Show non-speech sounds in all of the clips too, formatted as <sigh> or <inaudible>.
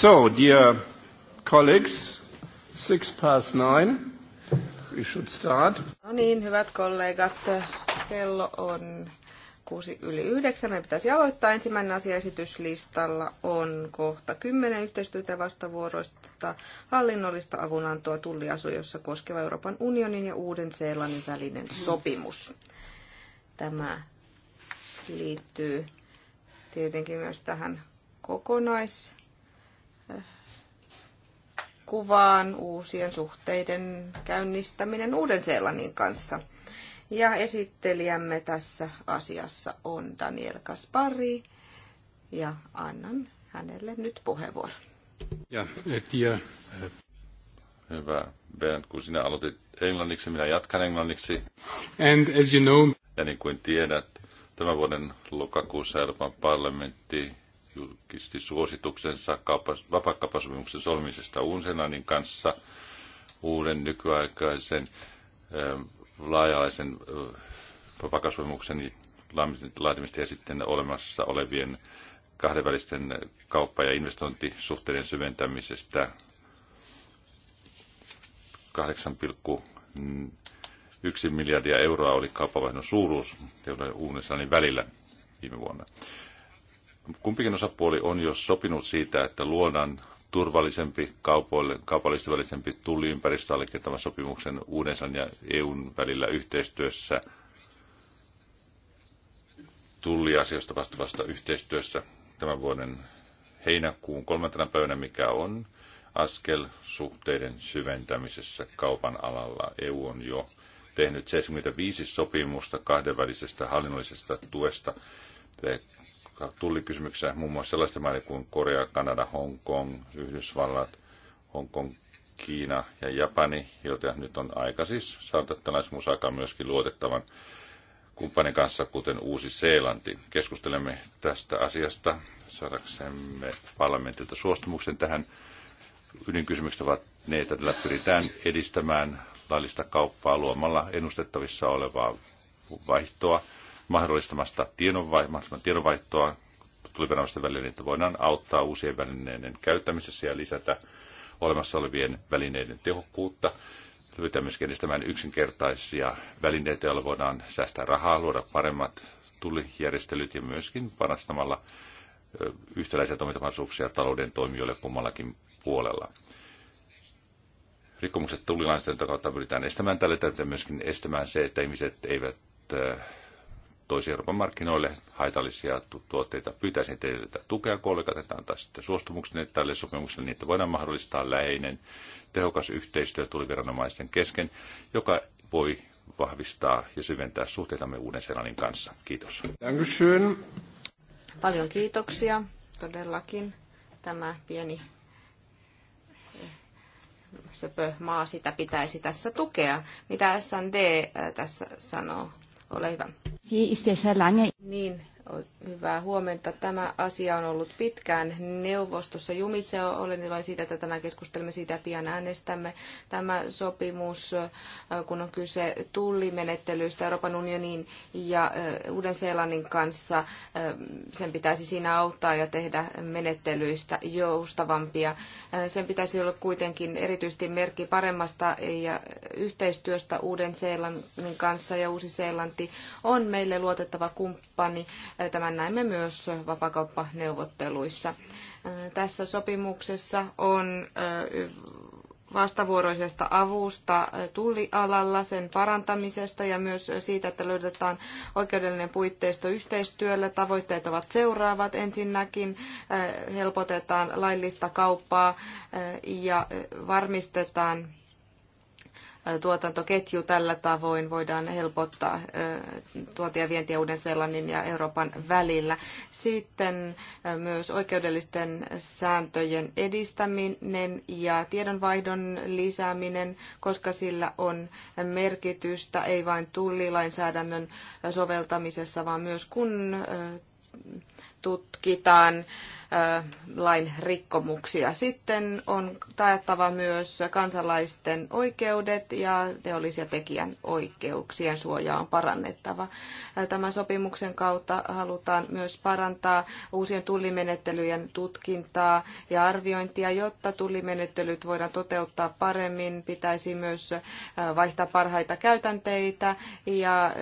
So, dear colleagues, six past nine. We should start. No niin, hyvät kollegat, kello on kuusi yli yhdeksän. Meidän pitäisi aloittaa. Ensimmäinen asia esityslistalla on kohta kymmenen yhteistyötä vastavuoroista hallinnollista avunantoa tulliasujossa koskeva Euroopan unionin ja Uuden-Seelannin välinen sopimus. Tämä liittyy tietenkin myös tähän kokonais kuvaan uusien suhteiden käynnistäminen Uuden-Seelannin kanssa. Ja esittelijämme tässä asiassa on Daniel Kaspari ja annan hänelle nyt puheenvuoron. Ja, ja. Eh, eh. Hyvä, Ben, kun sinä aloitit englanniksi, minä jatkan englanniksi. And as you know... Ja niin kuin tiedät, tämän vuoden lokakuussa Euroopan parlamentti julkisti suosituksensa vapaakkaupasopimuksen solmisesta Unsenanin kanssa uuden nykyaikaisen ähm, laajalaisen äh, vapaakkaupasopimuksen laatimista ja sitten olemassa olevien kahdenvälisten kauppa- ja investointisuhteiden syventämisestä 8,1 miljardia euroa oli kauppavaihdon suuruus Unionin välillä viime vuonna kumpikin osapuoli on jo sopinut siitä, että luodaan turvallisempi kaupoille, kaupallisesti välisempi tulliympäristö allekirjoittavan sopimuksen Uudensan ja EUn välillä yhteistyössä tulliasioista vastaavasta yhteistyössä tämän vuoden heinäkuun kolmantena päivänä, mikä on askel suhteiden syventämisessä kaupan alalla. EU on jo tehnyt 75 sopimusta kahdenvälisestä hallinnollisesta tuesta tullikysymyksessä muun muassa sellaisten maiden kuin Korea, Kanada, Hong Kong, Yhdysvallat, Hong Kong, Kiina ja Japani, joita nyt on aika siis saada tällaisen myöskin luotettavan kumppanin kanssa, kuten Uusi-Seelanti. Keskustelemme tästä asiasta saadaksemme parlamentilta suostumuksen tähän. Ydinkysymykset ovat ne, että tällä pyritään edistämään laillista kauppaa luomalla ennustettavissa olevaa vaihtoa mahdollistamasta tiedonvaihtoa tuliviranomaisten välillä, niin että voidaan auttaa uusien välineiden käyttämisessä ja lisätä olemassa olevien välineiden tehokkuutta. Pyritään myöskin edistämään yksinkertaisia välineitä, joilla voidaan säästää rahaa, luoda paremmat tulijärjestelyt ja myöskin parastamalla yhtäläisiä toimintamahdollisuuksia talouden toimijoille kummallakin puolella. Rikkomukset tulilainsäädäntö kautta pyritään estämään tällä tavalla myöskin estämään se, että ihmiset eivät toisi Euroopan markkinoille haitallisia tuotteita. Pyytäisin teiltä tukea kollegat, että sitten suostumuksen tälle sopimukselle niin, että voidaan mahdollistaa läheinen, tehokas yhteistyö tuliviranomaisten kesken, joka voi vahvistaa ja syventää suhteitamme uuden Selanin kanssa. Kiitos. Dankeschön. Paljon kiitoksia. Todellakin tämä pieni eh, söpö maa sitä pitäisi tässä tukea. Mitä SND eh, tässä sanoo? Ole hyvä. Niin, Hyvää huomenta. Tämä asia on ollut pitkään neuvostossa jumissa. Olen iloinen siitä, että tänään keskustelemme siitä ja pian äänestämme. Tämä sopimus, kun on kyse tullimenettelyistä Euroopan unionin ja Uuden-Seelannin kanssa, sen pitäisi siinä auttaa ja tehdä menettelyistä joustavampia. Sen pitäisi olla kuitenkin erityisesti merkki paremmasta ja yhteistyöstä Uuden-Seelannin kanssa ja Uusi-Seelanti on meille luotettava kumppani Tämän näemme myös vapakauppaneuvotteluissa. Tässä sopimuksessa on vastavuoroisesta avusta tullialalla, sen parantamisesta ja myös siitä, että löydetään oikeudellinen puitteisto yhteistyölle. Tavoitteet ovat seuraavat. Ensinnäkin helpotetaan laillista kauppaa ja varmistetaan tuotantoketju tällä tavoin voidaan helpottaa tuotia vientiä Uuden-Seelannin ja Euroopan välillä. Sitten myös oikeudellisten sääntöjen edistäminen ja tiedonvaihdon lisääminen, koska sillä on merkitystä ei vain tullilainsäädännön soveltamisessa, vaan myös kun tutkitaan lain rikkomuksia. Sitten on taettava myös kansalaisten oikeudet ja teollisia tekijän oikeuksien suojaa on parannettava. Tämän sopimuksen kautta halutaan myös parantaa uusien tullimenettelyjen tutkintaa ja arviointia, jotta tullimenettelyt voidaan toteuttaa paremmin. Pitäisi myös vaihtaa parhaita käytänteitä ja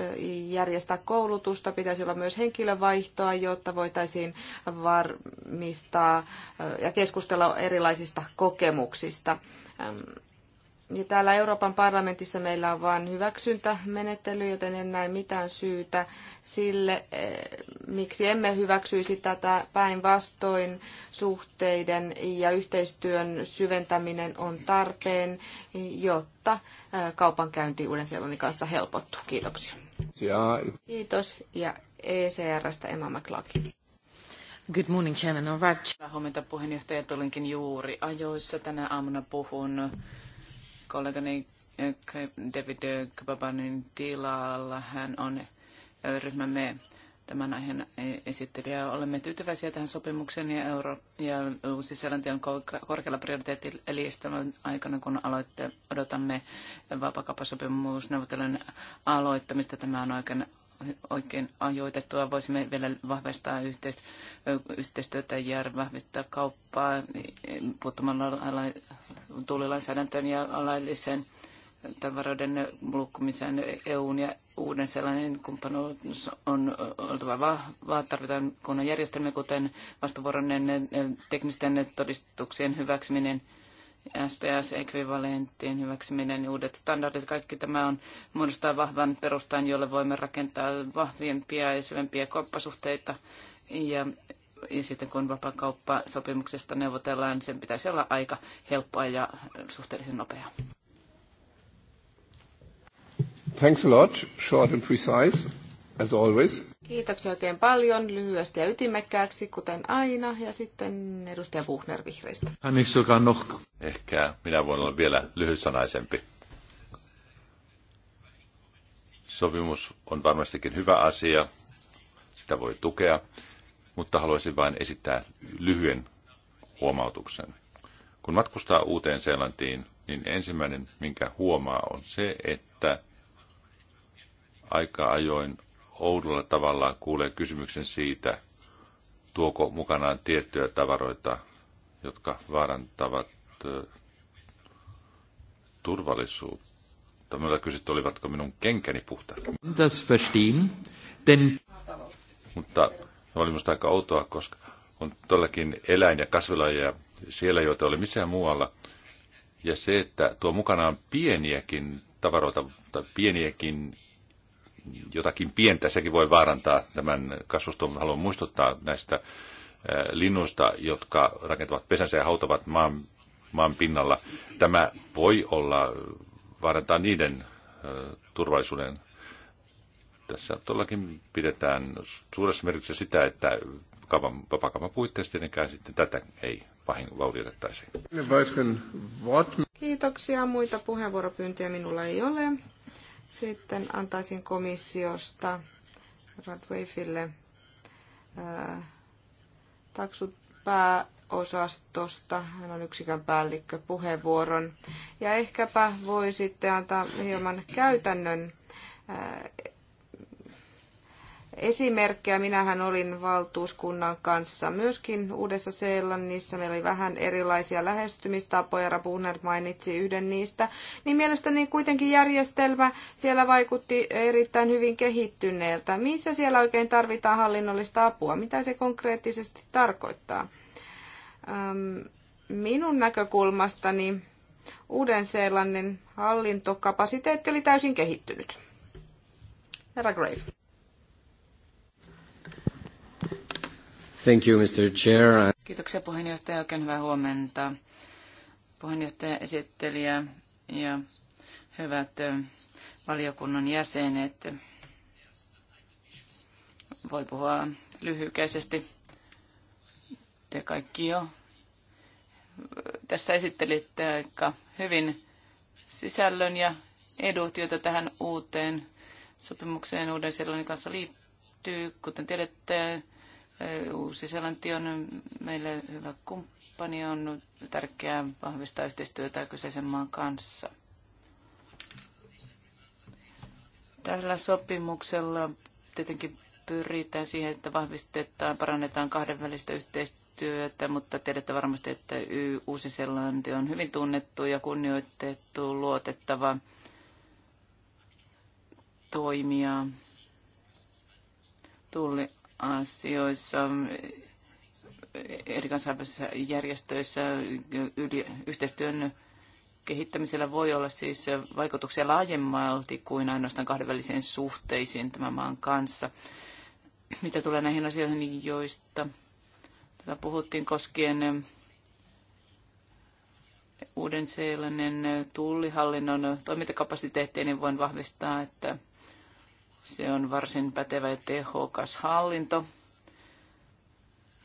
järjestää koulutusta. Pitäisi olla myös henkilövaihtoa, jotta voitaisiin var- varmistaa ja keskustella erilaisista kokemuksista. Ja täällä Euroopan parlamentissa meillä on vain hyväksyntämenettely, joten en näe mitään syytä sille, miksi emme hyväksyisi tätä päinvastoin. Suhteiden ja yhteistyön syventäminen on tarpeen, jotta kaupankäynti Uuden-Seelannin kanssa helpottuu. Kiitoksia. Ja. Kiitos ja ECRstä Emma McLaughlin. Good morning, Chairman. All right. Huomenta puheenjohtaja, tulinkin juuri ajoissa. Tänä aamuna puhun kollegani eh, David Kababanin tilalla. Hän on ryhmämme tämän aiheen esittelijä. Olemme tyytyväisiä tähän sopimukseen ja, euro- ja uusi selonteko on korkealla prioriteettilistan aikana, kun aloitte, odotamme vapaakauppasopimusneuvottelujen aloittamista. Tämä on oikein oikein ajoitettua. Voisimme vielä vahvistaa yhteistyötä ja vahvistaa kauppaa e, puuttumalla tuulilainsäädäntöön ja alailliseen tavaroiden lukkumisen EUn ja uuden sellainen kumppanuus on oltava vahva. Tarvitaan kunnon järjestelmä, kuten vastavuoroinen e, teknisten todistuksien hyväksyminen – SPS-ekvivalenttien hyväksyminen, uudet standardit, kaikki tämä on muodostaa vahvan perustan, jolle voimme rakentaa vahvimpia ja syvempiä kauppasuhteita. Ja, ja sitten kun vapakauppasopimuksesta neuvotellaan, sen pitäisi olla aika helppoa ja suhteellisen nopeaa. Thanks a lot, short and precise as always. Kiitoksia oikein paljon, lyhyesti ja ytimekkääksi, kuten aina. Ja sitten edustaja Buchner vihreistä. Ehkä minä voin olla vielä lyhytsanaisempi. Sopimus on varmastikin hyvä asia, sitä voi tukea, mutta haluaisin vain esittää lyhyen huomautuksen. Kun matkustaa uuteen Seelantiin, niin ensimmäinen, minkä huomaa, on se, että aika ajoin oudolla tavalla kuulee kysymyksen siitä, tuoko mukanaan tiettyjä tavaroita, jotka vaarantavat turvallisuutta. Minulla kysyt, olivatko minun kenkäni puhtaat. Das denn... Mutta se oli minusta aika outoa, koska on todellakin eläin- ja kasvilajeja siellä, joita oli missään muualla. Ja se, että tuo mukanaan pieniäkin tavaroita tai pieniäkin jotakin pientä, sekin voi vaarantaa tämän kasvuston. Haluan muistuttaa näistä linnuista, jotka rakentavat pesänsä ja hautavat maan, maan pinnalla. Tämä voi olla vaarantaa niiden turvallisuuden. Tässä todellakin pidetään suuressa merkityksessä sitä, että vapakaupan puitteissa tietenkään sitten tätä ei vaurioitettaisiin. Kiitoksia. Muita puheenvuoropyyntöjä minulla ei ole. Sitten antaisin komissiosta Radwayfille taksut pääosastosta. Hän on yksikön päällikkö puheenvuoron. Ja ehkäpä voi sitten antaa hieman käytännön esimerkkejä. Minähän olin valtuuskunnan kanssa myöskin Uudessa Seelannissa. Meillä oli vähän erilaisia lähestymistapoja. Rabuner mainitsi yhden niistä. Niin mielestäni kuitenkin järjestelmä siellä vaikutti erittäin hyvin kehittyneeltä. Missä siellä oikein tarvitaan hallinnollista apua? Mitä se konkreettisesti tarkoittaa? minun näkökulmastani Uuden-Seelannin hallintokapasiteetti oli täysin kehittynyt. Herra Grave. Thank you, Mr. Chair. Kiitoksia puheenjohtaja. Oikein hyvää huomenta. Puheenjohtaja, esittelijä ja hyvät valiokunnan jäsenet. Voi puhua lyhykäisesti. Te kaikki jo tässä esittelitte aika hyvin sisällön ja edut, joita tähän uuteen sopimukseen uuden Seelannin kanssa liittyy. Kuten tiedätte, Uusi-Seelanti on meille hyvä kumppani, on tärkeää vahvistaa yhteistyötä kyseisen maan kanssa. Tällä sopimuksella tietenkin pyritään siihen, että vahvistetaan, parannetaan kahdenvälistä yhteistyötä, mutta tiedätte varmasti, että Uusi-Seelanti on hyvin tunnettu ja kunnioitettu, luotettava toimija tulli asioissa, eri kansainvälisissä järjestöissä yli, yhteistyön kehittämisellä voi olla siis vaikutuksia laajemmalti kuin ainoastaan kahdenvälisiin suhteisiin tämän maan kanssa. Mitä tulee näihin asioihin, joista tätä puhuttiin koskien uuden seelannin tullihallinnon toimintakapasiteettia, niin voin vahvistaa, että se on varsin pätevä ja tehokas hallinto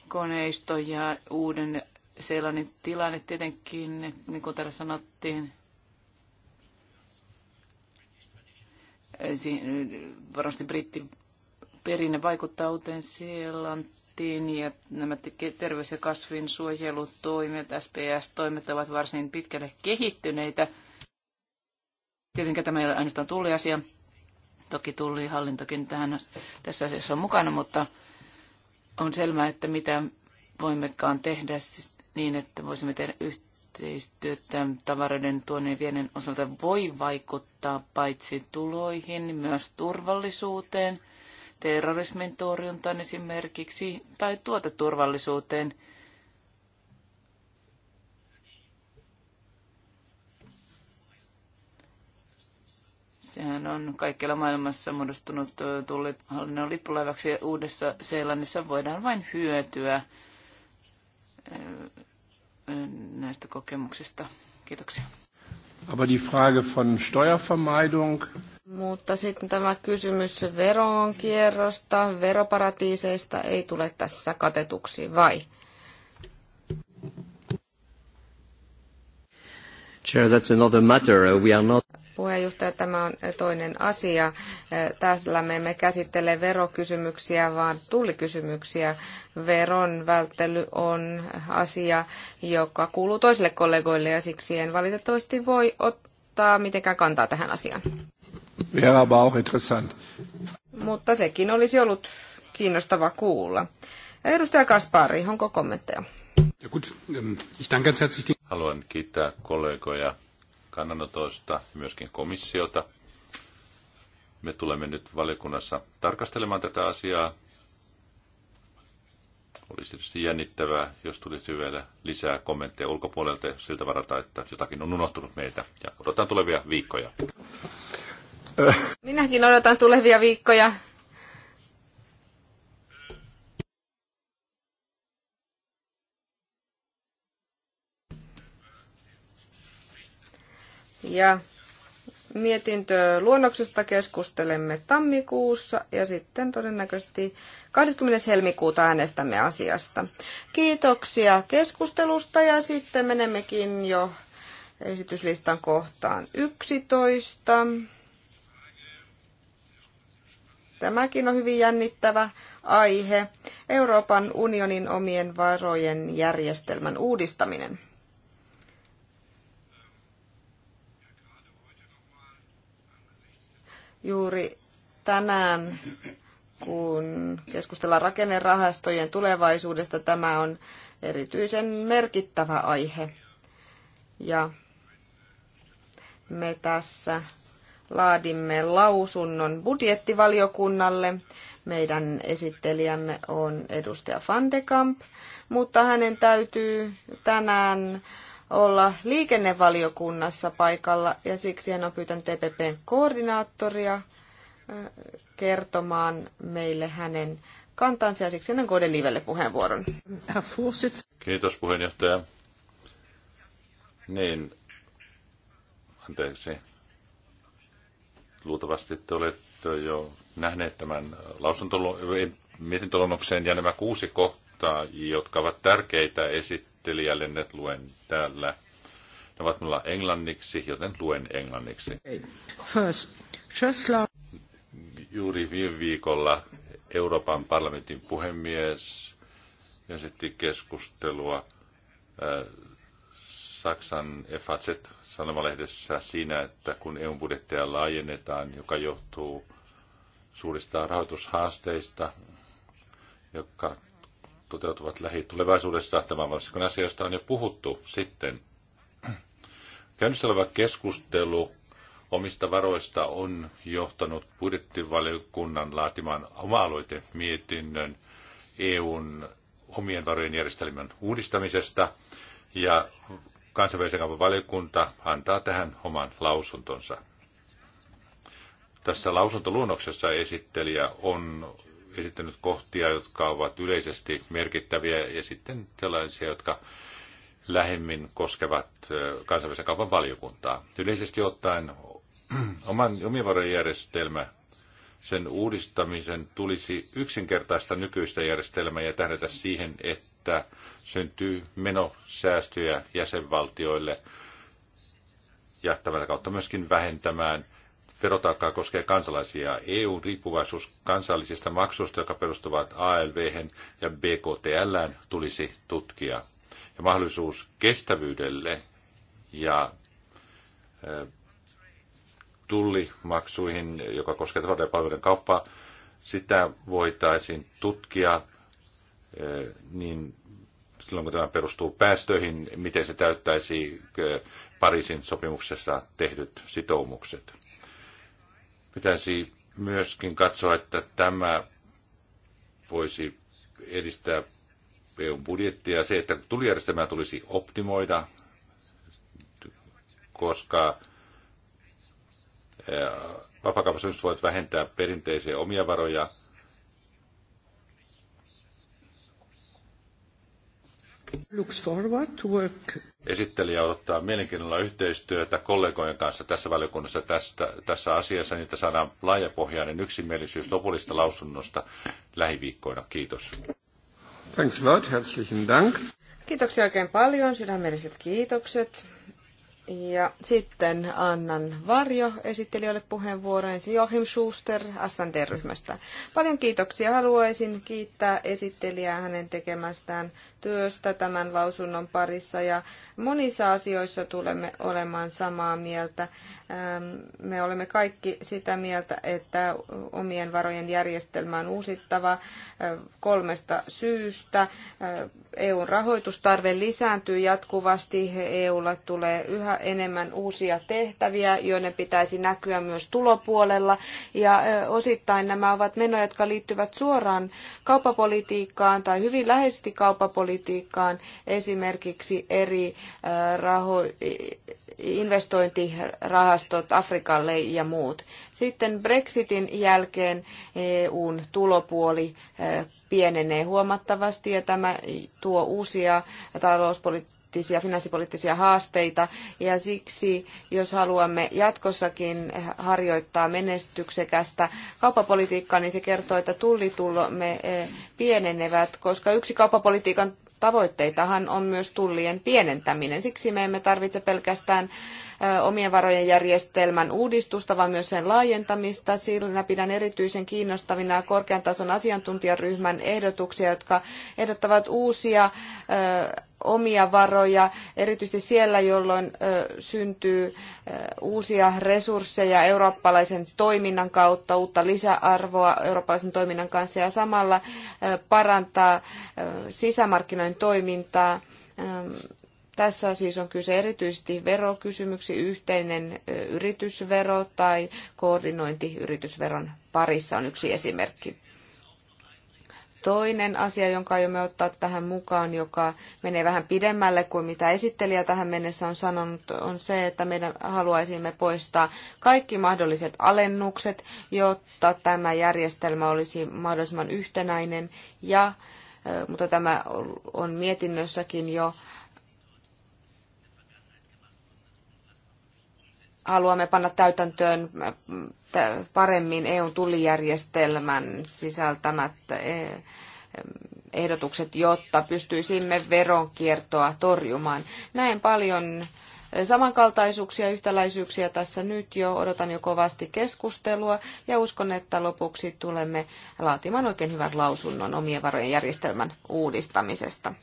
koneisto ja uuden Seelannin tilanne tietenkin, niin kuin täällä sanottiin, varmasti britti perinne vaikuttaa uuteen Seelantiin ja nämä terveys- ja kasvinsuojelutoimet, SPS-toimet ovat varsin pitkälle kehittyneitä. Tietenkään tämä ei ole ainoastaan tulliasia. Toki hallintokin tähän, tässä asiassa on mukana, mutta on selvää, että mitä voimmekaan tehdä siis niin, että voisimme tehdä yhteistyötä tavaroiden tuonnin vienen, viennin osalta voi vaikuttaa paitsi tuloihin, myös turvallisuuteen, terrorismin torjuntaan esimerkiksi, tai tuoteturvallisuuteen – Sehän on kaikkialla maailmassa muodostunut tullihallinnon lippulaivaksi ja Uudessa Seelannissa voidaan vain hyötyä näistä kokemuksista. Kiitoksia. Aber die Frage von Steuervermeidung. Mutta sitten tämä kysymys veronkierrosta, veroparatiiseista ei tule tässä katetuksi, vai? Chair, that's another matter. We are not puheenjohtaja, tämä on toinen asia. Tässä me emme käsittele verokysymyksiä, vaan tullikysymyksiä. Veron välttely on asia, joka kuuluu toisille kollegoille ja siksi en valitettavasti voi ottaa mitenkään kantaa tähän asiaan. Mutta sekin olisi ollut kiinnostava kuulla. Edustaja Kaspari, onko kommentteja? Ähm, Haluan kiittää kollegoja kannanotoista ja myöskin komissiota. Me tulemme nyt valiokunnassa tarkastelemaan tätä asiaa. Olisi tietysti jännittävää, jos tulisi vielä lisää kommentteja ulkopuolelta siltä varalta, että jotakin on unohtunut meitä. Ja odotan tulevia viikkoja. Minäkin odotan tulevia viikkoja. Ja mietintö luonnoksesta keskustelemme tammikuussa ja sitten todennäköisesti 20. helmikuuta äänestämme asiasta. Kiitoksia keskustelusta ja sitten menemmekin jo esityslistan kohtaan 11. Tämäkin on hyvin jännittävä aihe. Euroopan unionin omien varojen järjestelmän uudistaminen. Juuri tänään, kun keskustellaan rakennerahastojen tulevaisuudesta, tämä on erityisen merkittävä aihe. Ja me tässä laadimme lausunnon budjettivaliokunnalle. Meidän esittelijämme on edustaja Fandekamp, mutta hänen täytyy tänään olla liikennevaliokunnassa paikalla ja siksi hän on pyytänyt TPPn koordinaattoria kertomaan meille hänen kantansa ja siksi ennen Kode Livelle puheenvuoron. Kiitos puheenjohtaja. Niin, anteeksi. Luultavasti te olette jo nähneet tämän lausuntolo- mietintöluonnokseen ja nämä kuusi kohtaa, jotka ovat tärkeitä esittää esittelijälle, ne luen täällä. Ne ovat minulla englanniksi, joten luen englanniksi. First, la. Juuri viime viikolla Euroopan parlamentin puhemies esitti keskustelua äh, Saksan FAZ-sanomalehdessä siinä, että kun EU-budjetteja laajennetaan, joka johtuu suurista rahoitushaasteista, joka toteutuvat lähitulevaisuudessa. Tämä varsinkin asia, on jo puhuttu sitten. Käynnissä oleva keskustelu omista varoista on johtanut budjettivaliokunnan laatimaan oma-aloite mietinnön EUn omien varojen järjestelmän uudistamisesta. Ja kansainvälisen kaupan valiokunta antaa tähän oman lausuntonsa. Tässä lausuntoluonnoksessa esittelijä on esittänyt kohtia, jotka ovat yleisesti merkittäviä, ja sitten sellaisia, jotka lähemmin koskevat kansainvälisen kaupan valiokuntaa. Yleisesti ottaen <clears throat> oman omien järjestelmä, sen uudistamisen tulisi yksinkertaista nykyistä järjestelmää ja tähdätä siihen, että syntyy menosäästöjä jäsenvaltioille ja tämän kautta myöskin vähentämään verotaakkaa koskee kansalaisia. EUn riippuvaisuus kansallisista maksuista, jotka perustuvat alv ja BKTL, tulisi tutkia. Ja mahdollisuus kestävyydelle ja tullimaksuihin, joka koskee tavaroiden palveluiden kauppaa, sitä voitaisiin tutkia niin silloin, kun tämä perustuu päästöihin, miten se täyttäisi Pariisin sopimuksessa tehdyt sitoumukset. Pitäisi myöskin katsoa, että tämä voisi edistää EUn budjettia. Se, että tulijärjestelmää tulisi optimoida, koska vapakauppasopimukset voivat vähentää perinteisiä omia varoja. Looks forward to work esittelijä odottaa mielenkiinnolla yhteistyötä kollegojen kanssa tässä valiokunnassa tästä, tässä asiassa, niin että saadaan laajapohjainen yksimielisyys lopullista lausunnosta lähiviikkoina. Kiitos. Thanks a lot. Herzlichen Dank. Kiitoksia oikein paljon. Sydämelliset kiitokset. Ja sitten annan varjo esittelijöille puheenvuoron. Joachim Schuster SND-ryhmästä. Paljon kiitoksia. Haluaisin kiittää esittelijää hänen tekemästään työstä tämän lausunnon parissa ja monissa asioissa tulemme olemaan samaa mieltä. Ähm, me olemme kaikki sitä mieltä, että omien varojen järjestelmä on uusittava äh, kolmesta syystä. Äh, EUn rahoitustarve lisääntyy jatkuvasti. EUlla tulee yhä enemmän uusia tehtäviä, joiden pitäisi näkyä myös tulopuolella. Ja äh, osittain nämä ovat menoja, jotka liittyvät suoraan kauppapolitiikkaan tai hyvin läheisesti kauppapolitiikkaan politiikkaan, esimerkiksi eri raho- investointirahastot Afrikalle ja muut. Sitten Brexitin jälkeen EUn tulopuoli pienenee huomattavasti ja tämä tuo uusia talouspolitiikkaa poliittisia, finanssipoliittisia haasteita ja siksi, jos haluamme jatkossakin harjoittaa menestyksekästä kauppapolitiikkaa, niin se kertoo, että tullitulomme eh, pienenevät, koska yksi kauppapolitiikan tavoitteitahan on myös tullien pienentäminen. Siksi me emme tarvitse pelkästään omien varojen järjestelmän uudistusta, vaan myös sen laajentamista. Sillä pidän erityisen kiinnostavina korkean tason asiantuntijaryhmän ehdotuksia, jotka ehdottavat uusia omia varoja, erityisesti siellä, jolloin syntyy uusia resursseja eurooppalaisen toiminnan kautta, uutta lisäarvoa eurooppalaisen toiminnan kanssa ja samalla parantaa sisämarkkinoiden toimintaa tässä siis on kyse erityisesti verokysymyksi, yhteinen yritysvero tai koordinointi yritysveron parissa on yksi esimerkki. Toinen asia, jonka aiomme ottaa tähän mukaan, joka menee vähän pidemmälle kuin mitä esittelijä tähän mennessä on sanonut, on se, että meidän haluaisimme poistaa kaikki mahdolliset alennukset, jotta tämä järjestelmä olisi mahdollisimman yhtenäinen ja mutta tämä on mietinnössäkin jo haluamme panna täytäntöön paremmin EUn tullijärjestelmän sisältämät e, ehdotukset, jotta pystyisimme veronkiertoa torjumaan. Näen paljon samankaltaisuuksia, yhtäläisyyksiä tässä nyt jo. Odotan jo kovasti keskustelua ja uskon, että lopuksi tulemme laatimaan oikein hyvän lausunnon omien varojen järjestelmän uudistamisesta.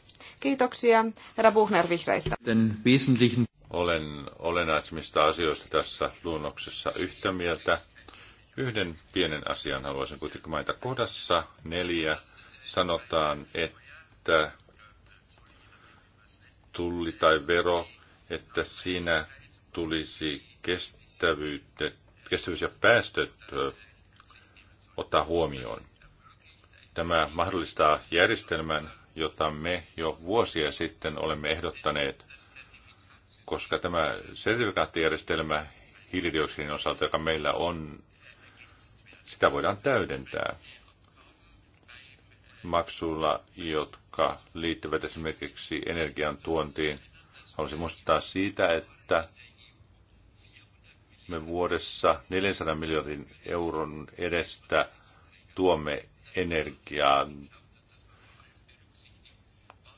Kiitoksia, herra Buchner vihreistä. Olen olennaisimmista asioista tässä luonnoksessa yhtä mieltä. Yhden pienen asian haluaisin kuitenkin mainita. Kohdassa neljä sanotaan, että tulli tai vero, että siinä tulisi kestävyys ja päästöt ottaa huomioon. Tämä mahdollistaa järjestelmän, jota me jo vuosia sitten olemme ehdottaneet koska tämä sertifikaattijärjestelmä hiilidioksidin osalta, joka meillä on, sitä voidaan täydentää maksuilla, jotka liittyvät esimerkiksi energian tuontiin. Haluaisin muistuttaa siitä, että me vuodessa 400 miljardin euron edestä tuomme energiaa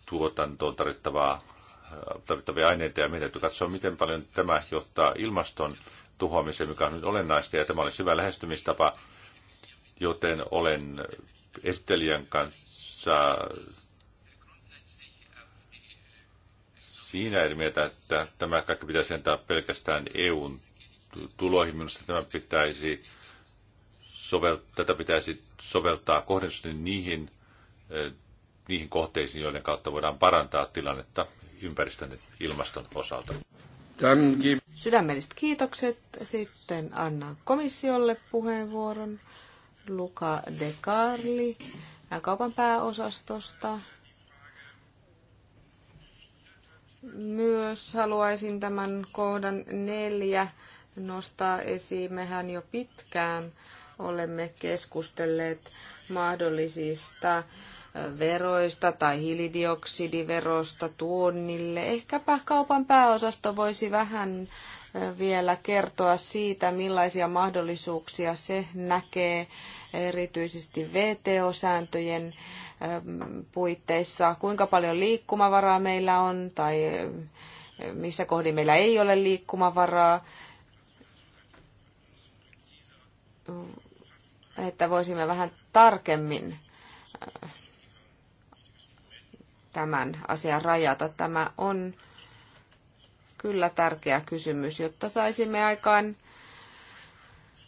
tuotantoon tarvittavaa tarvittavia aineita ja meidän täytyy katsoa, miten paljon tämä johtaa ilmaston tuhoamiseen, mikä on nyt olennaista ja tämä olisi hyvä lähestymistapa, joten olen esittelijän kanssa siinä eri mieltä, että tämä kaikki pitäisi entää pelkästään EUn tuloihin. Minusta tämä pitäisi soveltaa, tätä pitäisi soveltaa kohdennusten niihin, eh, niihin kohteisiin, joiden kautta voidaan parantaa tilannetta ympäristön ja ilmaston osalta. Sydämelliset kiitokset. Sitten annan komissiolle puheenvuoron. Luca De Carli äh, kaupan pääosastosta. Myös haluaisin tämän kohdan neljä nostaa esiin. Mehän jo pitkään olemme keskustelleet mahdollisista veroista tai hiilidioksidiverosta tuonnille. Ehkäpä kaupan pääosasto voisi vähän vielä kertoa siitä, millaisia mahdollisuuksia se näkee erityisesti VTO-sääntöjen puitteissa, kuinka paljon liikkumavaraa meillä on tai missä kohdin meillä ei ole liikkumavaraa, että voisimme vähän tarkemmin tämän asian rajata. Tämä on kyllä tärkeä kysymys, jotta saisimme aikaan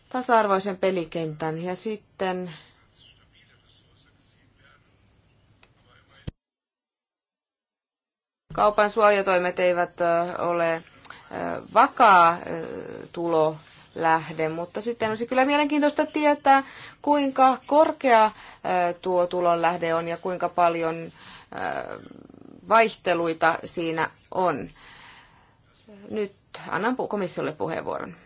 tasa-arvoisen pelikentän ja sitten kaupan suojatoimet eivät ole vakaa tulo lähde, mutta sitten olisi kyllä mielenkiintoista tietää, kuinka korkea tuo tulonlähde on ja kuinka paljon vaihteluita siinä on. Nyt annan komissiolle puheenvuoron.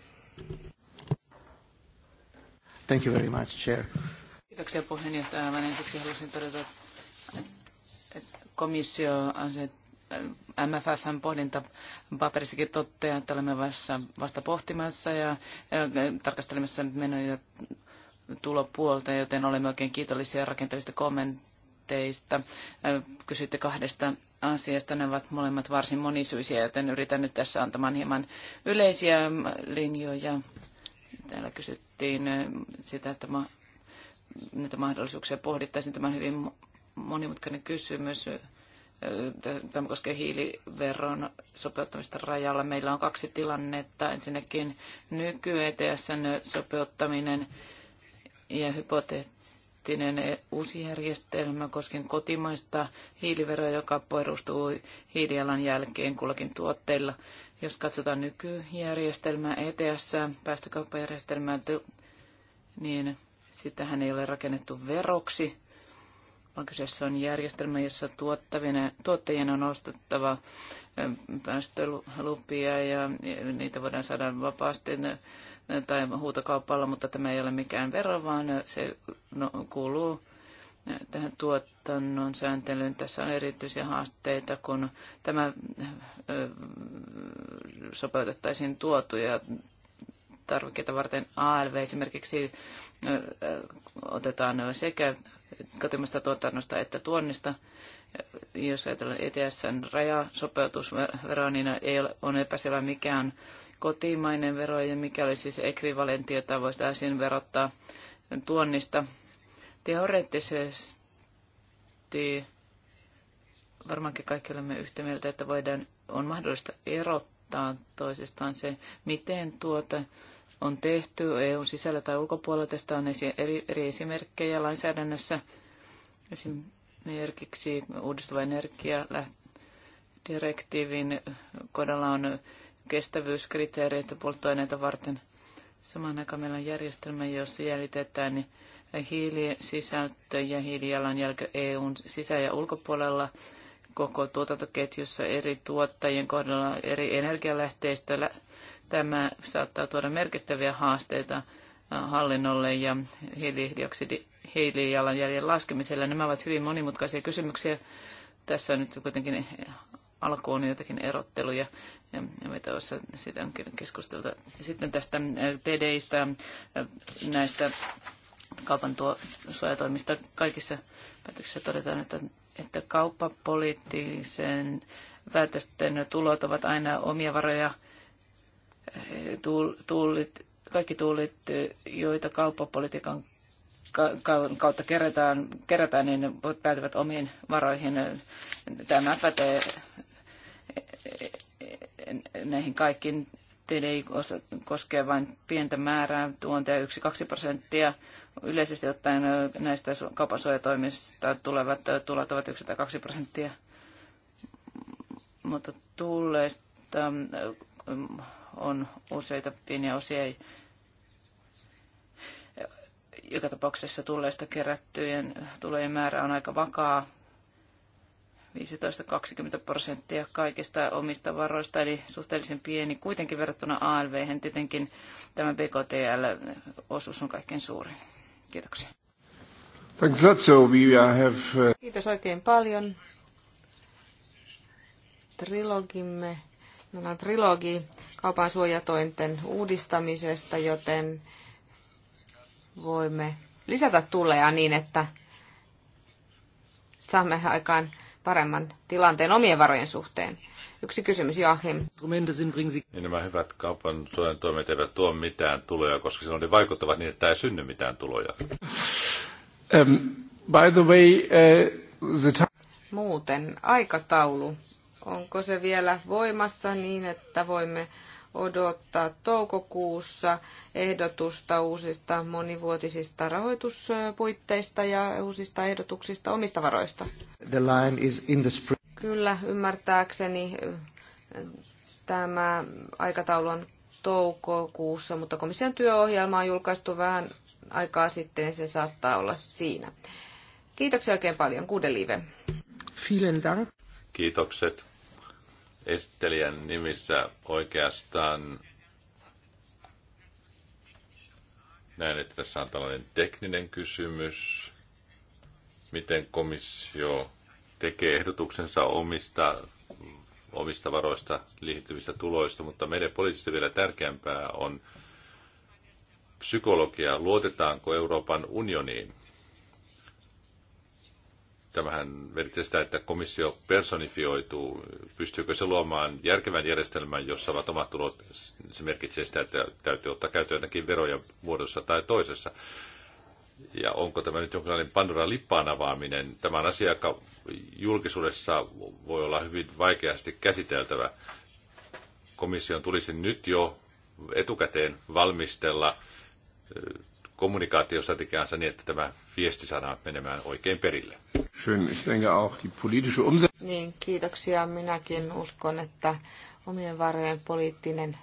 Thank you very much, Chair. Kiitoksia puheenjohtaja. Mä ensiksi haluaisin todeta, että komissio MFFn pohdinta paperissakin toteaa, että olemme vasta, vasta pohtimassa ja, ja tarkastelemassa menoja tulopuolta, joten olemme oikein kiitollisia rakentavista kommentteja tavoitteista. Kysytte kahdesta asiasta. Ne ovat molemmat varsin monisyisiä, joten yritän nyt tässä antamaan hieman yleisiä linjoja. Täällä kysyttiin sitä, että ma- näitä mahdollisuuksia pohdittaisiin. Tämä on hyvin monimutkainen kysymys. Tämä koskee hiiliveron sopeuttamista rajalla. Meillä on kaksi tilannetta. Ensinnäkin nyky-ETSn sopeuttaminen ja hypoteettinen poliittinen uusi järjestelmä koskien kotimaista hiiliveroa, joka perustuu hiilijalan jälkeen kullakin tuotteilla. Jos katsotaan nykyjärjestelmää, ETS, päästökauppajärjestelmää, niin sitähän ei ole rakennettu veroksi, vaan kyseessä on järjestelmä, jossa tuottajien on ostettava päästölupia ja niitä voidaan saada vapaasti tai huutokaupalla, mutta tämä ei ole mikään vero, vaan se no, kuuluu eh, tähän tuotannon sääntelyyn. Tässä on erityisiä haasteita, kun tämä eh, sopeutettaisiin tuotuja tarvikkeita varten ALV esimerkiksi eh, otetaan sekä kotimaista tuotannosta että tuonnista. Jos ajatellaan ETSn rajasopeutusveroa, niin ei ole, on epäselvä mikään kotimainen vero ja mikä oli siis ekvivalentti, jota voitaisiin verottaa tuonnista. Teoreettisesti varmaankin kaikki olemme yhtä mieltä, että voidaan, on mahdollista erottaa toisistaan se, miten tuota on tehty EU-sisällä tai ulkopuolella. Tästä on eri, eri esimerkkejä lainsäädännössä. Esimerkiksi uudistuva energia direktiivin kohdalla on kestävyyskriteereitä polttoaineita varten. Samaan aikaan meillä on järjestelmä, jossa jäljitetään niin hiilisisältö ja hiilijalanjälkö EUn sisä- ja ulkopuolella koko tuotantoketjussa eri tuottajien kohdalla eri energialähteistä. Tämä saattaa tuoda merkittäviä haasteita hallinnolle ja hiilidioksidi, hiilijalanjäljen laskemiselle. Nämä ovat hyvin monimutkaisia kysymyksiä. Tässä on nyt kuitenkin alkuun jotakin erotteluja, ja, ja me tuossa siitä onkin keskusteltu. Ja sitten tästä TDistä, näistä kaupan tuo, suojatoimista kaikissa päätöksissä todetaan, että, että kauppapoliittisen päätösten tulot ovat aina omia varoja, tuulit, kaikki tuulit, joita kauppapolitiikan kautta kerätään, kerätään niin päätyvät omiin varoihin. Tämä pätee näihin kaikkiin teille koskee vain pientä määrää tuontia, 1-2 prosenttia. Yleisesti ottaen näistä kaupan suojatoimista tulevat tulot ovat 1-2 prosenttia. Mutta tulleista on useita pieniä osia. Joka tapauksessa tulleista kerättyjen tulojen määrä on aika vakaa 15-20 prosenttia kaikista omista varoista, eli suhteellisen pieni. Kuitenkin verrattuna ALV, tietenkin tämä BKTL-osuus on kaikkein suurin. Kiitoksia. Uh, Kiitos oikein paljon. Trilogimme, meillä on trilogi kaupan suojatointen uudistamisesta, joten voimme lisätä tuleja niin, että saamme aikaan paremman tilanteen omien varojen suhteen. Yksi kysymys, Joachim. Niin nämä hyvät kaupan suojan toimet eivät tuo mitään tuloja, koska silloin ne vaikuttavat niin, että ei synny mitään tuloja. Um, by the way, uh, the Muuten, aikataulu. Onko se vielä voimassa niin, että voimme odottaa toukokuussa ehdotusta uusista monivuotisista rahoituspuitteista ja uusista ehdotuksista omista varoista? The line is in the spring. Kyllä, ymmärtääkseni eh, tämä aikataulu on toukokuussa, mutta komission työohjelma on julkaistu vähän aikaa sitten ja se saattaa olla siinä. Kiitoksia oikein paljon. Kuude live. Vielen dank. Kiitokset esittelijän nimissä oikeastaan näen, että tässä on tällainen tekninen kysymys miten komissio tekee ehdotuksensa omista, omista varoista liittyvistä tuloista, mutta meidän poliittisesti vielä tärkeämpää on psykologia. Luotetaanko Euroopan unioniin? Tämähän merkitsee sitä, että komissio personifioituu. Pystyykö se luomaan järkevän järjestelmän, jossa ovat omat tulot? Se merkitsee sitä, että täytyy ottaa käyttöön jotakin veroja muodossa tai toisessa ja onko tämä nyt jonkinlainen Pandoran lippaan avaaminen. Tämä on asia, joka julkisuudessa voi olla hyvin vaikeasti käsiteltävä. Komission tulisi nyt jo etukäteen valmistella eh, kommunikaatiostrategiansa niin, että tämä viesti saadaan menemään oikein perille. Schön, ich denke auch die politische Niin, kiitoksia. Minäkin uskon, että omien varojen poliittinen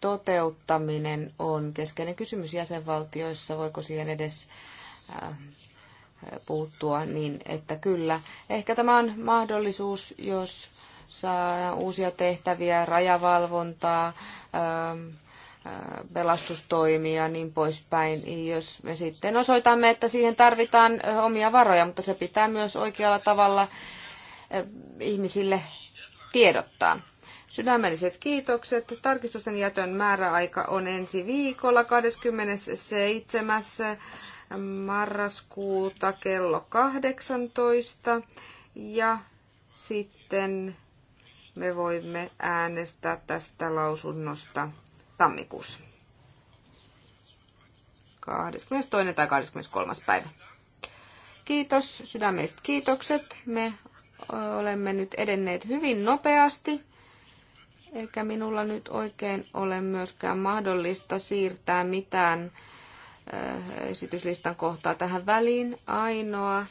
toteuttaminen on keskeinen kysymys jäsenvaltioissa. Voiko siihen edes Äh, puuttua, niin että kyllä, ehkä tämä on mahdollisuus, jos saa uusia tehtäviä, rajavalvontaa, ähm, äh, pelastustoimia ja niin poispäin, jos me sitten osoitamme, että siihen tarvitaan äh, omia varoja, mutta se pitää myös oikealla tavalla ihmisille tiedottaa. Sydämelliset kiitokset. Tarkistusten jätön määräaika on ensi viikolla 27 marraskuuta kello 18 ja sitten me voimme äänestää tästä lausunnosta tammikuussa. 22. tai 23. päivä. Kiitos, sydämeistä kiitokset. Me olemme nyt edenneet hyvin nopeasti, eikä minulla nyt oikein ole myöskään mahdollista siirtää mitään Äh, esityslistan kohtaa tähän väliin. Ainoa,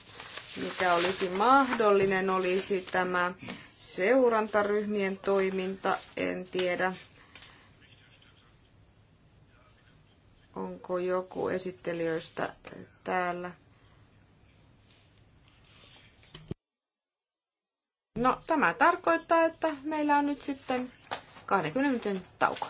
mikä olisi mahdollinen, olisi tämä seurantaryhmien toiminta. En tiedä, onko joku esittelijöistä täällä. No, tämä tarkoittaa, että meillä on nyt sitten 20 minuutin tauko.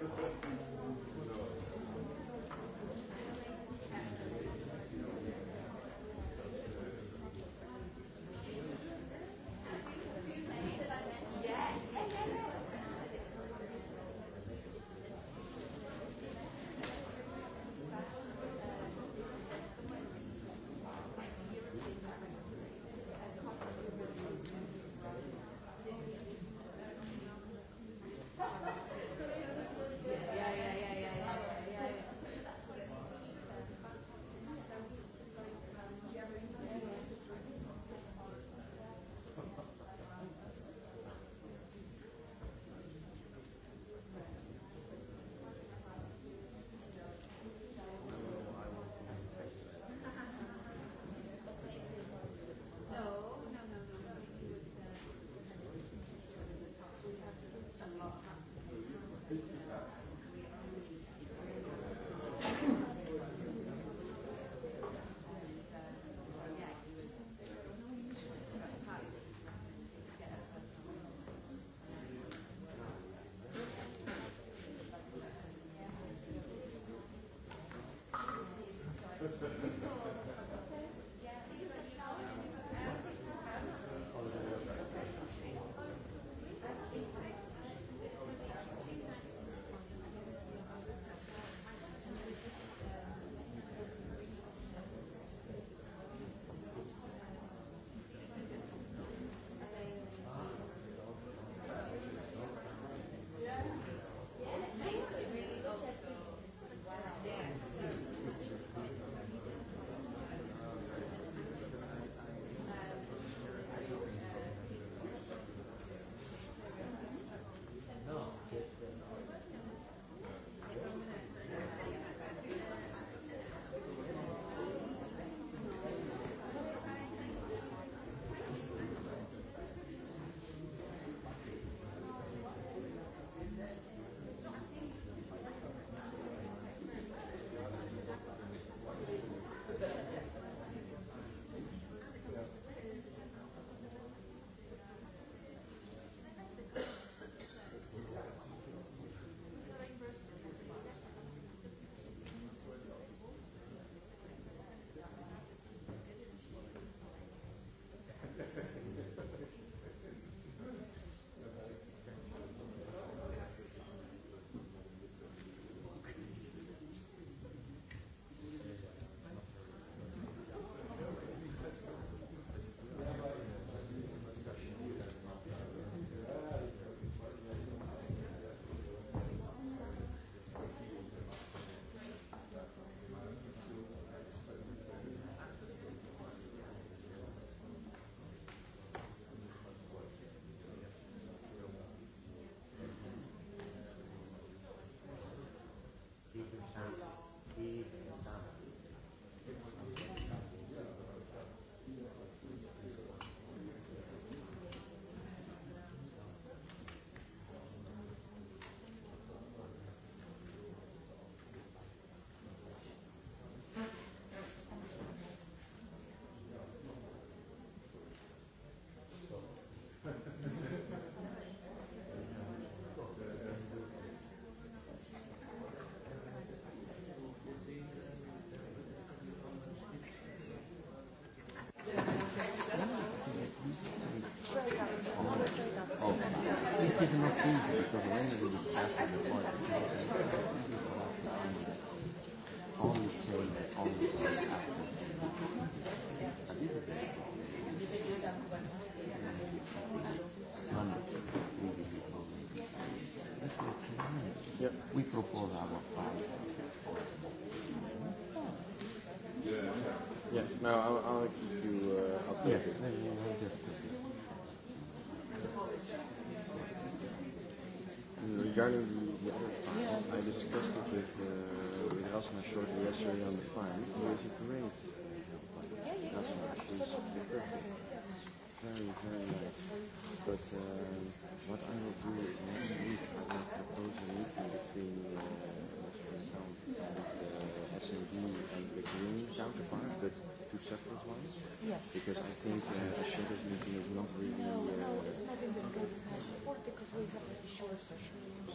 Thank you. we propose our five. Yeah. Yeah. No, I'll, I'll keep you uh, updated. Yeah. regarding the, the other farm, yes. I discussed it with, uh, with Rasmus shortly yesterday on the farm. He was a great help. Rasmus, is perfect. Very, very nice. But uh, what I will do is next week I will propose a meeting between uh, and uh, SMD and the Green counterpart, but two separate ones. Yes. Because I think uh, a shadows meeting is not really. Uh, no, uh, no, it's not in the because we have a short session.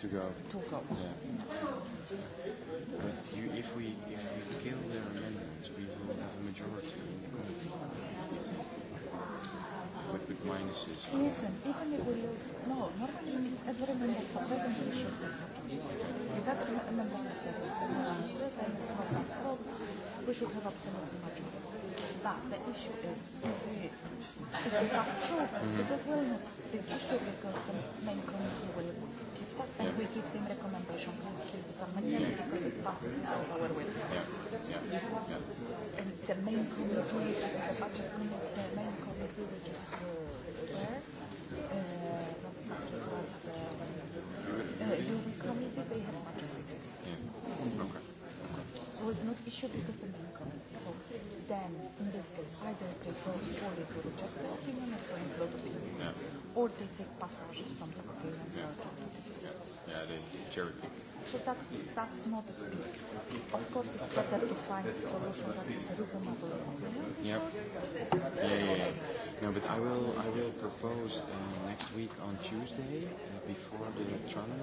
To go. To go. Yeah. But you, if we if we kill their amendment, we will have a majority in the committee. But with minuses. Listen, even if we lose, no, normally every member doesn't issue. Without member presentation. we should have absolutely majority back, the issue is If it true, mm. this will not issue because the main committee will give that and we give them recommendation, please give this amendment because it passed without our And the main committee, the budget committee, the main committee which is uh, there, uh, the committee, they have budget. Yeah. Okay. So it's not issue because the main So then, in this case, either they go solely for the just the opinion or for block opinion, yeah. or they take passages from the opinion. Yeah. Yeah. yeah, they cherry pick. So that's, that's not a pick. Of course, it's better to find a solution that is reasonable. Yep. Yeah, yeah, yeah. No, but I will, I will propose uh, next week on Tuesday uh, before the Tron uh,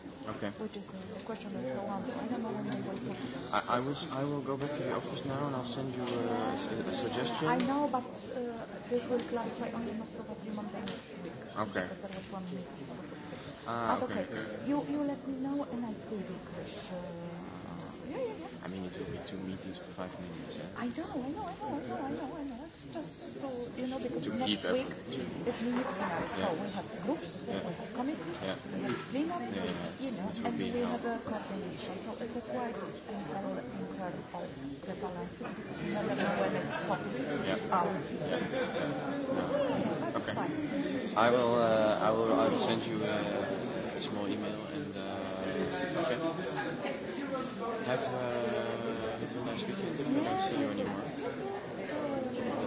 Okay. Which is the question that's so answered. I don't know when we will I, I, will, I will go back to the office now and I'll send you a, a, a suggestion. I know, but uh, this will clarify only most probably Monday next week. Okay. Because there was one meeting. Ah, but okay. okay. You, you let me know and I see because... Uh, Yeah, yeah, yeah. I mean, it took me two meetings for five minutes. Yeah? I know, I know, I know, I know, I know, I know. It's just so you know because to next keep week it's minutes now. Yeah. So we have groups, yeah. we have committees, yeah. we have cleanup, yeah, yeah. you know, it's and we now. have a coordination. So it is quite incredible, incredible the balance. You never know when it's possible. Yeah. Um, yeah. Yeah. Yeah. Yeah. Okay. Fine. I will. Uh, I will. I will send you a small email and. Uh, okay have uh, people I speak if I don't see you anymore.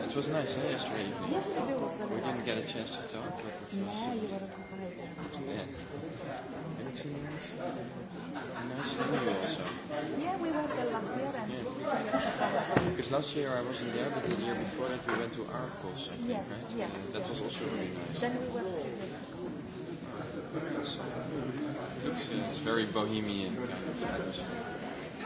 It was nice eh, yesterday evening. it was We didn't get a chance to talk, but it was. Yeah, you got to talk Yeah. And it's a nice, a nice venue also. Yeah, we were there last year and. Yeah. Because last year I wasn't there, but the year before that we went to Arcos, I think, yes, right? Yes. And that was also really nice. Then we went to. It's, looks, uh, it's very bohemian kind of atmosphere.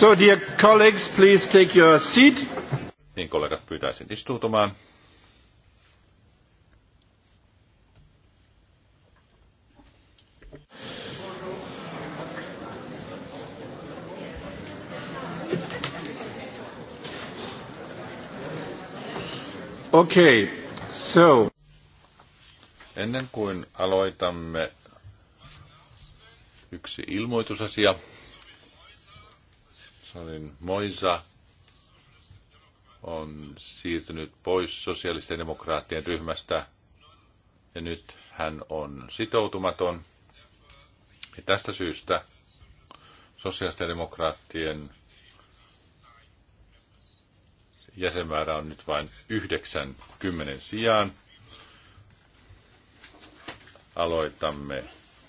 So dear colleagues, please take your seat. Niin kollegat pyytäisin istuutumaan. Okay, so. Ennen kuin aloitamme yksi ilmoitusasia. Moisa on siirtynyt pois sosiaalisten demokraattien ryhmästä ja nyt hän on sitoutumaton. Ja tästä syystä sosiaalisten demokraattien jäsenmäärä on nyt vain 90 sijaan. Aloitamme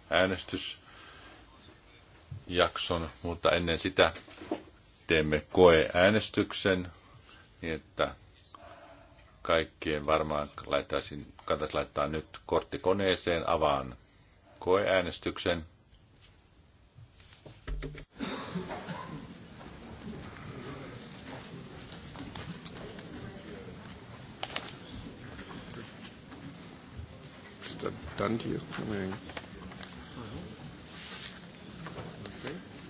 äänestysjakson, mutta ennen sitä teemme koeäänestyksen, niin että kaikkien varmaan laittaisin, kannattaisi laittaa nyt kortti koneeseen, avaan koeäänestyksen. Stand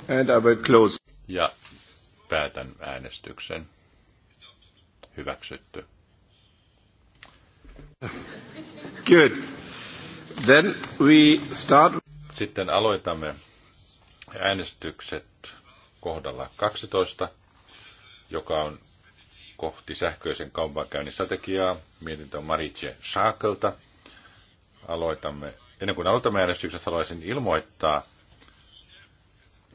And I will close. Ja Päätän äänestyksen. Hyväksytty. Good. Then we start. Sitten aloitamme äänestykset kohdalla 12, joka on kohti sähköisen kaupankäynnin strategiaa. Mietintö on Maritje Schakelta. Aloitamme. Ennen kuin aloitamme äänestykset, haluaisin ilmoittaa,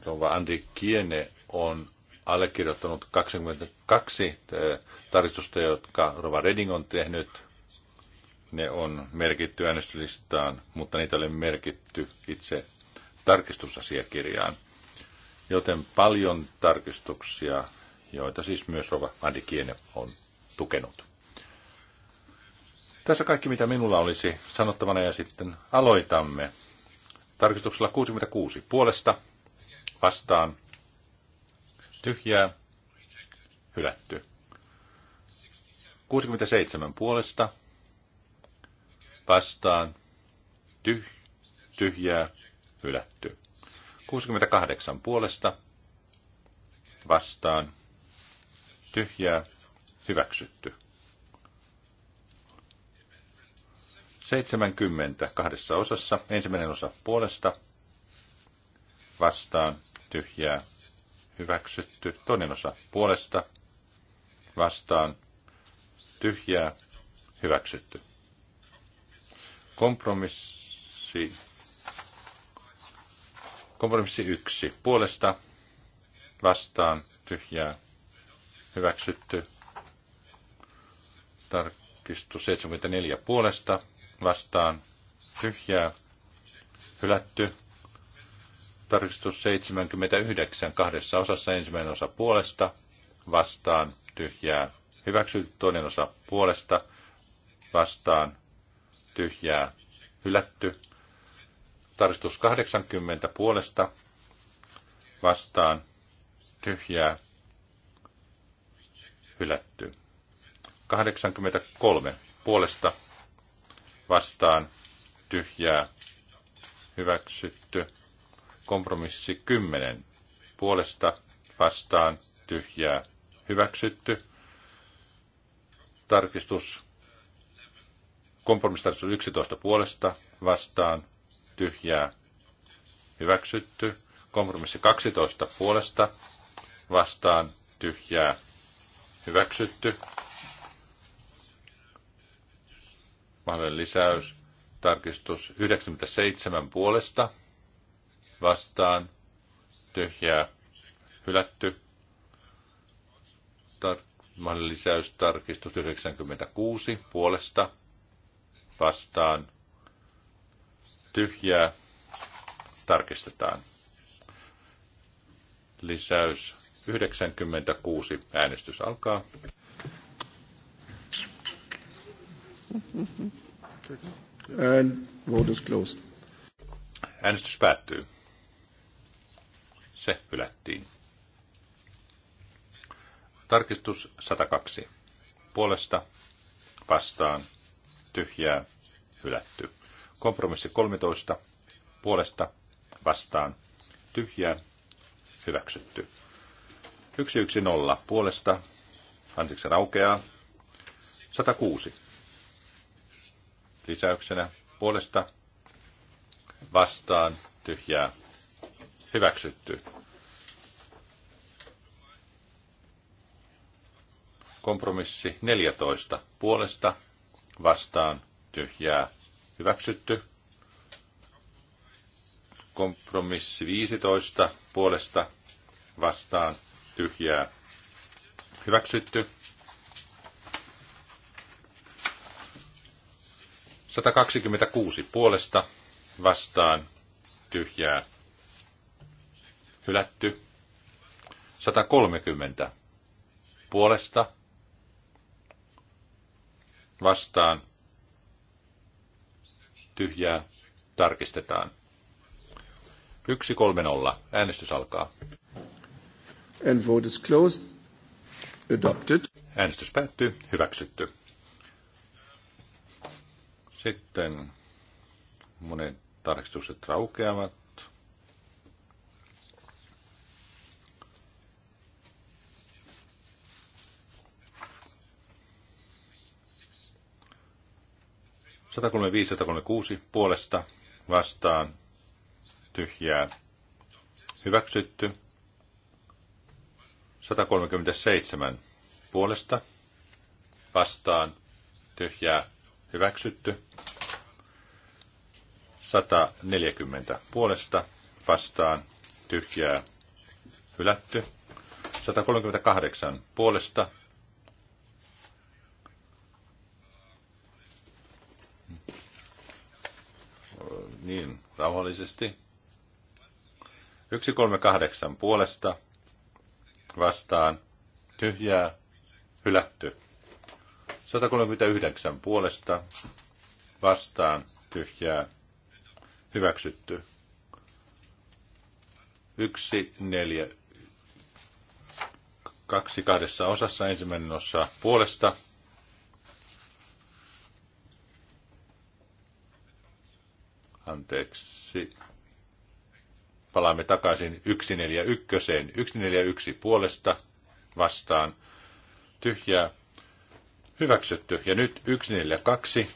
rouva Andri Kiene on allekirjoittanut 22 eh, tarkistusta, jotka Rova Reding on tehnyt. Ne on merkitty äänestyslistaan, mutta niitä oli merkitty itse tarkistusasiakirjaan. Joten paljon tarkistuksia, joita siis myös Rova Andikiene on tukenut. Tässä kaikki, mitä minulla olisi sanottavana, ja sitten aloitamme. Tarkistuksella 66 puolesta vastaan tyhjää, hylätty. 67 puolesta, vastaan, tyh, tyhjää, hylätty. 68 puolesta, vastaan, tyhjää, hyväksytty. 70 kahdessa osassa, ensimmäinen osa puolesta, vastaan, tyhjää, hyväksytty. Toinen osa puolesta vastaan tyhjää hyväksytty. Kompromissi, kompromissi yksi puolesta vastaan tyhjää hyväksytty. Tarkistus 74 puolesta vastaan tyhjää hylätty. Tarkistus 79 kahdessa osassa ensimmäinen osa puolesta vastaan tyhjää hyväksytty, toinen osa puolesta vastaan tyhjää hylätty. Tarkistus 80 puolesta vastaan tyhjää hylätty. 83 puolesta vastaan tyhjää hyväksytty. Kompromissi 10. Puolesta vastaan tyhjää hyväksytty. Tarkistus. Kompromissi 11 puolesta vastaan tyhjää hyväksytty. Kompromissi 12 puolesta vastaan tyhjää hyväksytty. Mahdollinen lisäys. Tarkistus 97 puolesta vastaan, tyhjää, hylätty. Tar- lisäys, tarkistus 96 puolesta, vastaan, tyhjää, tarkistetaan. Lisäys 96, äänestys alkaa. And vote is closed. Äänestys päättyy. Se hylättiin. Tarkistus 102. Puolesta vastaan tyhjää hylätty. Kompromissi 13. Puolesta vastaan tyhjää hyväksytty. 110 puolesta anteeksi raukeaa 106 lisäyksenä puolesta vastaan tyhjää Hyväksytty. Kompromissi 14. Puolesta vastaan tyhjää. Hyväksytty. Kompromissi 15. Puolesta vastaan tyhjää. Hyväksytty. 126 puolesta vastaan tyhjää hylätty. 130 puolesta vastaan tyhjää tarkistetaan. 130. Äänestys alkaa. And vote is closed. Adopted. Äänestys päättyy. Hyväksytty. Sitten monet tarkistukset raukeavat. 135 136 puolesta vastaan tyhjää hyväksytty. 137 puolesta vastaan tyhjää hyväksytty. 140 puolesta vastaan tyhjää hylätty. 138 puolesta Niin, rauhallisesti. 138 puolesta vastaan tyhjää hylätty. 139 puolesta vastaan tyhjää hyväksytty. 1, 4, 2 kahdessa osassa. Ensimmäinen osa puolesta Anteeksi. Palaamme takaisin 141. 141 puolesta vastaan. Tyhjää. Hyväksytty. Ja nyt 142.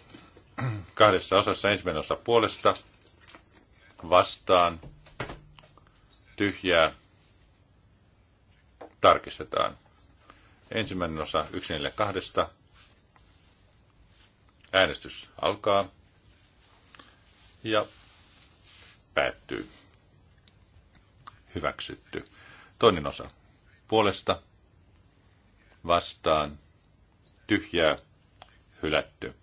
Kahdessa osassa ensimmäinen osa puolesta vastaan. Tyhjää. Tarkistetaan. Ensimmäinen osa 142. Äänestys alkaa ja päättyy. Hyväksytty. Toinen osa. Puolesta, vastaan, tyhjää, hylätty.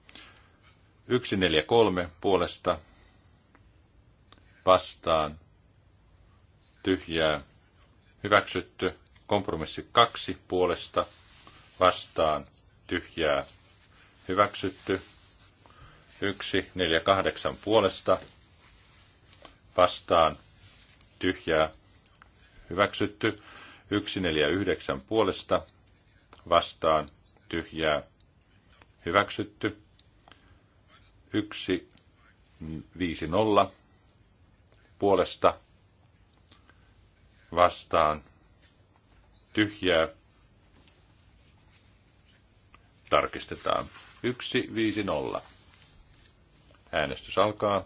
143 puolesta, vastaan, tyhjää, hyväksytty. Kompromissi 2 puolesta, vastaan, tyhjää, hyväksytty. 1, 4, 8 puolesta vastaan tyhjää hyväksytty. 1, 4, 9 puolesta vastaan tyhjää hyväksytty. 1, 5, 0 puolesta vastaan tyhjää tarkistetaan. 1, 5, 0. Äänestys alkaa.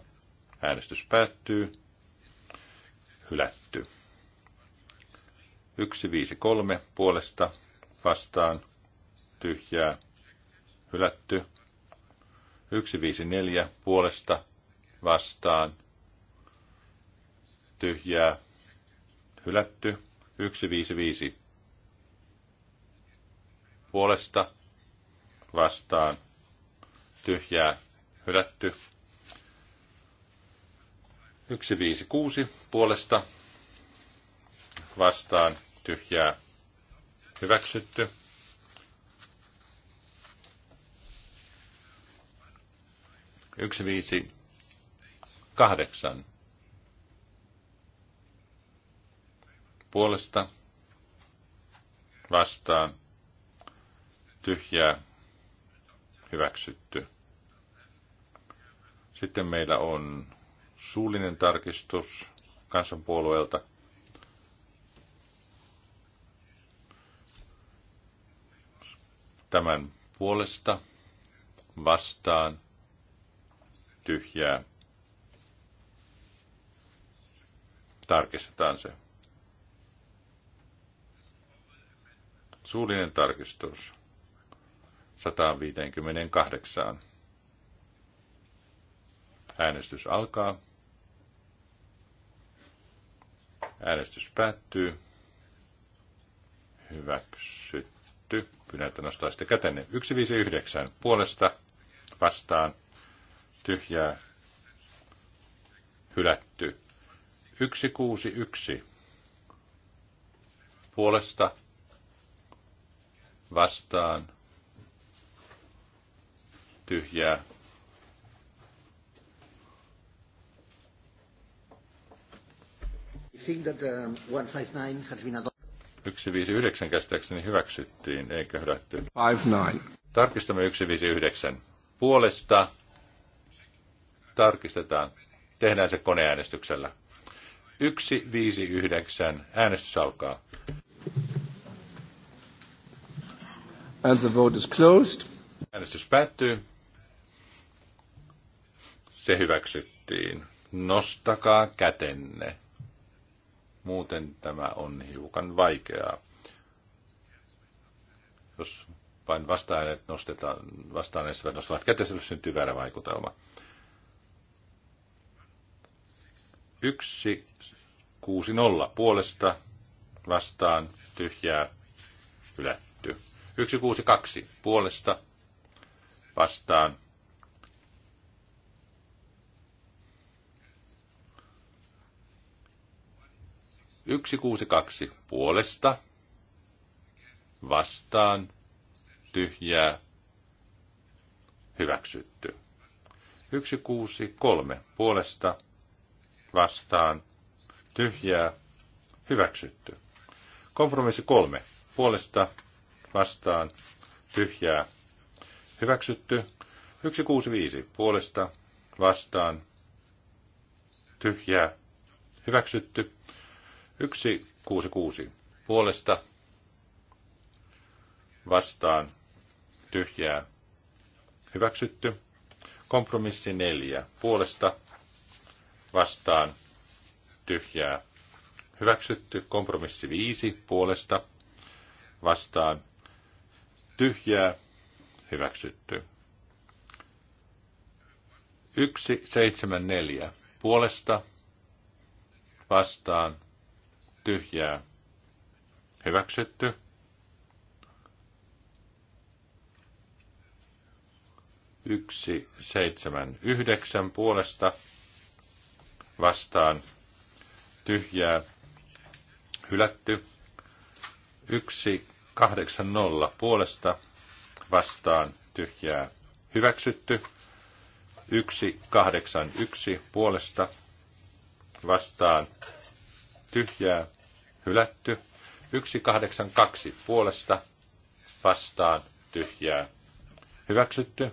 Äänestys päättyy. Hylätty. 153 puolesta vastaan tyhjää hylätty. 154 puolesta vastaan tyhjää hylätty. 155 puolesta vastaan tyhjää hylätty. 156 puolesta vastaan tyhjää hyväksytty. Yksi viisi kahdeksan puolesta vastaan tyhjää hyväksytty. Sitten meillä on suullinen tarkistus kansanpuolueelta. Tämän puolesta vastaan tyhjää. Tarkistetaan se. Suullinen tarkistus 158. Äänestys alkaa. Äänestys päättyy. Hyväksytty. Pyydän, että sitten kätenne. 159 puolesta vastaan. Tyhjää. Hylätty. 161 puolesta vastaan. Tyhjää 159 uh, käsittääkseni hyväksyttiin, eikö hyvätty? 59. Tarkistamme 159. Puolesta tarkistetaan. Tehdään se koneäänestyksellä. 159. Äänestys alkaa. And the vote is closed. Äänestys päättyy. Se hyväksyttiin. Nostakaa kätenne. Muuten tämä on hiukan vaikeaa. Jos vain vastaaneet nostetaan, vastaaneet nostavat kätensä, syntyy väärä vaikutelma. Yksi, kuusi, nolla puolesta vastaan tyhjää ylätty. Yksi, kuusi, kaksi puolesta vastaan 162 puolesta vastaan tyhjää hyväksytty. 163 puolesta vastaan tyhjää hyväksytty. Kompromissi 3 puolesta vastaan tyhjää hyväksytty. 165 puolesta vastaan tyhjää hyväksytty. 166 puolesta vastaan tyhjää hyväksytty. Kompromissi 4 puolesta vastaan tyhjää hyväksytty. Kompromissi 5 puolesta vastaan tyhjää hyväksytty. 174 puolesta vastaan tyhjää hyväksytty. Yksi, seitsemän, yhdeksän puolesta vastaan tyhjää hylätty. Yksi, kahdeksan, nolla puolesta vastaan tyhjää hyväksytty. Yksi, kahdeksan, yksi puolesta vastaan tyhjää hylätty. 182 puolesta vastaan tyhjää hyväksytty.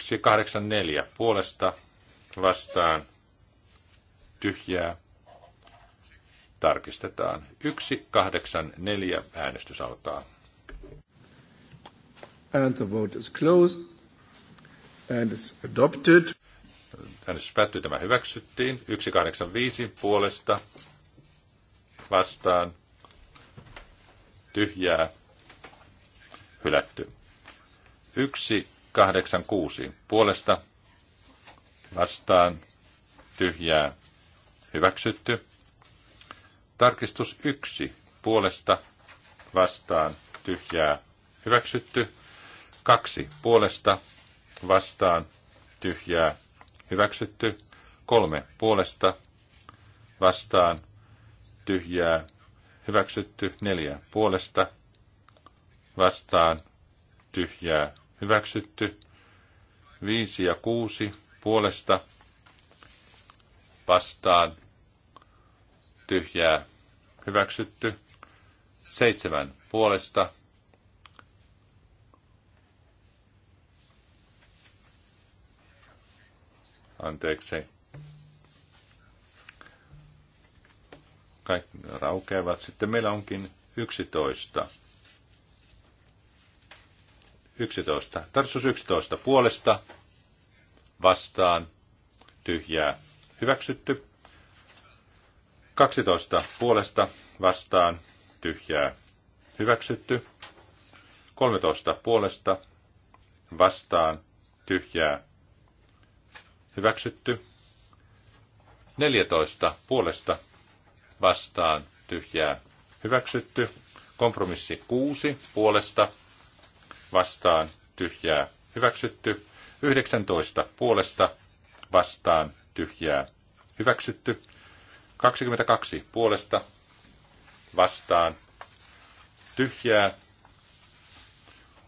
184 puolesta vastaan tyhjää tarkistetaan. 184 äänestys alkaa. And the vote is closed and is adopted. Äänestys päättyy, tämä hyväksyttiin. 185 puolesta vastaan tyhjää hylätty. kuusi puolesta vastaan tyhjää hyväksytty. Tarkistus 1 puolesta vastaan tyhjää hyväksytty. 2 puolesta vastaan tyhjää hyväksytty. 3 puolesta vastaan tyhjää, hyväksytty. Neljä puolesta vastaan, tyhjää, hyväksytty. Viisi ja kuusi puolesta vastaan, tyhjää, hyväksytty. Seitsemän puolesta anteeksi, kaikki raukeavat. Sitten meillä onkin 11. 11. Tarsus 11. Puolesta vastaan tyhjää hyväksytty. 12. Puolesta vastaan tyhjää hyväksytty. 13. Puolesta vastaan tyhjää hyväksytty. 14. Puolesta vastaan tyhjää hyväksytty. Kompromissi 6 puolesta vastaan tyhjää hyväksytty. 19 puolesta vastaan tyhjää hyväksytty. 22 puolesta vastaan tyhjää.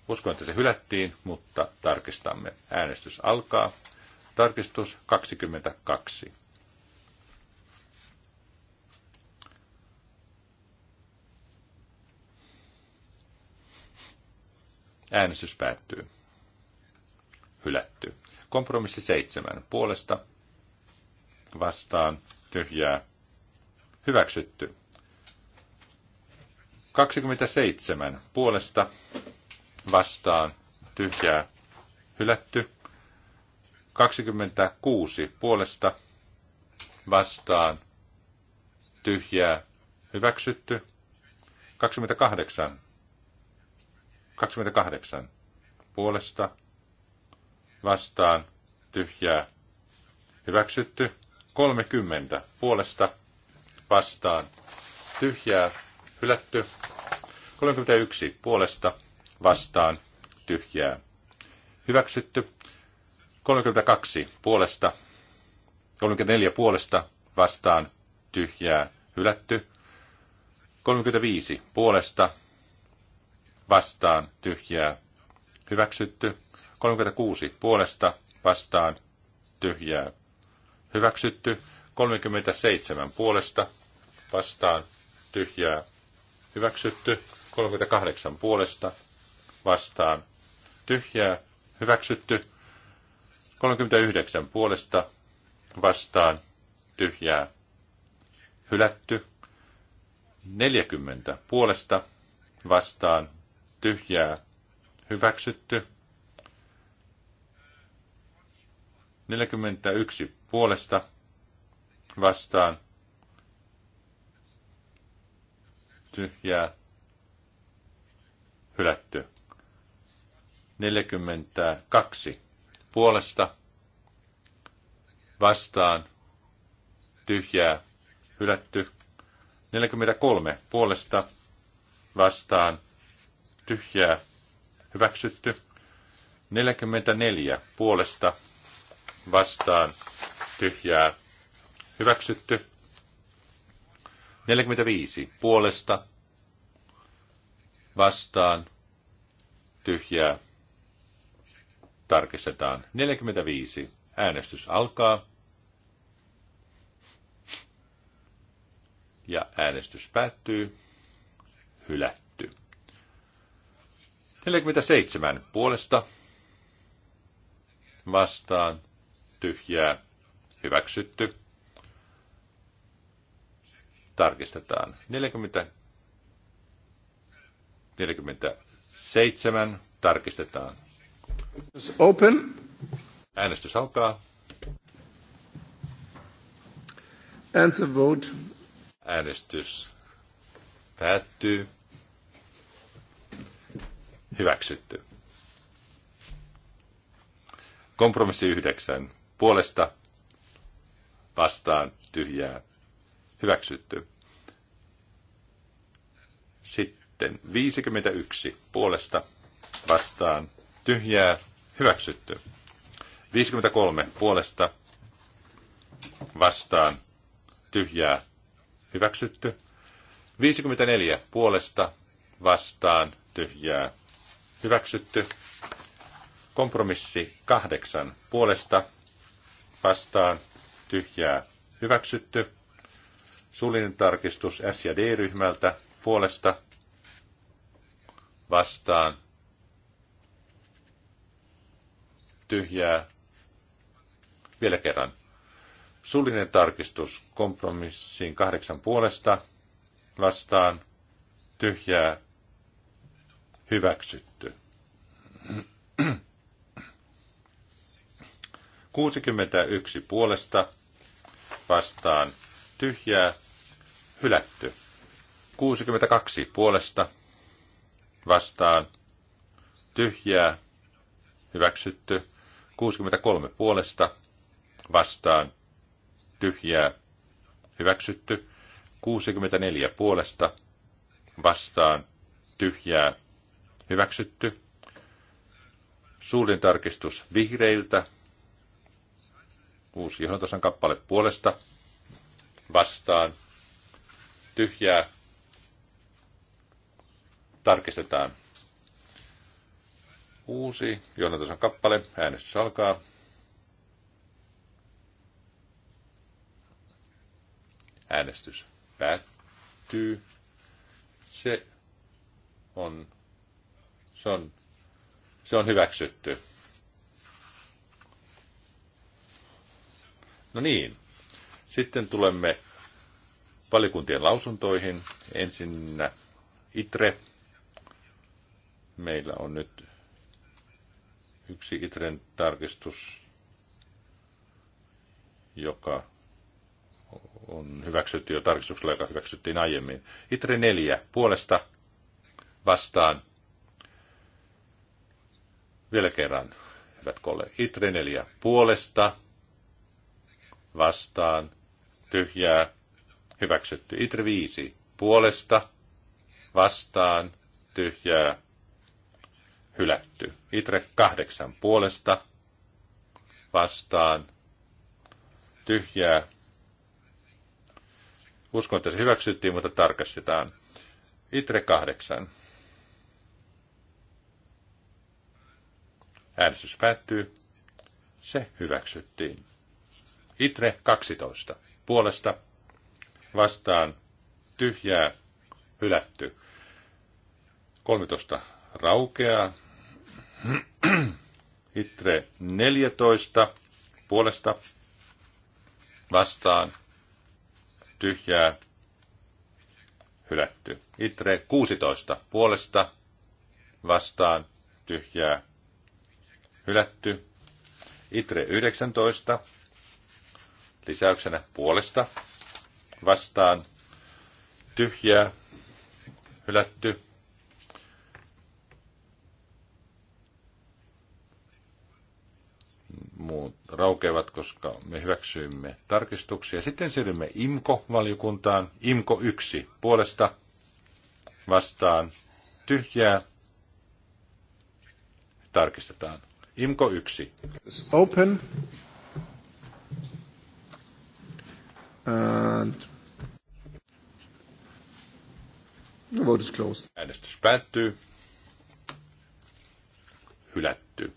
Uskon, että se hylättiin, mutta tarkistamme. Äänestys alkaa. Tarkistus 22. Äänestys päättyy. Hylätty. Kompromissi seitsemän. Puolesta vastaan tyhjää. Hyväksytty. 27. Puolesta vastaan tyhjää. Hylätty. 26. Puolesta vastaan tyhjää. Hyväksytty. 28 28 puolesta vastaan tyhjää hyväksytty. 30 puolesta vastaan tyhjää hylätty. 31 puolesta vastaan tyhjää hyväksytty. 32 puolesta 34 puolesta vastaan tyhjää hylätty. 35 puolesta vastaan tyhjää hyväksytty. 36 puolesta vastaan tyhjää hyväksytty. 37 puolesta vastaan tyhjää hyväksytty. 38 puolesta vastaan tyhjää hyväksytty. 39 puolesta vastaan tyhjää hylätty. 40 puolesta vastaan tyhjää hyväksytty. 41 puolesta vastaan tyhjää hylätty. 42 puolesta vastaan tyhjää hylätty. 43 puolesta vastaan tyhjää hyväksytty. 44 puolesta vastaan tyhjää hyväksytty. 45 puolesta vastaan tyhjää tarkistetaan. 45 äänestys alkaa. Ja äänestys päättyy. Hylätty. 47 puolesta vastaan tyhjää hyväksytty. Tarkistetaan 40, 47 tarkistetaan. Open. Äänestys alkaa. And the vote. Äänestys päättyy hyväksytty. Kompromissi yhdeksän. Puolesta vastaan tyhjää hyväksytty. Sitten 51 puolesta vastaan tyhjää hyväksytty. 53 puolesta vastaan tyhjää hyväksytty. 54 puolesta vastaan tyhjää hyväksytty. Kompromissi kahdeksan puolesta vastaan tyhjää hyväksytty. Suullinen tarkistus S- ja D-ryhmältä puolesta vastaan tyhjää vielä kerran. Suullinen tarkistus kompromissiin kahdeksan puolesta vastaan tyhjää hyväksytty. 61 puolesta vastaan tyhjää hylätty. 62 puolesta vastaan tyhjää hyväksytty. 63 puolesta vastaan tyhjää hyväksytty. 64 puolesta vastaan tyhjää Hyväksytty. Suullinen tarkistus vihreiltä. Uusi johdantosan kappale puolesta. Vastaan. Tyhjää. Tarkistetaan. Uusi johdantosan kappale. Äänestys alkaa. Äänestys päättyy. Se on se on, se on hyväksytty. No niin. Sitten tulemme valikuntien lausuntoihin. ensin ITRE. Meillä on nyt yksi ITREn tarkistus, joka on hyväksytty jo tarkistuksella, joka hyväksyttiin aiemmin. ITRE 4 puolesta vastaan vielä kerran, hyvät kollegat. Itre neljä puolesta, vastaan, tyhjää, hyväksytty. Itre viisi puolesta, vastaan, tyhjää, hylätty. Itre kahdeksan puolesta, vastaan, tyhjää. Uskon, että se hyväksyttiin, mutta tarkastetaan. Itre kahdeksan. Äänestys päättyy. Se hyväksyttiin. Itre 12. Puolesta vastaan tyhjää hylätty. 13 raukeaa. Itre 14 puolesta vastaan tyhjää hylätty. Itre 16 puolesta vastaan tyhjää hylätty. Itre 19 lisäyksenä puolesta vastaan tyhjää hylätty. Muut raukeavat, koska me hyväksyimme tarkistuksia. Sitten siirrymme IMKO-valiokuntaan. IMKO 1 puolesta vastaan tyhjää tarkistetaan. IMKO 1. Open. the vote is closed. Äänestys päättyy. Hylätty.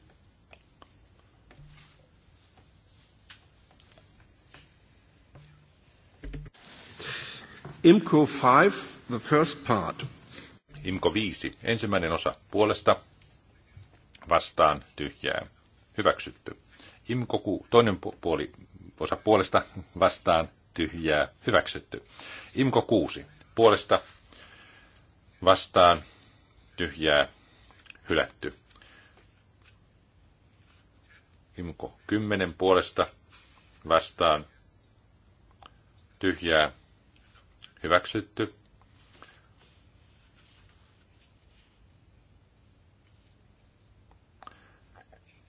IMCO 5, the first part. IMCO 5, ensimmäinen osa puolesta vastaan tyhjää hyväksytty. Imkoku toinen puoli osa puolesta vastaan tyhjää hyväksytty. Imko kuusi puolesta vastaan tyhjää hylätty. Imko kymmenen puolesta vastaan tyhjää hyväksytty.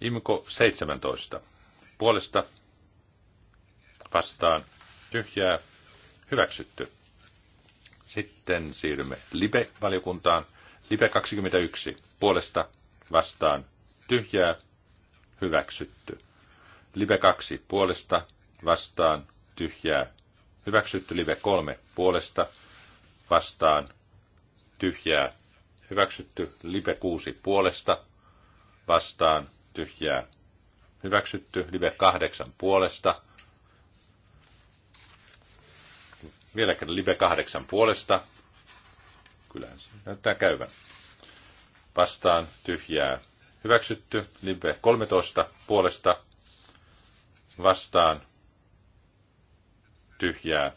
Imko 17. Puolesta vastaan tyhjää hyväksytty. Sitten siirrymme Libe-valiokuntaan. Libe 21. Puolesta vastaan tyhjää hyväksytty. Libe 2 puolesta, vastaan, tyhjää. Hyväksytty Libe 3 puolesta, vastaan, tyhjää. Hyväksytty Libe 6 puolesta, vastaan, tyhjää hyväksytty. Live kahdeksan puolesta. Vieläkään Live kahdeksan puolesta. Kyllähän se näyttää käyvän. Vastaan tyhjää hyväksytty. Live 13 puolesta. Vastaan tyhjää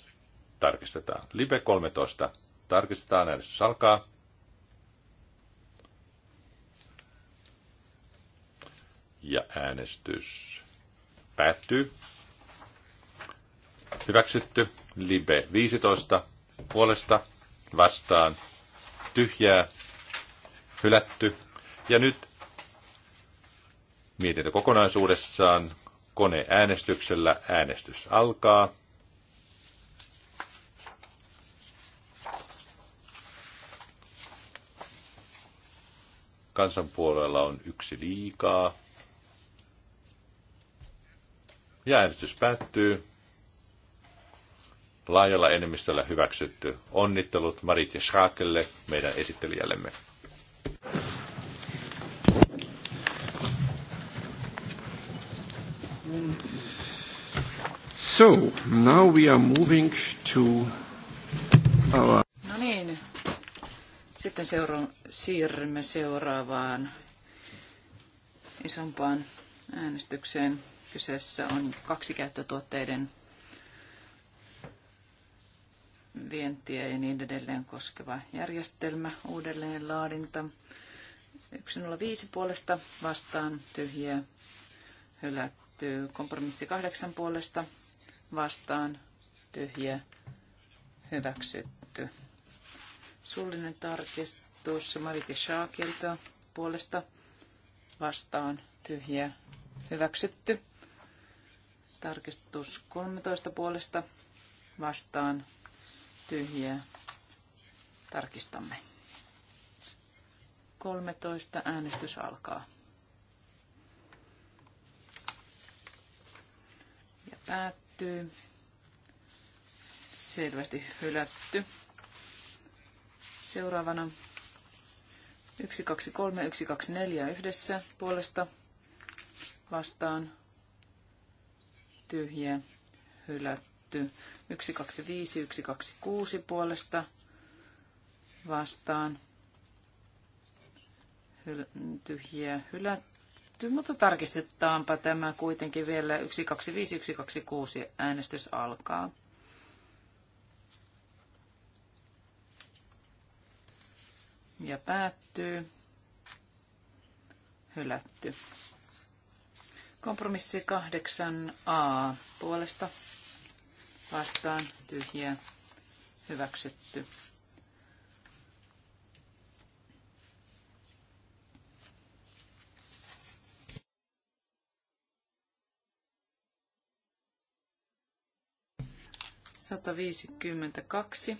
tarkistetaan. Live 13 tarkistetaan äänestys alkaa. ja äänestys päättyy. Hyväksytty. Libe 15 puolesta vastaan tyhjää, hylätty. Ja nyt mietintö kokonaisuudessaan. Koneäänestyksellä äänestys alkaa. Kansanpuolella on yksi liikaa. Ja äänestys päättyy. Laajalla enemmistöllä hyväksytty. Onnittelut Marit ja Schakelle meidän esittelijällemme. So, now we are moving to our... No niin. Sitten seura- siirrymme seuraavaan isompaan äänestykseen. Kyseessä on käyttötuotteiden vientiä ja niin edelleen koskeva järjestelmä, uudelleen laadinta. 105 puolesta vastaan tyhjiä hylätty. Kompromissi 8 puolesta vastaan tyhjiä hyväksytty. Suullinen tarkistus Mariti Shaakilta puolesta vastaan tyhjiä hyväksytty. Tarkistus 13 puolesta vastaan tyhjää. Tarkistamme. 13 äänestys alkaa. Ja päättyy. Selvästi hylätty. Seuraavana 123, 124 yhdessä puolesta vastaan tyhjä, hylätty. 125, 126 puolesta vastaan, hyl- tyhjä, hylätty. Mutta tarkistetaanpa tämä kuitenkin vielä. 125, 126 äänestys alkaa. Ja päättyy. Hylätty. Kompromissi 8a puolesta vastaan tyhjä hyväksytty. Sata viisikymmentä kaksi.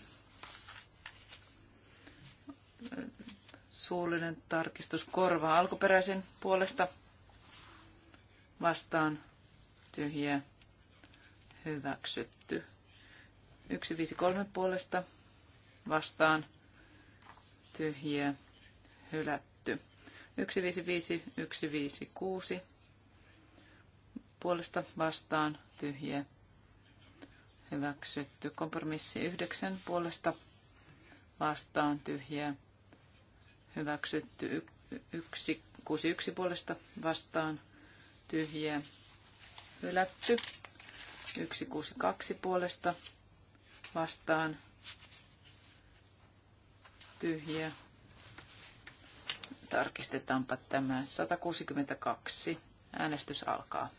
Suullinen tarkistus korvaa alkuperäisen puolesta vastaan tyhjiä hyväksytty. 153 puolesta vastaan tyhjiä hylätty. 155, 156 puolesta vastaan tyhjiä hyväksytty. Kompromissi 9 puolesta vastaan tyhjiä hyväksytty. 161 puolesta vastaan tyhjiä hylätty. 162 puolesta vastaan tyhjiä. Tarkistetaanpa tämä. 162. Äänestys alkaa.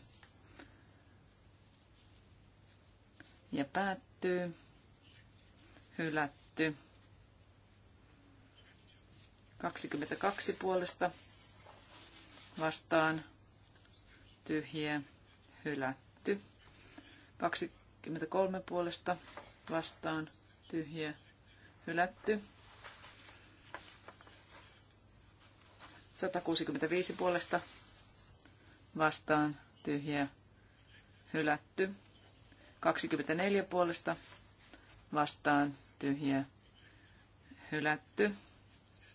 Ja päättyy. Hylätty. 22 puolesta vastaan tyhjiä, hylätty. 23 puolesta vastaan, tyhjiä, hylätty. 165 puolesta vastaan, tyhjiä, hylätty. 24 puolesta vastaan, tyhjiä, hylätty.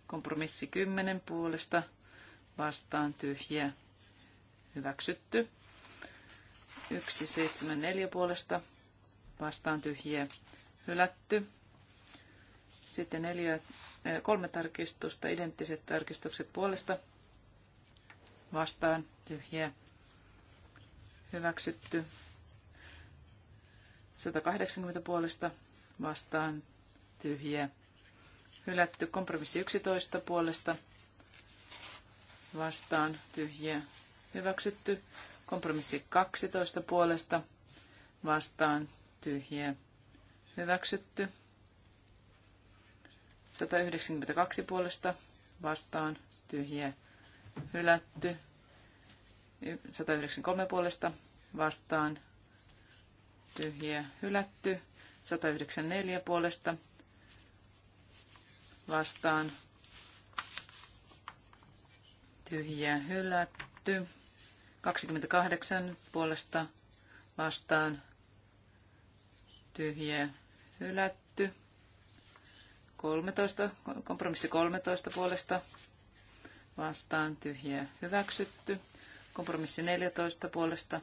Kompromissi 10 puolesta vastaan, tyhjiä, hyväksytty. 174 puolesta vastaan tyhjiä hylätty. Sitten neljä, eh, kolme tarkistusta, identtiset tarkistukset puolesta vastaan tyhjiä hyväksytty. 180 puolesta vastaan tyhjiä hylätty. Kompromissi 11 puolesta vastaan tyhjiä hyväksytty. Kompromissi 12 puolesta vastaan tyhjiä hyväksytty. 192 puolesta vastaan tyhjiä hylätty. 193 puolesta vastaan tyhjiä hylätty. 194 puolesta vastaan tyhjiä hylätty. 28 puolesta vastaan tyhjä hylätty. 13, kompromissi 13 puolesta vastaan tyhjä hyväksytty. Kompromissi 14 puolesta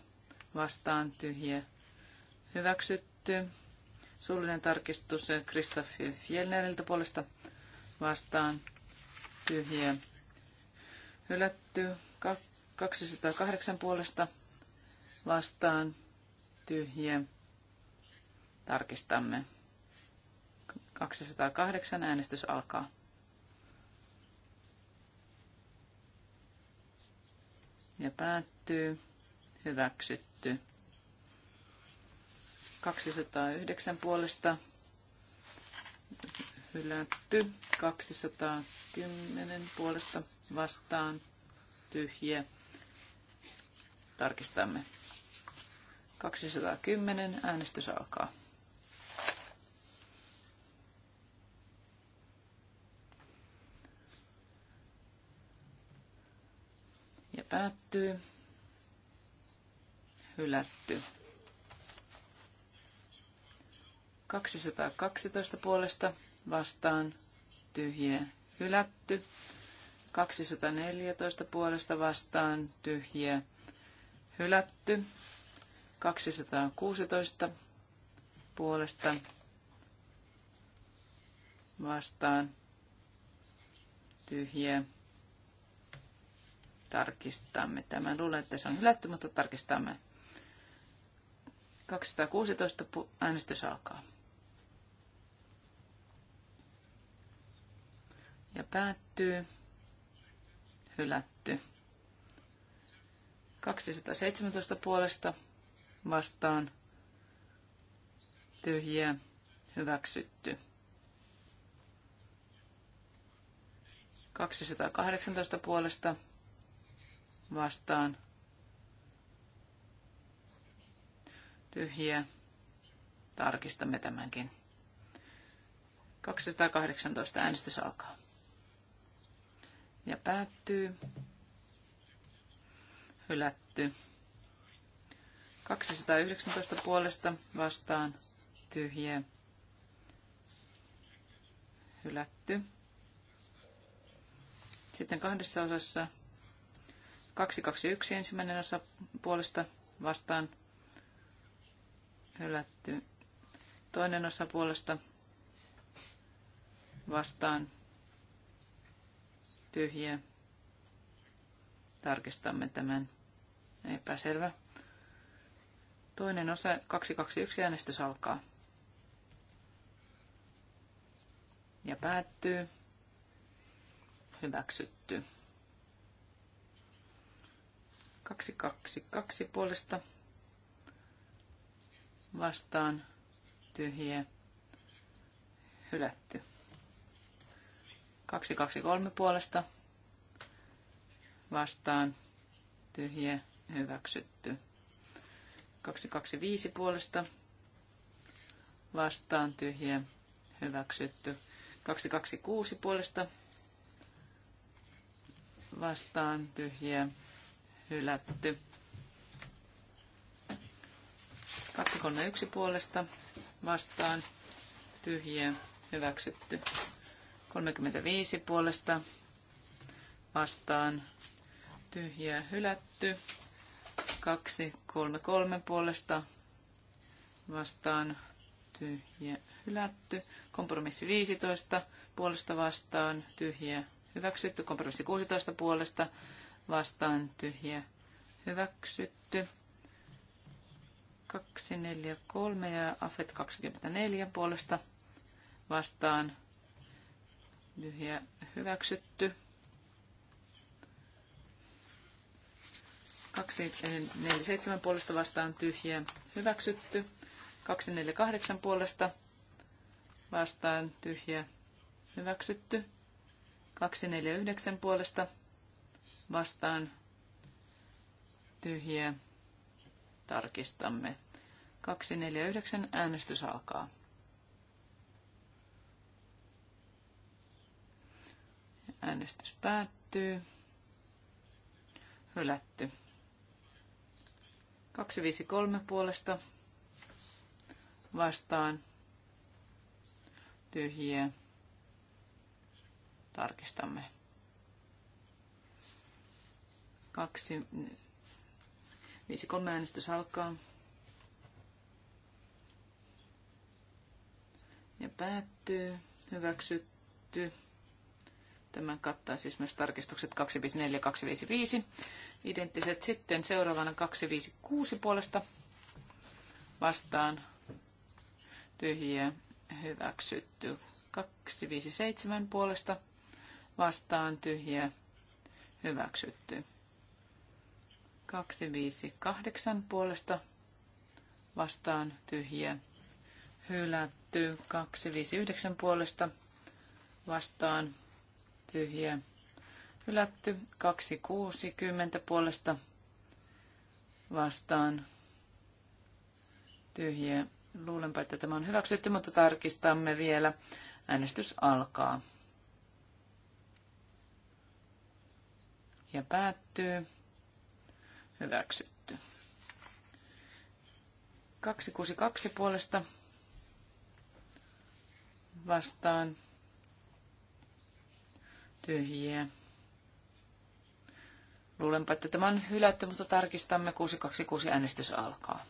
vastaan tyhjä hyväksytty. Suullinen tarkistus Kristoff Fjellneriltä puolesta vastaan tyhjä hylätty. 208 puolesta vastaan tyhjiä. Tarkistamme. 208 äänestys alkaa. Ja päättyy. Hyväksytty. 209 puolesta hylätty. 210 puolesta vastaan tyhjiä Tarkistamme. 210. Äänestys alkaa. Ja päättyy. Hylätty. 212 puolesta vastaan tyhjä hylätty. 214 puolesta vastaan tyhjä hylätty. 216 puolesta vastaan tyhjä Tarkistamme tämän. Luulen, että se on hylätty, mutta tarkistamme. 216 äänestys alkaa. Ja päättyy. Hylätty. 217 puolesta vastaan tyhjiä hyväksytty. 218 puolesta vastaan tyhjiä. Tarkistamme tämänkin. 218 äänestys alkaa. Ja päättyy hylätty. 219 puolesta vastaan tyhjä hylätty. Sitten kahdessa osassa 221 ensimmäinen osa puolesta vastaan hylätty. Toinen osa puolesta vastaan tyhjä Tarkistamme tämän. Epäselvä. Toinen osa 221 äänestys alkaa. Ja päättyy. Hyväksytty. 222 puolesta vastaan tyhjiä hylätty. 223 puolesta vastaan tyhjiä hyväksytty. 225 puolesta vastaan tyhjä hyväksytty. 226 puolesta vastaan tyhjä hylätty. 231 puolesta vastaan tyhjä hyväksytty. 35 puolesta vastaan tyhjä hylätty. 2, 3, 3 puolesta vastaan tyhjä hylätty. Kompromissi 15 puolesta vastaan tyhjä hyväksytty. Kompromissi 16 puolesta vastaan tyhjä hyväksytty. 2, 4, 3 ja AFET 24 puolesta vastaan tyhjä hyväksytty. 247 puolesta vastaan tyhjiä hyväksytty. 248 puolesta vastaan tyhjiä hyväksytty. 249 puolesta vastaan tyhjiä tarkistamme. 249 äänestys alkaa. Äänestys päättyy. Hylätty. 253 puolesta vastaan tyhjiä. Tarkistamme. Kaksi, viisi, äänestys alkaa. Ja päättyy. Hyväksytty. Tämä kattaa siis myös tarkistukset 254 255 identtiset. Sitten seuraavana 256 puolesta vastaan tyhjiä hyväksytty. 257 puolesta vastaan tyhjiä hyväksytty. 258 puolesta vastaan tyhjiä hylätty. 259 puolesta vastaan tyhjiä hylätty 260 puolesta vastaan tyhjiä. Luulenpa, että tämä on hyväksytty, mutta tarkistamme vielä. Äänestys alkaa. Ja päättyy. Hyväksytty. 262 puolesta vastaan tyhjiä Luulenpa, että tämä on hylätty, mutta tarkistamme. 626 äänestys alkaa.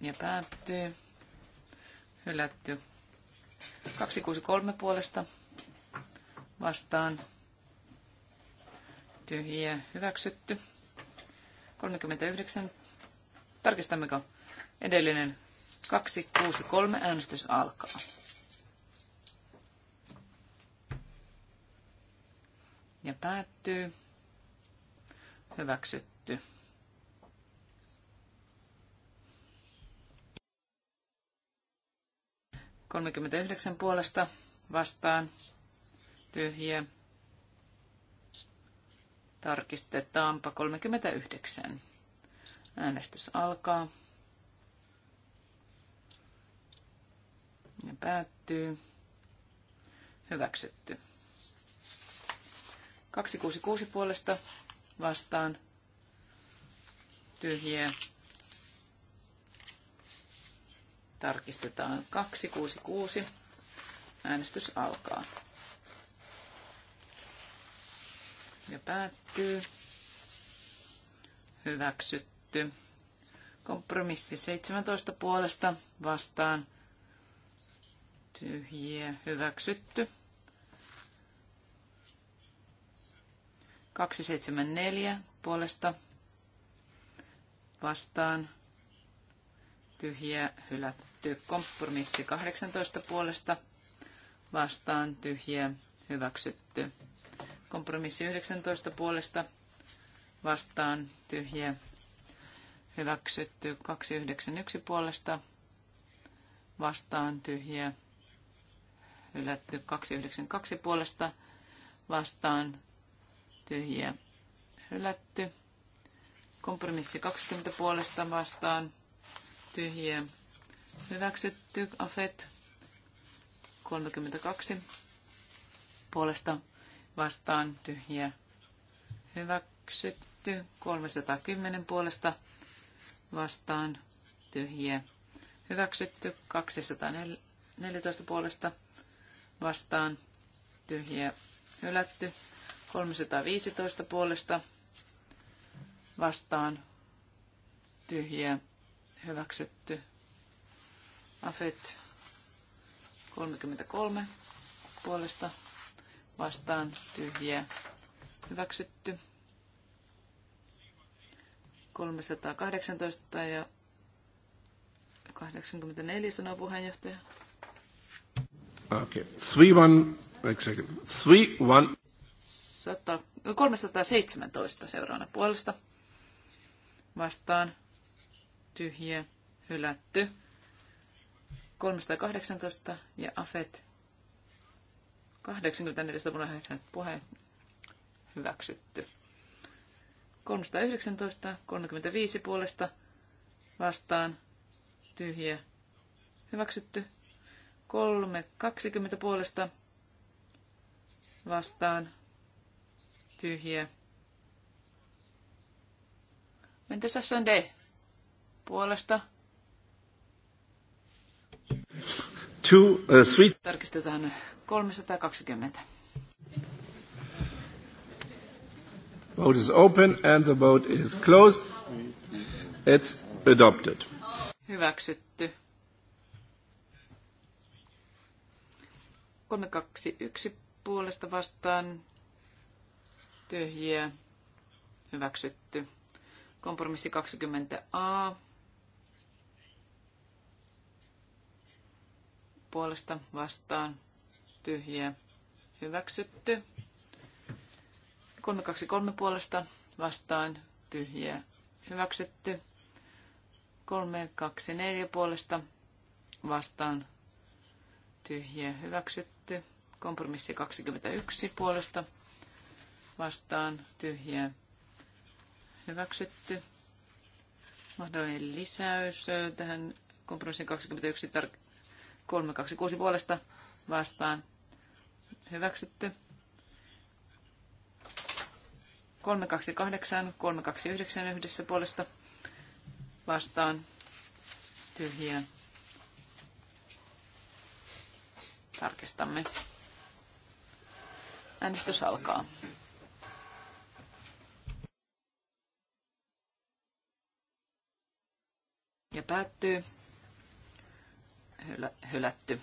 Ja päättyy. Hylätty. 263 puolesta vastaan. Tyhjiä hyväksytty. 39. Tarkistammeko? Edellinen 263 äänestys alkaa. Ja päättyy. Hyväksytty. Kolmekymmentäyhdeksän puolesta vastaan. Tyhjiä. Tarkistetaanpa 39. Äänestys alkaa. Ne päättyy. Hyväksytty. 266 puolesta vastaan. Tyhjiä. Tarkistetaan 266. Äänestys alkaa. Ja päättyy. Hyväksytty. Kompromissi 17 puolesta vastaan tyhjiä hyväksytty. 274 puolesta vastaan tyhjiä hylätty. Kompromissi 18 puolesta vastaan tyhjiä hyväksytty. Kompromissi 19 puolesta vastaan tyhjiä hyväksytty. 291 puolesta vastaan tyhjiä hylätty 292 puolesta vastaan tyhjiä hylätty. Kompromissi 20 puolesta vastaan tyhjiä hyväksytty. Afet 32 puolesta vastaan tyhjiä hyväksytty. 310 puolesta vastaan tyhjiä hyväksytty. 214 puolesta vastaan tyhjiä hylätty. 315 puolesta vastaan tyhjiä hyväksytty. Afet 33 puolesta vastaan tyhjiä hyväksytty. 318 ja 84 sanoo puheenjohtaja. Okay. 317 seuraavana puolesta. Vastaan. Tyhjiä. Hylätty. 318 ja Afet 84 puheen hyväksytty. 319, 35 puolesta vastaan, tyhjä, hyväksytty. 3, 20 puolesta vastaan tyhjiä. Entäs tässä on D? Puolesta. Two, uh, three. Tarkistetaan 320. Vote is open and the vote is closed. It's adopted. Hyväksytty. 321 puolesta vastaan tyhjiä hyväksytty. Kompromissi 20a puolesta vastaan tyhjiä hyväksytty. kolme puolesta vastaan tyhjiä hyväksytty. 324 puolesta vastaan tyhjiä hyväksytty. Kompromissi 21 puolesta vastaan tyhjiä hyväksytty. Mahdollinen lisäys tähän kompromissin 21 tar- 326 puolesta vastaan hyväksytty. 328, 329 yhdessä puolesta vastaan tyhjiä tarkistamme. Äänestys alkaa. Ja päättyy. Hylä, hylätty.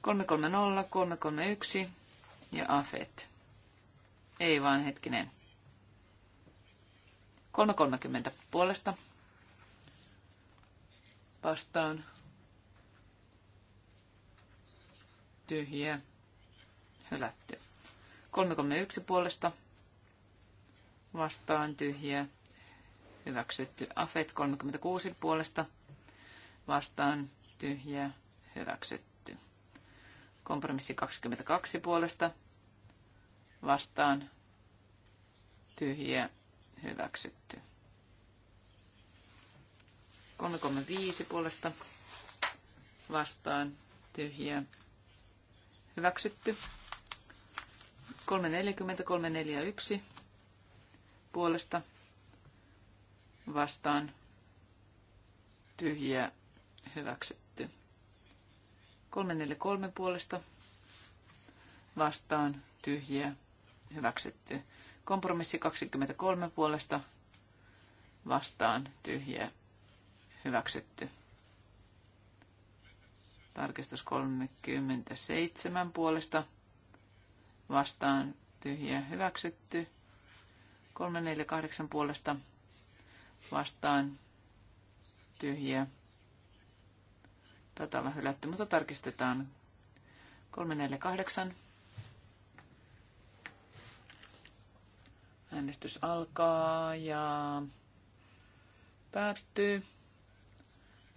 330, 331 ja AFET. Ei vaan hetkinen. 330 puolesta. Vastaan tyhjiä, hylätty. 331 puolesta vastaan tyhjiä, hyväksytty. Afet 36 puolesta vastaan tyhjiä, hyväksytty. Kompromissi 22 puolesta vastaan tyhjiä, hyväksytty. 335 puolesta vastaan tyhjiä, Hyväksytty. 340, 341 puolesta vastaan tyhjiä hyväksytty. 343 puolesta vastaan tyhjiä hyväksytty. Kompromissi 23 puolesta vastaan tyhjiä hyväksytty. Tarkistus 37 puolesta vastaan tyhjä hyväksytty. 348 puolesta vastaan tyhjä. tätä olla hylätty, mutta tarkistetaan. 348. Äänestys alkaa ja päättyy.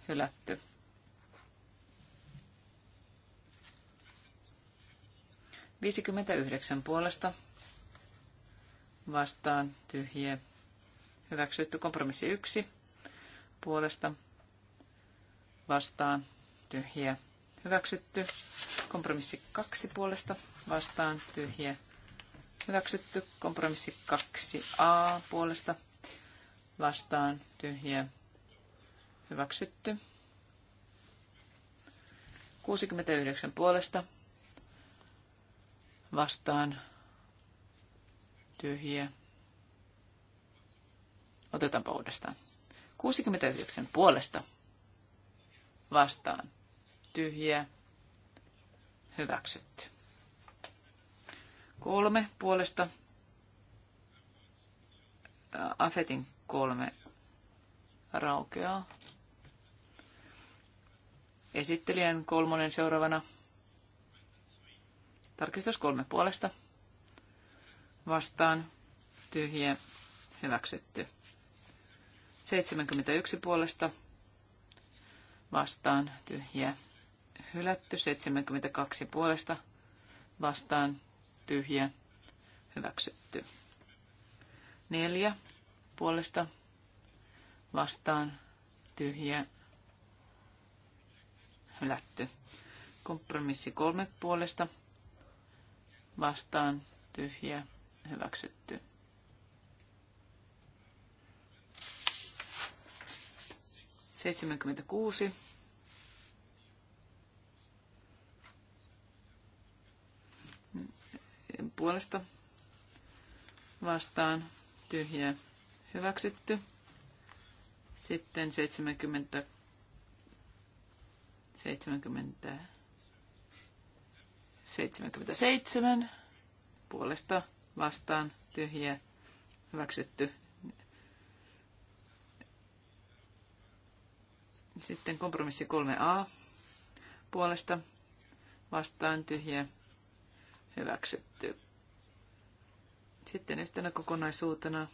Hylätty. 59 puolesta vastaan tyhjiä. Hyväksytty kompromissi 1 puolesta vastaan tyhjiä. Hyväksytty kompromissi 2 puolesta vastaan tyhjiä. Hyväksytty kompromissi 2a puolesta vastaan tyhjiä. Hyväksytty 69 puolesta vastaan tyhjiä. Otetaanpa uudestaan. 69 puolesta vastaan tyhjiä. Hyväksytty. Kolme puolesta. Äh, Afetin kolme raukeaa. Esittelijän kolmonen seuraavana Tarkistus kolme puolesta. Vastaan. tyhjä Hyväksytty. 71 puolesta. Vastaan. Tyhjä. Hylätty. 72 puolesta. Vastaan. tyhjä Hyväksytty. Neljä puolesta. Vastaan. tyhjä Hylätty. Kompromissi kolme puolesta vastaan tyhjä hyväksytty. Seitsemänkymmentäkuusi. Puolesta vastaan tyhjä hyväksytty. Sitten 70, 70 77 puolesta vastaan tyhjiä hyväksytty. Sitten kompromissi 3a puolesta vastaan tyhjiä hyväksytty. Sitten yhtenä kokonaisuutena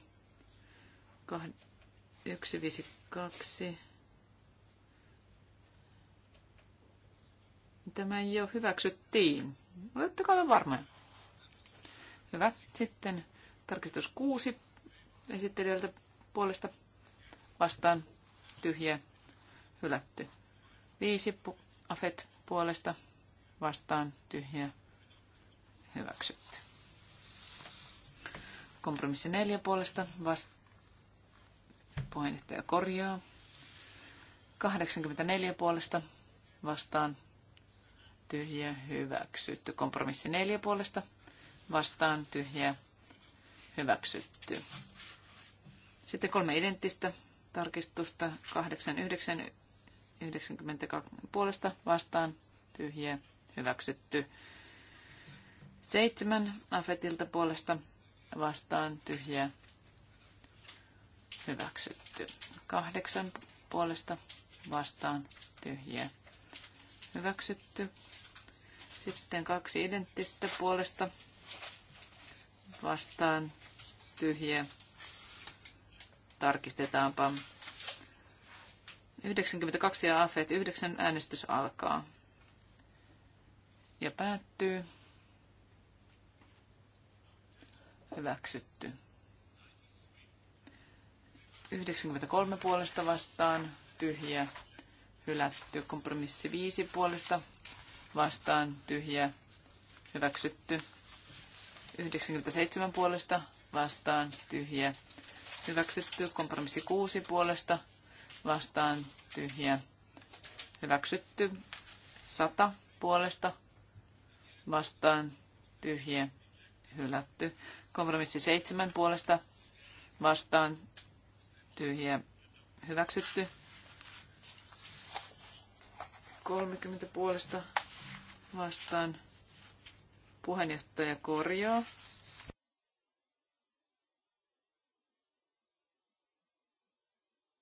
152 Tämä jo hyväksyttiin. Oletteko ole varmoja? Hyvä. Sitten tarkistus kuusi. esittelijältä puolesta vastaan tyhjä hylätty. Viisi afet puolesta vastaan tyhjä hyväksytty. Kompromissi neljä puolesta vastaan puheenjohtaja korjaa. 84 puolesta vastaan tyhjä hyväksytty. Kompromissi neljä puolesta vastaan tyhjä hyväksytty. Sitten kolme identtistä tarkistusta, 8, 9, 92 puolesta vastaan tyhjä hyväksytty. Seitsemän Afetilta puolesta vastaan tyhjä hyväksytty. Kahdeksan puolesta vastaan tyhjä hyväksytty. Sitten kaksi identtistä puolesta vastaan tyhjiä. Tarkistetaanpa. 92 ja AFET 9 äänestys alkaa ja päättyy. Hyväksytty. 93 puolesta vastaan tyhjä hylätty. Kompromissi viisi puolesta vastaan tyhjä hyväksytty. 97 puolesta vastaan tyhjä hyväksytty. Kompromissi 6 puolesta vastaan tyhjä hyväksytty. 100 puolesta vastaan tyhjä hylätty. Kompromissi 7 puolesta vastaan tyhjä hyväksytty. 30 puolesta vastaan. Puheenjohtaja korjaa.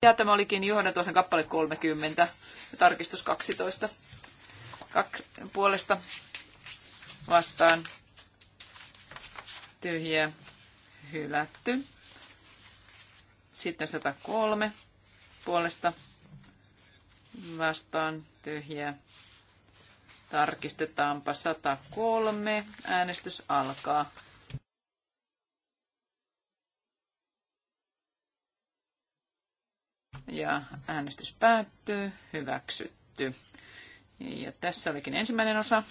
Ja tämä olikin Juhana tuossa kappale 30 ja tarkistus 12 Kak- puolesta vastaan tyhjä hylätty. Sitten 103 puolesta vastaan tyhjä. Tarkistetaanpa 103. Äänestys alkaa. Ja äänestys päättyy. Hyväksytty. Ja tässä olikin ensimmäinen osa.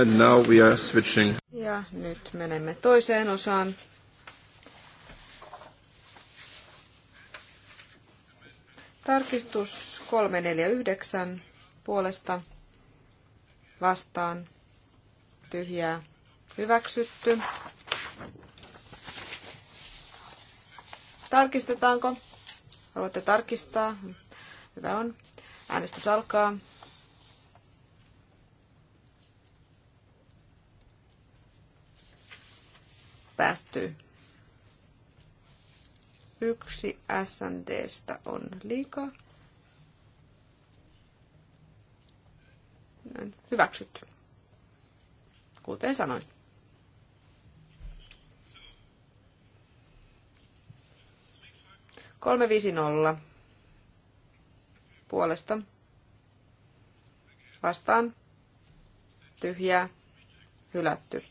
And now we are switching. Ja nyt menemme toiseen osaan. Tarkistus 349 puolesta vastaan tyhjää hyväksytty. Tarkistetaanko? Haluatte tarkistaa? Hyvä on. Äänestys alkaa. Päättyy. Yksi SNDstä on liikaa. Näin. Hyväksytty. Kuten sanoin. Kolme viisi nolla. Puolesta. Vastaan. Tyhjää. Hylätty.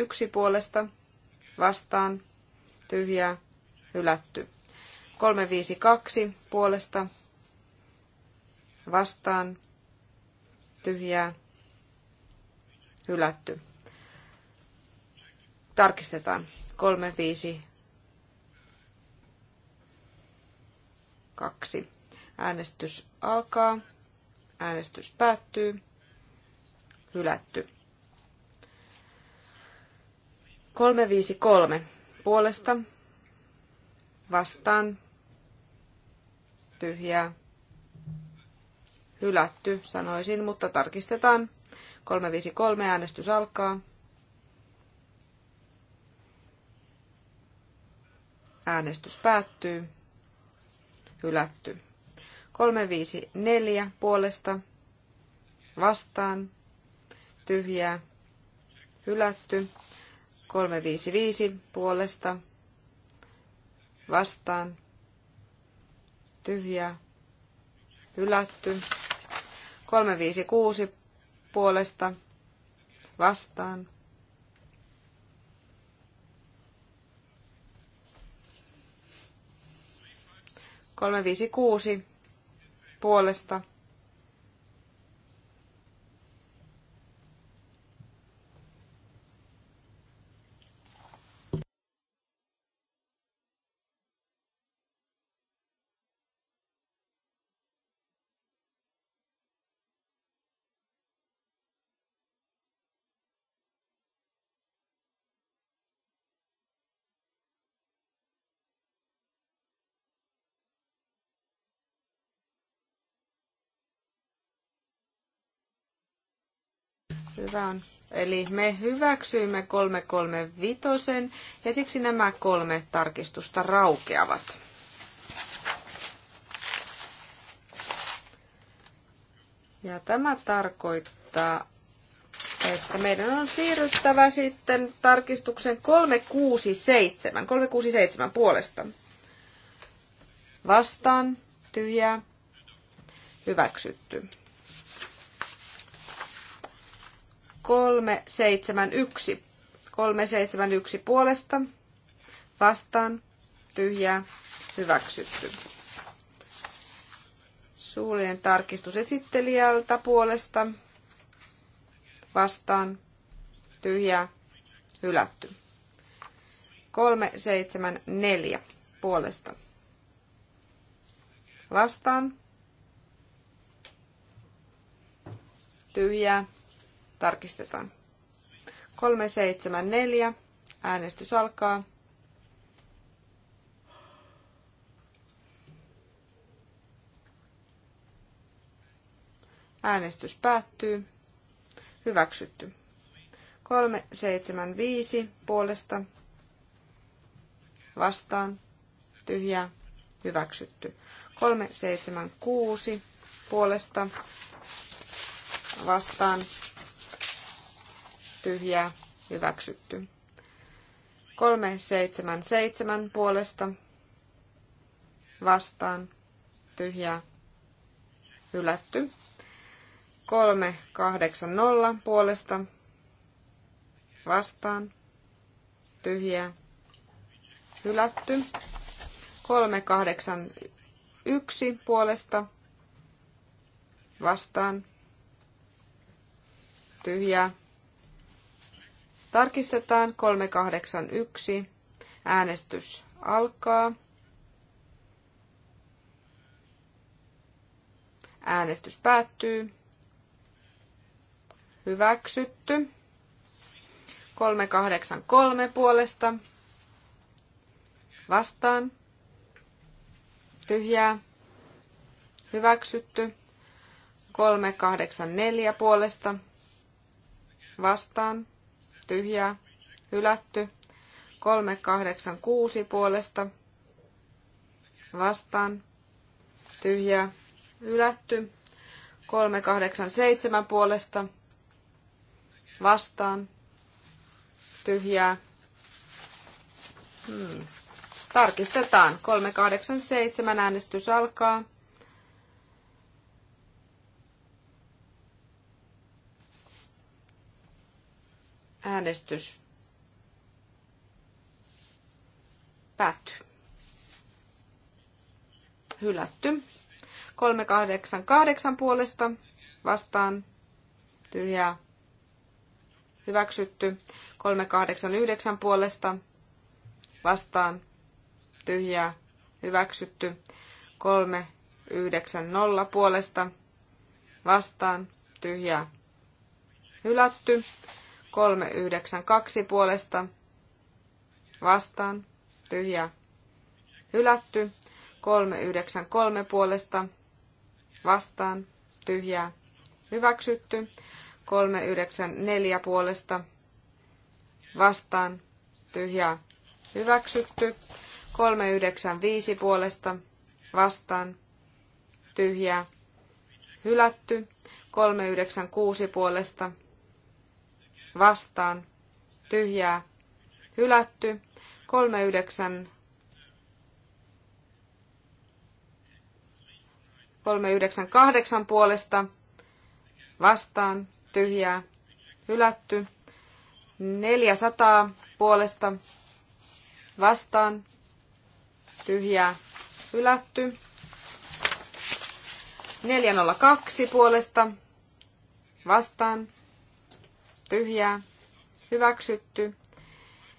yksi puolesta. Vastaan. Tyhjää hylätty. 352 puolesta vastaan tyhjää hylätty. Tarkistetaan. 352. Äänestys alkaa. Äänestys päättyy. Hylätty. 353 puolesta vastaan tyhjää hylätty, sanoisin, mutta tarkistetaan. 353 äänestys alkaa. Äänestys päättyy. Hylätty. 354 puolesta vastaan tyhjää hylätty. 355 puolesta vastaan, Tyhjä. hylätty. 356 puolesta vastaan. Kolme viisi kuusi puolesta Hyvä on. Eli me hyväksyimme 335 ja siksi nämä kolme tarkistusta raukeavat. Ja tämä tarkoittaa, että meidän on siirryttävä sitten tarkistuksen 367, 367 puolesta. Vastaan, tyhjä, hyväksytty. 371. 371 puolesta vastaan tyhjää hyväksytty. Suullinen tarkistus esittelijältä puolesta vastaan tyhjää hylätty. 374 puolesta vastaan tyhjää Tarkistetaan. 374. Äänestys alkaa. Äänestys päättyy. Hyväksytty. 375 puolesta vastaan Tyhjä. hyväksytty. 376 puolesta vastaan tyhjää, hyväksytty. 377 puolesta vastaan, tyhjää, hylätty. 380 puolesta vastaan, tyhjää, hylätty. 381 puolesta vastaan, tyhjää, Tarkistetaan 381. Äänestys alkaa. Äänestys päättyy. Hyväksytty. 383 puolesta. Vastaan. Tyhjää. Hyväksytty. 384 puolesta. Vastaan tyhjää, hylätty. 386 puolesta vastaan, tyhjää, hylätty. 387 puolesta vastaan, tyhjää. Hmm. Tarkistetaan. 387 äänestys alkaa. Äänestys päättyy. Hylätty. 388 puolesta vastaan tyhjää. Hyväksytty. 389 puolesta vastaan tyhjää. Hyväksytty. 390 puolesta vastaan tyhjää. Hylätty. 392 puolesta vastaan tyhjä hylätty. 393 puolesta vastaan tyhjää hyväksytty. 394 puolesta vastaan tyhjää hyväksytty. 395 puolesta vastaan tyhjää hylätty. 396 puolesta vastaan tyhjää hylätty. 39 398 puolesta vastaan tyhjää hylätty. 400 puolesta vastaan tyhjää hylätty. 402 puolesta vastaan tyhjää, hyväksytty.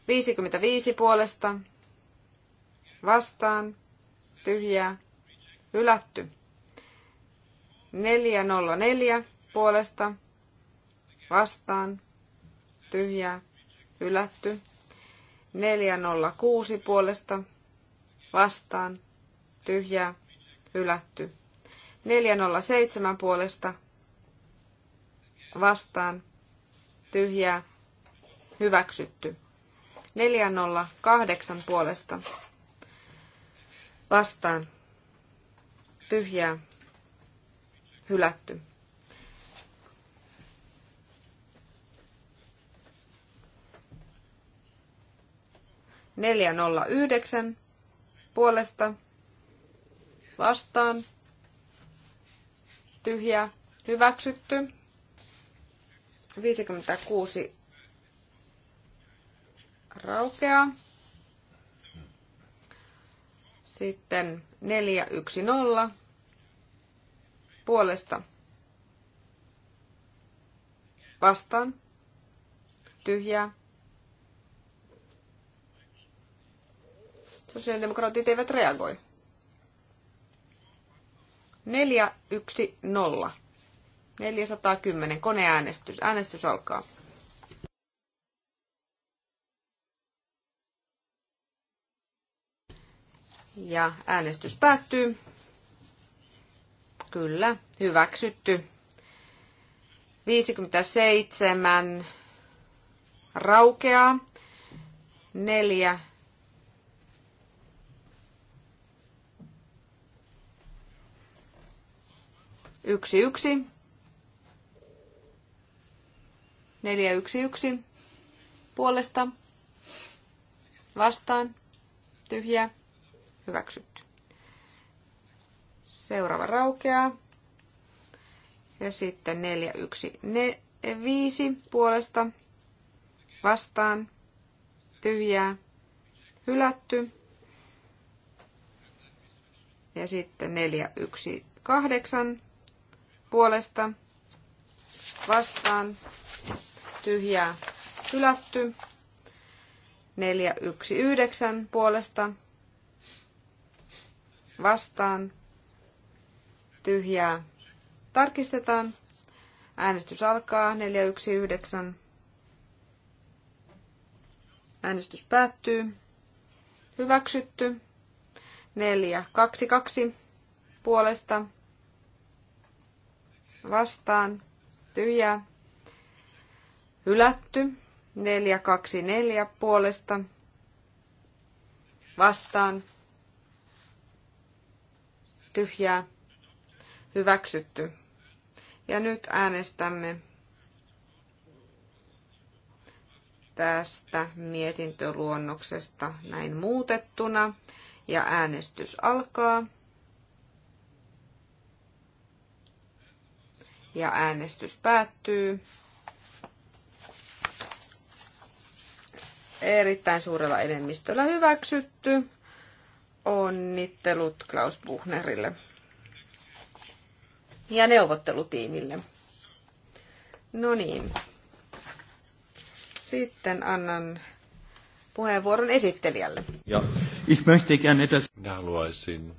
55 puolesta, vastaan, tyhjää, hylätty. 404 puolesta, vastaan, tyhjää, hylätty. 406 puolesta, vastaan, tyhjää, hylätty. 407 puolesta, vastaan, tyhjää, hyväksytty. 408 puolesta vastaan, tyhjää, hylätty. Neljä nolla yhdeksän puolesta vastaan tyhjä hyväksytty. 56 raukeaa. Sitten 410 puolesta vastaan tyhjää. Sosiaalidemokraatit eivät reagoi. 410. 410. Koneäänestys. Äänestys alkaa. Ja äänestys päättyy. Kyllä, hyväksytty. 57 raukeaa. 4 yksi yksi 411 puolesta vastaan tyhjä hyväksytty. Seuraava raukeaa. Ja sitten 415 puolesta vastaan tyhjää hylätty. Ja sitten 418 puolesta vastaan tyhjää hylätty. 419 puolesta vastaan tyhjää tarkistetaan. Äänestys alkaa 419. Äänestys päättyy. Hyväksytty. 422 puolesta vastaan tyhjää hylätty. 424 puolesta vastaan tyhjää hyväksytty. Ja nyt äänestämme tästä mietintöluonnoksesta näin muutettuna ja äänestys alkaa. Ja äänestys päättyy. erittäin suurella enemmistöllä hyväksytty. Onnittelut Klaus Buchnerille ja neuvottelutiimille. No niin. Sitten annan puheenvuoron esittelijälle. Ja ich möchte gerne das... Minä haluaisin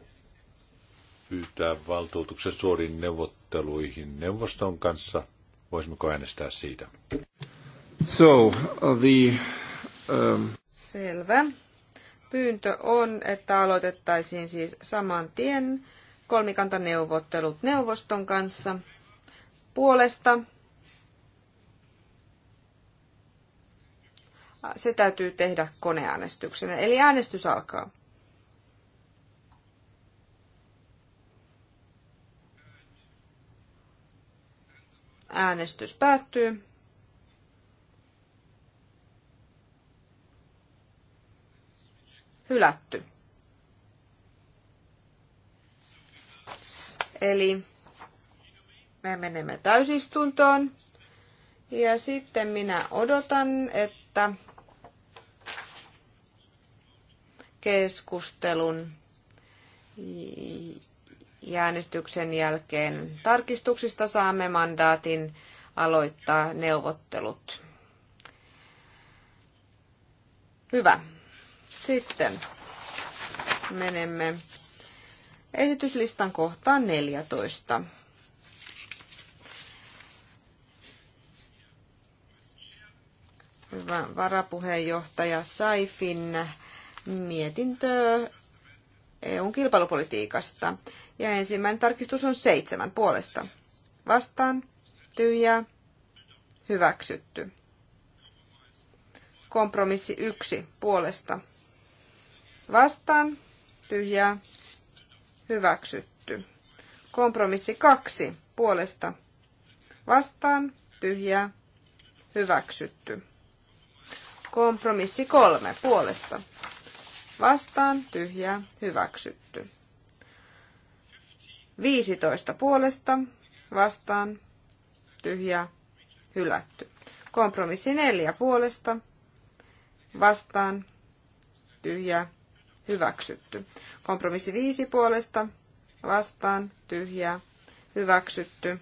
pyytää valtuutuksen suoriin neuvotteluihin neuvoston kanssa. Voisimmeko äänestää siitä? So, uh, the Ähm. Selvä. Pyyntö on, että aloitettaisiin siis saman tien kolmikantaneuvottelut neuvoston kanssa puolesta. Se täytyy tehdä koneäänestyksenä, eli äänestys alkaa. Äänestys päättyy. hylätty. Eli me menemme täysistuntoon ja sitten minä odotan, että keskustelun ja äänestyksen jälkeen tarkistuksista saamme mandaatin aloittaa neuvottelut. Hyvä. Sitten menemme esityslistan kohtaan 14. Hyvä varapuheenjohtaja Saifin mietintö EUn kilpailupolitiikasta. Ja ensimmäinen tarkistus on seitsemän puolesta. Vastaan, tyhjää, hyväksytty. Kompromissi yksi puolesta vastaan, tyhjää, hyväksytty. Kompromissi kaksi puolesta vastaan, tyhjää, hyväksytty. Kompromissi kolme puolesta vastaan, tyhjää, hyväksytty. 15 puolesta vastaan, tyhjää, hylätty. Kompromissi neljä puolesta vastaan, tyhjää, hyväksytty. Kompromissi viisi puolesta vastaan tyhjää hyväksytty.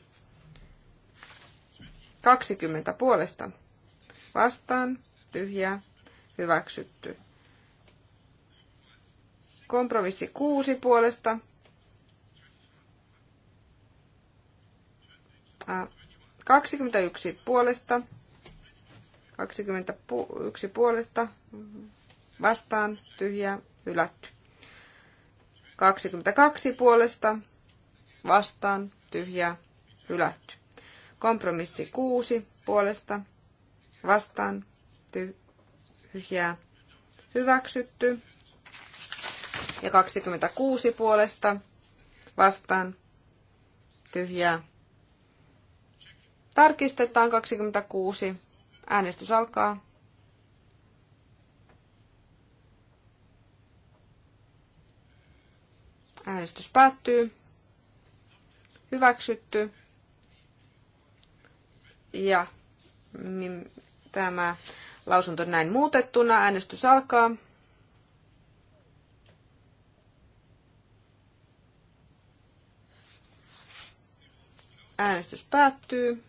20 puolesta vastaan tyhjää hyväksytty. Kompromissi kuusi puolesta ää, 21 puolesta 21 puolesta vastaan tyhjää hylätty. 22 puolesta vastaan tyhjää hylätty. Kompromissi 6 puolesta vastaan tyhjää hyväksytty. Ja 26 puolesta vastaan tyhjää. Tarkistetaan 26. Äänestys alkaa. Äänestys päättyy. Hyväksytty. Ja niin tämä lausunto näin muutettuna. Äänestys alkaa. Äänestys päättyy.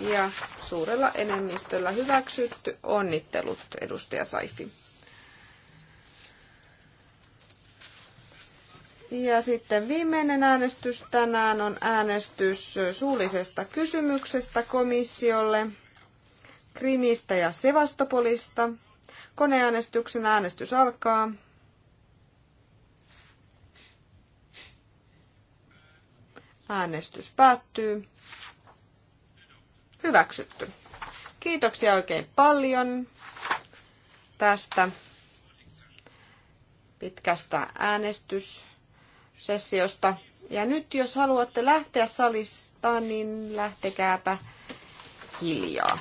Ja suurella enemmistöllä hyväksytty. Onnittelut, edustaja Saifi. Ja sitten viimeinen äänestys tänään on äänestys suullisesta kysymyksestä komissiolle Krimistä ja Sevastopolista. Koneäänestyksen äänestys alkaa. Äänestys päättyy. Hyväksytty. Kiitoksia oikein paljon tästä pitkästä äänestys sessiosta. Ja nyt jos haluatte lähteä salista, niin lähtekääpä hiljaa.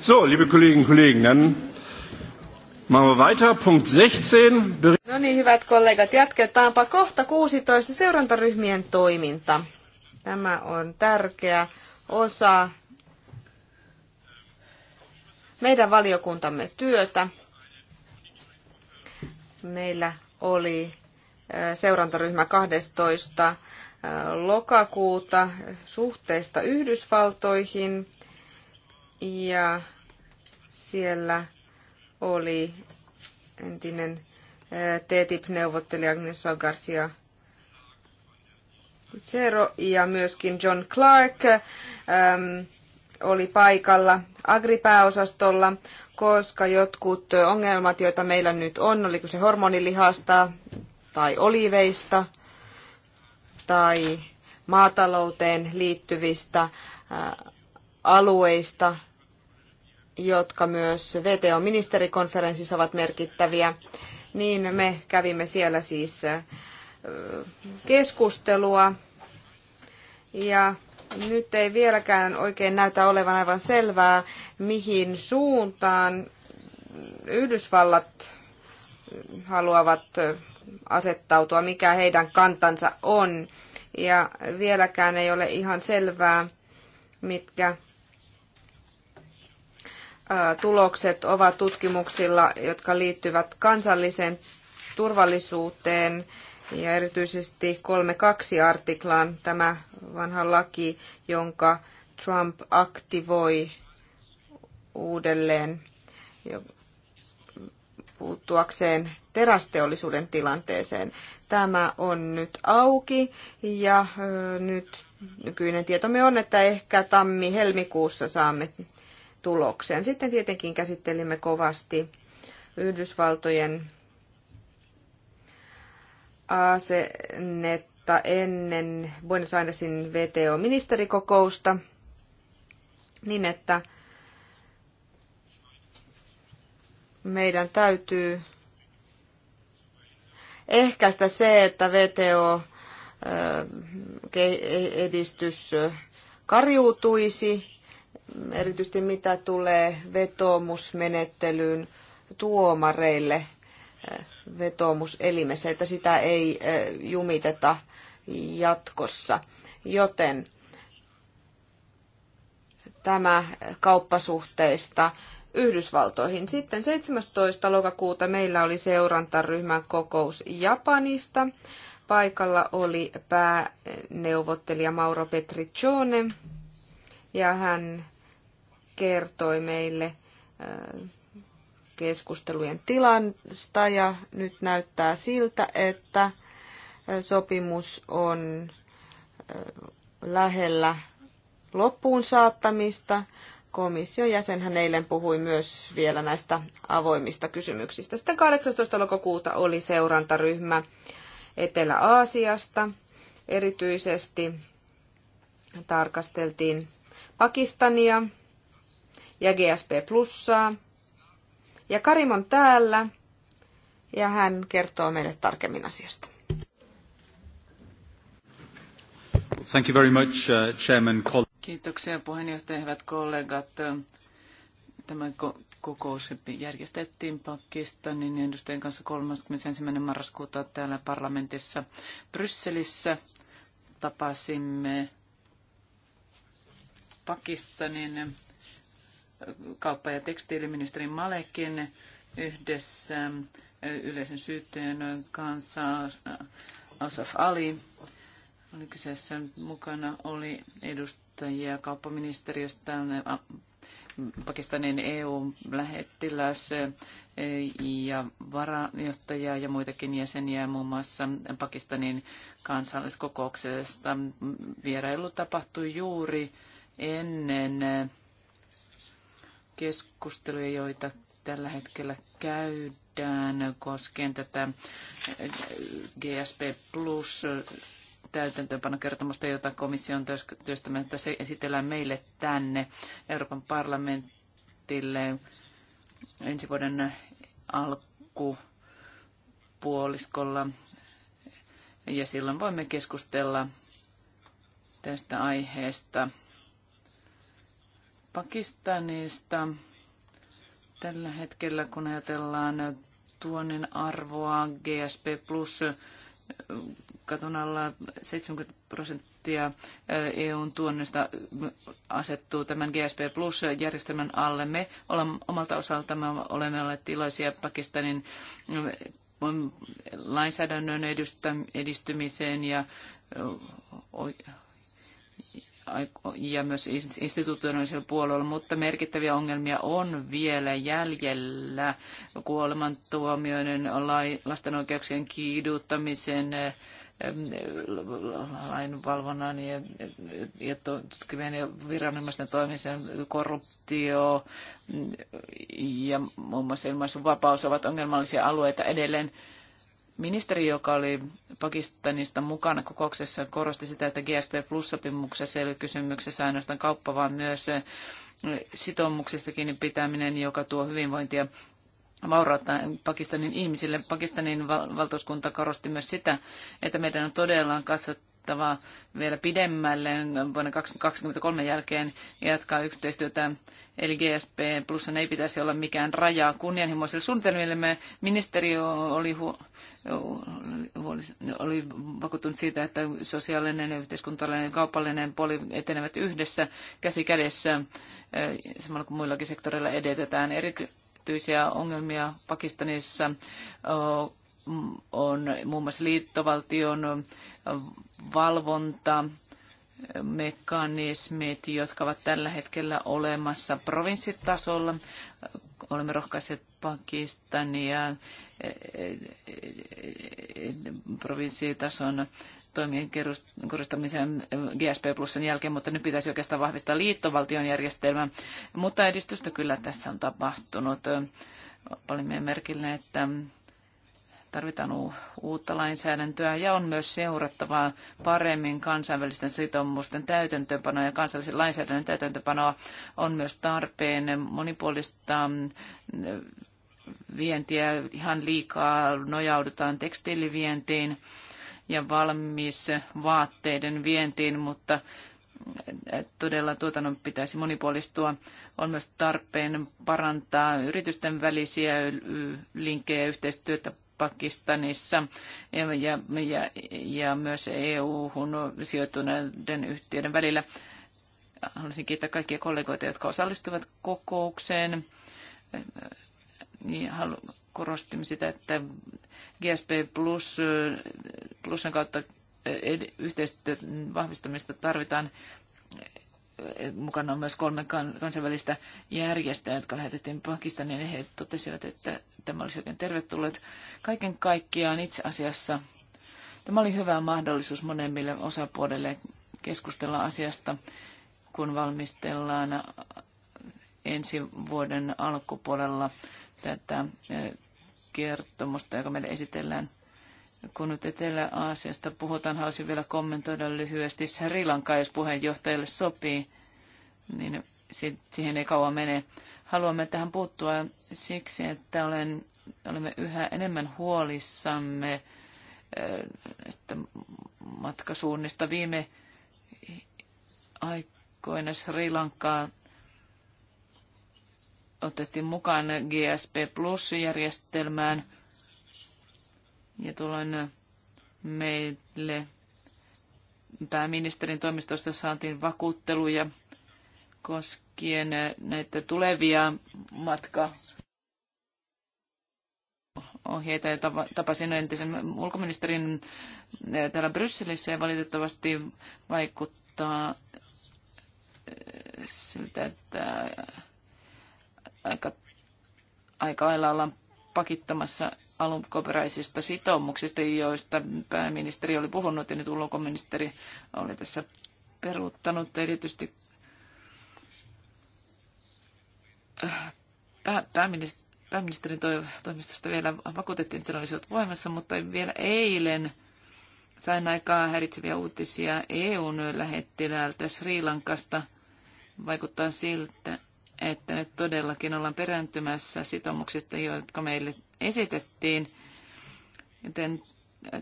So, liebe Kolleginnen und Kollegen, dann machen wir weiter. Punkt 16. No niin, hyvät kollegat, jatketaanpa kohta 16 seurantaryhmien toiminta. Tämä on tärkeä osa meidän valiokuntamme työtä. Meillä oli seurantaryhmä 12. lokakuuta suhteesta Yhdysvaltoihin. Ja siellä oli entinen eh, TTIP-neuvottelija Agneso Garcia Pizero ja myöskin John Clark äm, ehm, oli paikalla agripääosastolla, koska jotkut ongelmat, joita meillä nyt on, oliko se hormonilihasta tai oliveista tai maatalouteen liittyvistä ää, eh, alueista, jotka myös VTO-ministerikonferenssissa ovat merkittäviä, niin me kävimme siellä siis keskustelua. Ja nyt ei vieläkään oikein näytä olevan aivan selvää, mihin suuntaan Yhdysvallat haluavat asettautua, mikä heidän kantansa on. Ja vieläkään ei ole ihan selvää, mitkä tulokset ovat tutkimuksilla, jotka liittyvät kansalliseen turvallisuuteen ja erityisesti 3.2 artiklaan tämä vanha laki, jonka Trump aktivoi uudelleen puuttuakseen terästeollisuuden tilanteeseen. Tämä on nyt auki ja nyt nykyinen tietomme on, että ehkä tammi-helmikuussa saamme tulokseen. Sitten tietenkin käsittelimme kovasti Yhdysvaltojen asennetta ennen Buenos Airesin VTO-ministerikokousta niin, että meidän täytyy ehkäistä se, että VTO edistys karjuutuisi erityisesti mitä tulee vetoomusmenettelyyn tuomareille äh, vetoomuselimessä, että sitä ei äh, jumiteta jatkossa. Joten tämä kauppasuhteista Yhdysvaltoihin. Sitten 17. lokakuuta meillä oli seurantaryhmän kokous Japanista. Paikalla oli pääneuvottelija Mauro Petriccione ja hän kertoi meille keskustelujen tilasta ja nyt näyttää siltä, että sopimus on lähellä loppuun saattamista. Komission jäsenhän eilen puhui myös vielä näistä avoimista kysymyksistä. Sitten 18. lokakuuta oli seurantaryhmä Etelä-Aasiasta. Erityisesti tarkasteltiin Pakistania ja GSP Plussaa. Ja Karim on täällä ja hän kertoo meille tarkemmin asiasta. Thank you very much, uh, Chairman. Kiitoksia puheenjohtaja, hyvät kollegat. Tämä kokous järjestettiin Pakistanin edustajien kanssa 31. marraskuuta täällä parlamentissa Brysselissä. Tapasimme Pakistanin kauppa- ja tekstiiliministeri Malekin yhdessä yleisen syytteen kanssa Asaf Ali oli kyseessä. Mukana oli edustajia kauppaministeriöstä, Pakistanin EU-lähettiläs ja varajohtaja ja muitakin jäseniä muun muassa Pakistanin kansalliskokouksesta. Vierailu tapahtui juuri ennen keskusteluja, joita tällä hetkellä käydään koskien tätä GSP Plus täytäntöönpanokertomusta, jota komission työstämättä se esitellään meille tänne Euroopan parlamentille ensi vuoden alkupuoliskolla. Ja silloin voimme keskustella tästä aiheesta Pakistanista tällä hetkellä, kun ajatellaan tuonnin arvoa GSP Plus katon alla 70 prosenttia EUn tuonnista asettuu tämän GSP Plus-järjestelmän alle. Me olemme, omalta osaltamme olemme olleet tilaisia Pakistanin lainsäädännön edistymiseen ja ja myös institutionaalisella puolella, mutta merkittäviä ongelmia on vielä jäljellä. Kuolemantuomioiden, lasten oikeuksien kiiduttamisen, eh, lainvalvonnan ja, ja tutkivien ja viranomaisten toimisen korruptio mm, ja muun muassa ilmaisun vapaus ovat ongelmallisia alueita edelleen. Ministeri, joka oli Pakistanista mukana kokouksessa, korosti sitä, että GSP Plus-sopimuksessa ei ole kysymyksessä ainoastaan kauppa, vaan myös eh, sitoumuksista kiinni pitäminen, joka tuo hyvinvointia vaurautta Pakistanin ihmisille. Pakistanin valtuuskunta korosti myös sitä, että meidän on todella katsottava vielä pidemmälle vuonna 2023 jälkeen ja jatkaa yhteistyötä Eli GSP plussan ei pitäisi olla mikään raja kunnianhimoisille suunnitelmille. Ministeriö oli, hu- oli vakuuttunut siitä, että sosiaalinen, yhteiskuntalainen ja kaupallinen puoli etenevät yhdessä käsi kädessä, samalla kuin muillakin sektoreilla edetetään. Erityisiä ongelmia Pakistanissa on muun muassa liittovaltion valvonta, mekanismit, jotka ovat tällä hetkellä olemassa provinssitasolla. Olemme rohkaiset Pakistania provinssitason toimien kurustamisen GSP Plusen jälkeen, mutta nyt pitäisi oikeastaan vahvistaa liittovaltion järjestelmää. Mutta edistystä kyllä tässä on tapahtunut. Olemme merkille, että tarvitaan uutta lainsäädäntöä ja on myös seurattavaa paremmin kansainvälisten sitoumusten täytäntöönpanoa ja kansallisen lainsäädännön täytäntöönpanoa on myös tarpeen monipuolista mm, vientiä ihan liikaa nojaudutaan tekstiilivientiin ja valmis vaatteiden vientiin, mutta mm, todella tuotannon pitäisi monipuolistua. On myös tarpeen parantaa yritysten välisiä linkkejä ja yhteistyötä Pakistanissa ja, ja, ja, ja myös EU-hun sijoittuneiden yhtiöiden välillä. Haluaisin kiittää kaikkia kollegoita, jotka osallistuivat kokoukseen. Niin, korostimme sitä, että GSP Plus, plusen kautta yhteistyön vahvistamista tarvitaan mukana on myös kolme kansainvälistä järjestöä, jotka lähetettiin Pakistaniin, ja he totesivat, että tämä olisi oikein tervetullut. Kaiken kaikkiaan itse asiassa tämä oli hyvä mahdollisuus monemmille osapuolille keskustella asiasta, kun valmistellaan ensi vuoden alkupuolella tätä eh, kertomusta, joka meille esitellään kun nyt Etelä-Aasiasta puhutaan, haluaisin vielä kommentoida lyhyesti Sri Lanka, jos puheenjohtajalle sopii, niin siihen ei kauan mene. Haluamme tähän puuttua siksi, että olen, olemme yhä enemmän huolissamme eh, että matkasuunnista viime aikoina Sri Lankaa otettiin mukaan GSP Plus-järjestelmään – ja tuolloin meille pääministerin toimistosta saatiin vakuutteluja koskien näitä tulevia matka ohjeita ja tapasin entisen ulkoministerin eh, täällä Brysselissä ja valitettavasti vaikuttaa eh, siltä, että aika, aika lailla ollaan pakittamassa alunkoperäisistä sitoumuksista, joista pääministeri oli puhunut ja nyt ulkoministeri oli tässä peruuttanut erityisesti äh, pääministeri pääministerin toimistosta vielä vakuutettiin, että ne olisivat voimassa, mutta vielä eilen sain aikaa häiritseviä uutisia EUn lähettilältä Sri Lankasta. Vaikuttaa siltä, että nyt todellakin ollaan perääntymässä sitoumuksista, jotka meille esitettiin. Joten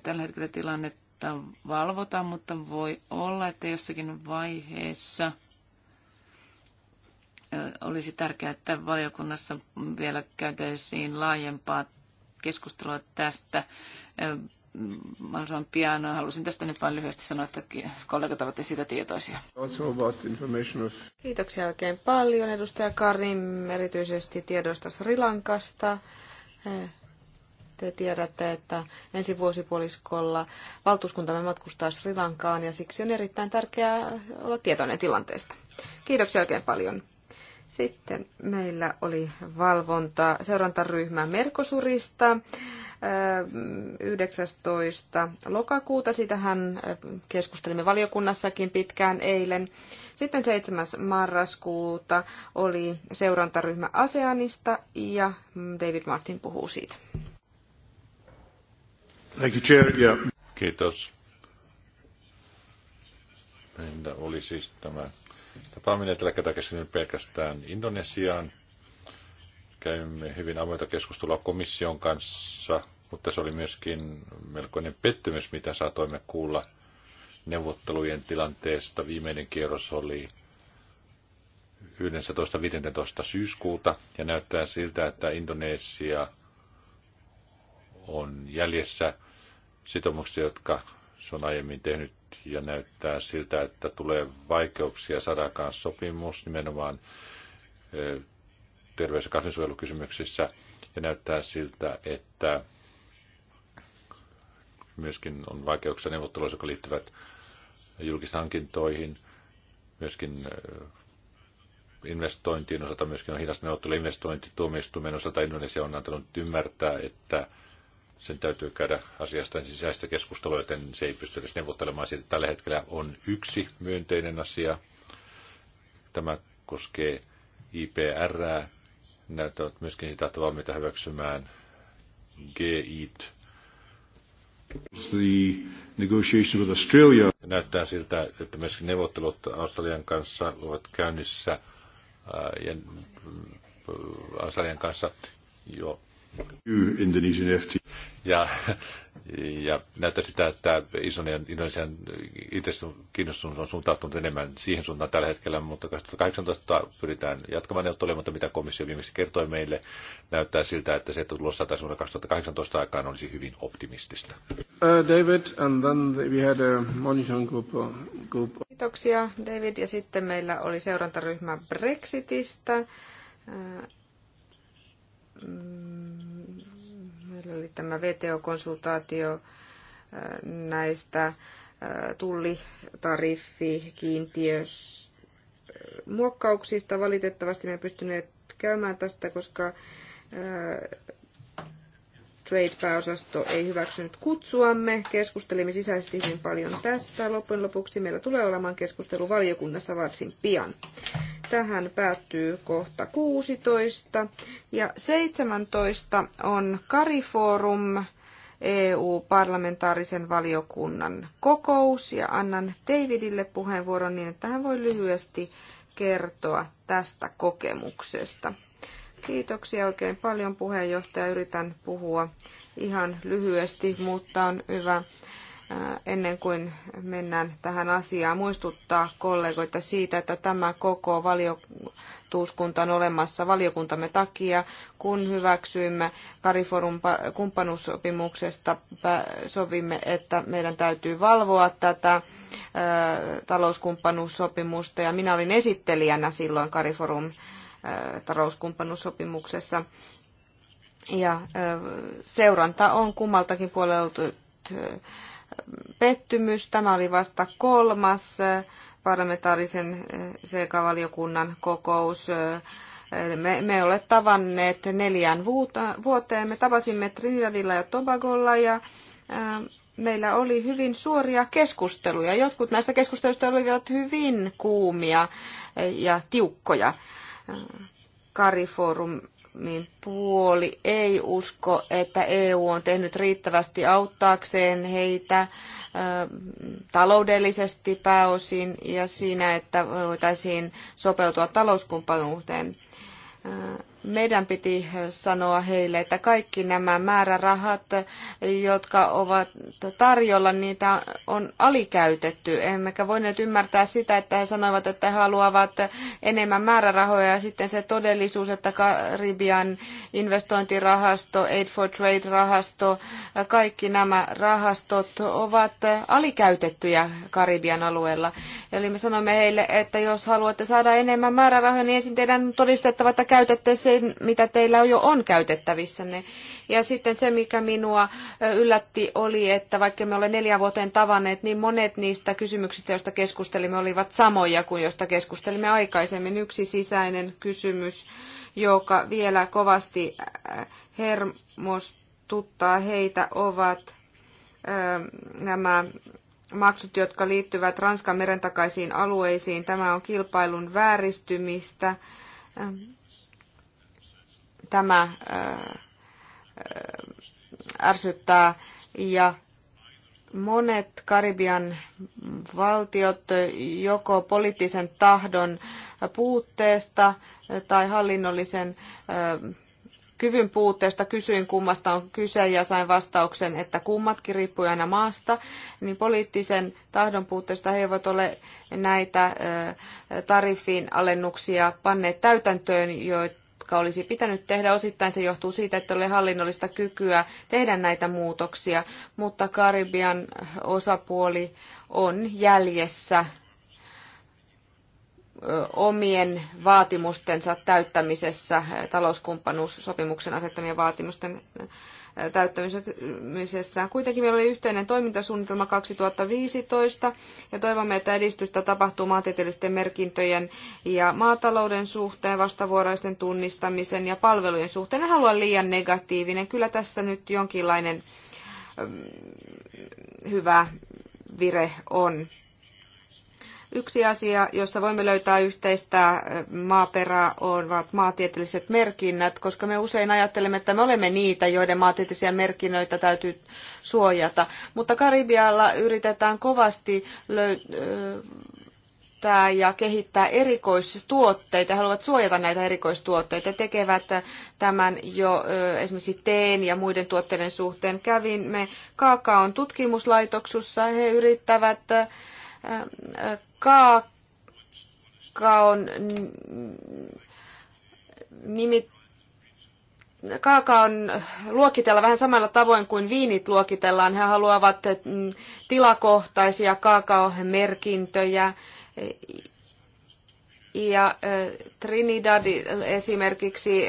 tällä hetkellä tilannetta valvotaan, mutta voi olla, että jossakin vaiheessa olisi tärkeää, että valiokunnassa vielä käytäisiin laajempaa keskustelua tästä mahdollisimman pian. Halusin tästä nyt vain lyhyesti sanoa, että kollegat ovat siitä tietoisia. Kiitoksia oikein paljon edustaja Karim, erityisesti tiedoista Sri Lankasta. Te tiedätte, että ensi vuosipuoliskolla valtuuskuntamme matkustaa Sri Lankaan ja siksi on erittäin tärkeää olla tietoinen tilanteesta. Kiitoksia oikein paljon. Sitten meillä oli valvonta seurantaryhmä Merkosurista. 19. lokakuuta. Sitähän keskustelimme valiokunnassakin pitkään eilen. Sitten 7. marraskuuta oli seurantaryhmä ASEANista ja David Martin puhuu siitä. Thank you, Chair. Yeah. Kiitos. Meillä oli siis tämä tapaaminen tällä kertaa keskittynyt pelkästään Indonesiaan käymme hyvin avointa keskustelua komission kanssa, mutta se oli myöskin melkoinen pettymys, mitä saatoimme kuulla neuvottelujen tilanteesta. Viimeinen kierros oli 11.15. syyskuuta ja näyttää siltä, että Indonesia on jäljessä sitoumuksista, jotka se on aiemmin tehnyt ja näyttää siltä, että tulee vaikeuksia saada sopimus nimenomaan terveys- ja kasvinsuojelukysymyksissä. Ja näyttää siltä, että myöskin on vaikeuksia neuvotteluissa, jotka liittyvät julkishankintoihin, myöskin investointiin osalta myöskin on hidas neuvottelu investointituomioistuimen osalta Indonesia on antanut ymmärtää, että sen täytyy käydä asiasta sisäistä keskustelua, joten se ei pysty edes neuvottelemaan siitä. Tällä hetkellä on yksi myönteinen asia. Tämä koskee IPR, näyttävät myöskin sitä, että valmiita hyväksymään GIT. The negotiation with Australia. Näyttää siltä, että myöskin neuvottelut Australian kanssa ovat käynnissä äh, ja äh, Australian kanssa jo ja, ja näyttää sitä, että Isonian, Indonesian kiinnostunut on suuntautunut enemmän siihen suuntaan tällä hetkellä, mutta 2018 pyritään jatkamaan neuvotteluja, mutta mitä komissio viimeksi kertoi meille, näyttää siltä, että se, että tulossa saataisiin vuonna 2018 aikaan, olisi hyvin optimistista. Uh, David, and then we had a uh, monitoring group, uh, group. Kiitoksia David, ja sitten meillä oli seurantaryhmä Brexitistä. Uh, Mm, meillä oli tämä VTO-konsultaatio äh, näistä äh, tullitariffi, kiintiös, äh, muokkauksista. Valitettavasti me ei pystyneet käymään tästä, koska Trade-pääosasto ei hyväksynyt kutsuamme. Keskustelimme sisäisesti hyvin paljon tästä. Loppujen lopuksi meillä tulee olemaan keskustelu valiokunnassa varsin pian. Tähän päättyy kohta 16. Ja 17 on Kariforum EU-parlamentaarisen valiokunnan kokous. Ja annan Davidille puheenvuoron niin, että hän voi lyhyesti kertoa tästä kokemuksesta. Kiitoksia oikein paljon puheenjohtaja. Yritän puhua ihan lyhyesti, mutta on hyvä Äh, ennen kuin mennään tähän asiaan, muistuttaa kollegoita siitä, että tämä koko valiokunta on olemassa valiokuntamme takia, kun hyväksyimme Kariforun kumppanuussopimuksesta, sovimme, että meidän täytyy valvoa tätä äh, talouskumppanuussopimusta, ja minä olin esittelijänä silloin Kariforun äh, talouskumppanuussopimuksessa, ja seuranta on kummaltakin puolelta pettymys. Tämä oli vasta kolmas äh, parlamentaarisen sekavaliokunnan äh, kokous. Äh, me, me ole tavanneet neljään vuoteen. Me tavasimme Trinidadilla ja Tobagolla ja meillä oli hyvin suoria keskusteluja. Jotkut näistä keskusteluista olivat hyvin kuumia ja tiukkoja. Kariforum niin puoli ei usko, että EU on tehnyt riittävästi auttaakseen heitä taloudellisesti pääosin ja siinä, että voitaisiin sopeutua talouskumppanuuteen meidän piti sanoa heille, että kaikki nämä määrärahat, jotka ovat tarjolla, niitä on alikäytetty. Emmekä voineet ymmärtää sitä, että he sanoivat, että he haluavat enemmän määrärahoja ja sitten se todellisuus, että Karibian investointirahasto, Aid for Trade-rahasto, kaikki nämä rahastot ovat alikäytettyjä Karibian alueella. Eli me sanoimme heille, että jos haluatte saada enemmän määrärahoja, niin ensin teidän todistettava, että käytätte se se, mitä teillä jo on käytettävissänne. Ja sitten se, mikä minua yllätti, oli, että vaikka me olemme neljä vuoteen tavanneet, niin monet niistä kysymyksistä, joista keskustelimme, olivat samoja kuin joista keskustelimme aikaisemmin. Yksi sisäinen kysymys, joka vielä kovasti hermostuttaa heitä, ovat nämä maksut, jotka liittyvät Ranskan merentakaisiin alueisiin. Tämä on kilpailun vääristymistä tämä ärsyttää. Ja monet Karibian valtiot joko poliittisen tahdon puutteesta tai hallinnollisen kyvyn puutteesta kysyin, kummasta on kyse, ja sain vastauksen, että kummatkin riippuu aina maasta, niin poliittisen tahdon puutteesta he eivät ole näitä tariffin alennuksia panneet täytäntöön, joita jotka olisi pitänyt tehdä. Osittain se johtuu siitä, että ole hallinnollista kykyä tehdä näitä muutoksia, mutta Karibian osapuoli on jäljessä omien vaatimustensa täyttämisessä, talouskumppanuussopimuksen asettamien vaatimusten täyttämisessä. Kuitenkin meillä oli yhteinen toimintasuunnitelma 2015 ja toivomme, että edistystä tapahtuu maantieteellisten merkintöjen ja maatalouden suhteen, vastavuoraisten tunnistamisen ja palvelujen suhteen. En halua liian negatiivinen. Kyllä tässä nyt jonkinlainen mm, hyvä vire on. Yksi asia, jossa voimme löytää yhteistä maaperää, ovat maatieteelliset merkinnät, koska me usein ajattelemme, että me olemme niitä, joiden maatieteellisiä merkinnöitä täytyy suojata. Mutta Karibialla yritetään kovasti löytää ja kehittää erikoistuotteita. He haluavat suojata näitä erikoistuotteita. Tekevät tämän jo esimerkiksi teen ja muiden tuotteiden suhteen. Kävimme Kaakaon tutkimuslaitoksessa. He yrittävät kaakaon nimi kaakaon luokitella vähän samalla tavoin kuin viinit luokitellaan. He haluavat mm, tilakohtaisia kaakaohemerkintöjä ja Trinidad esimerkiksi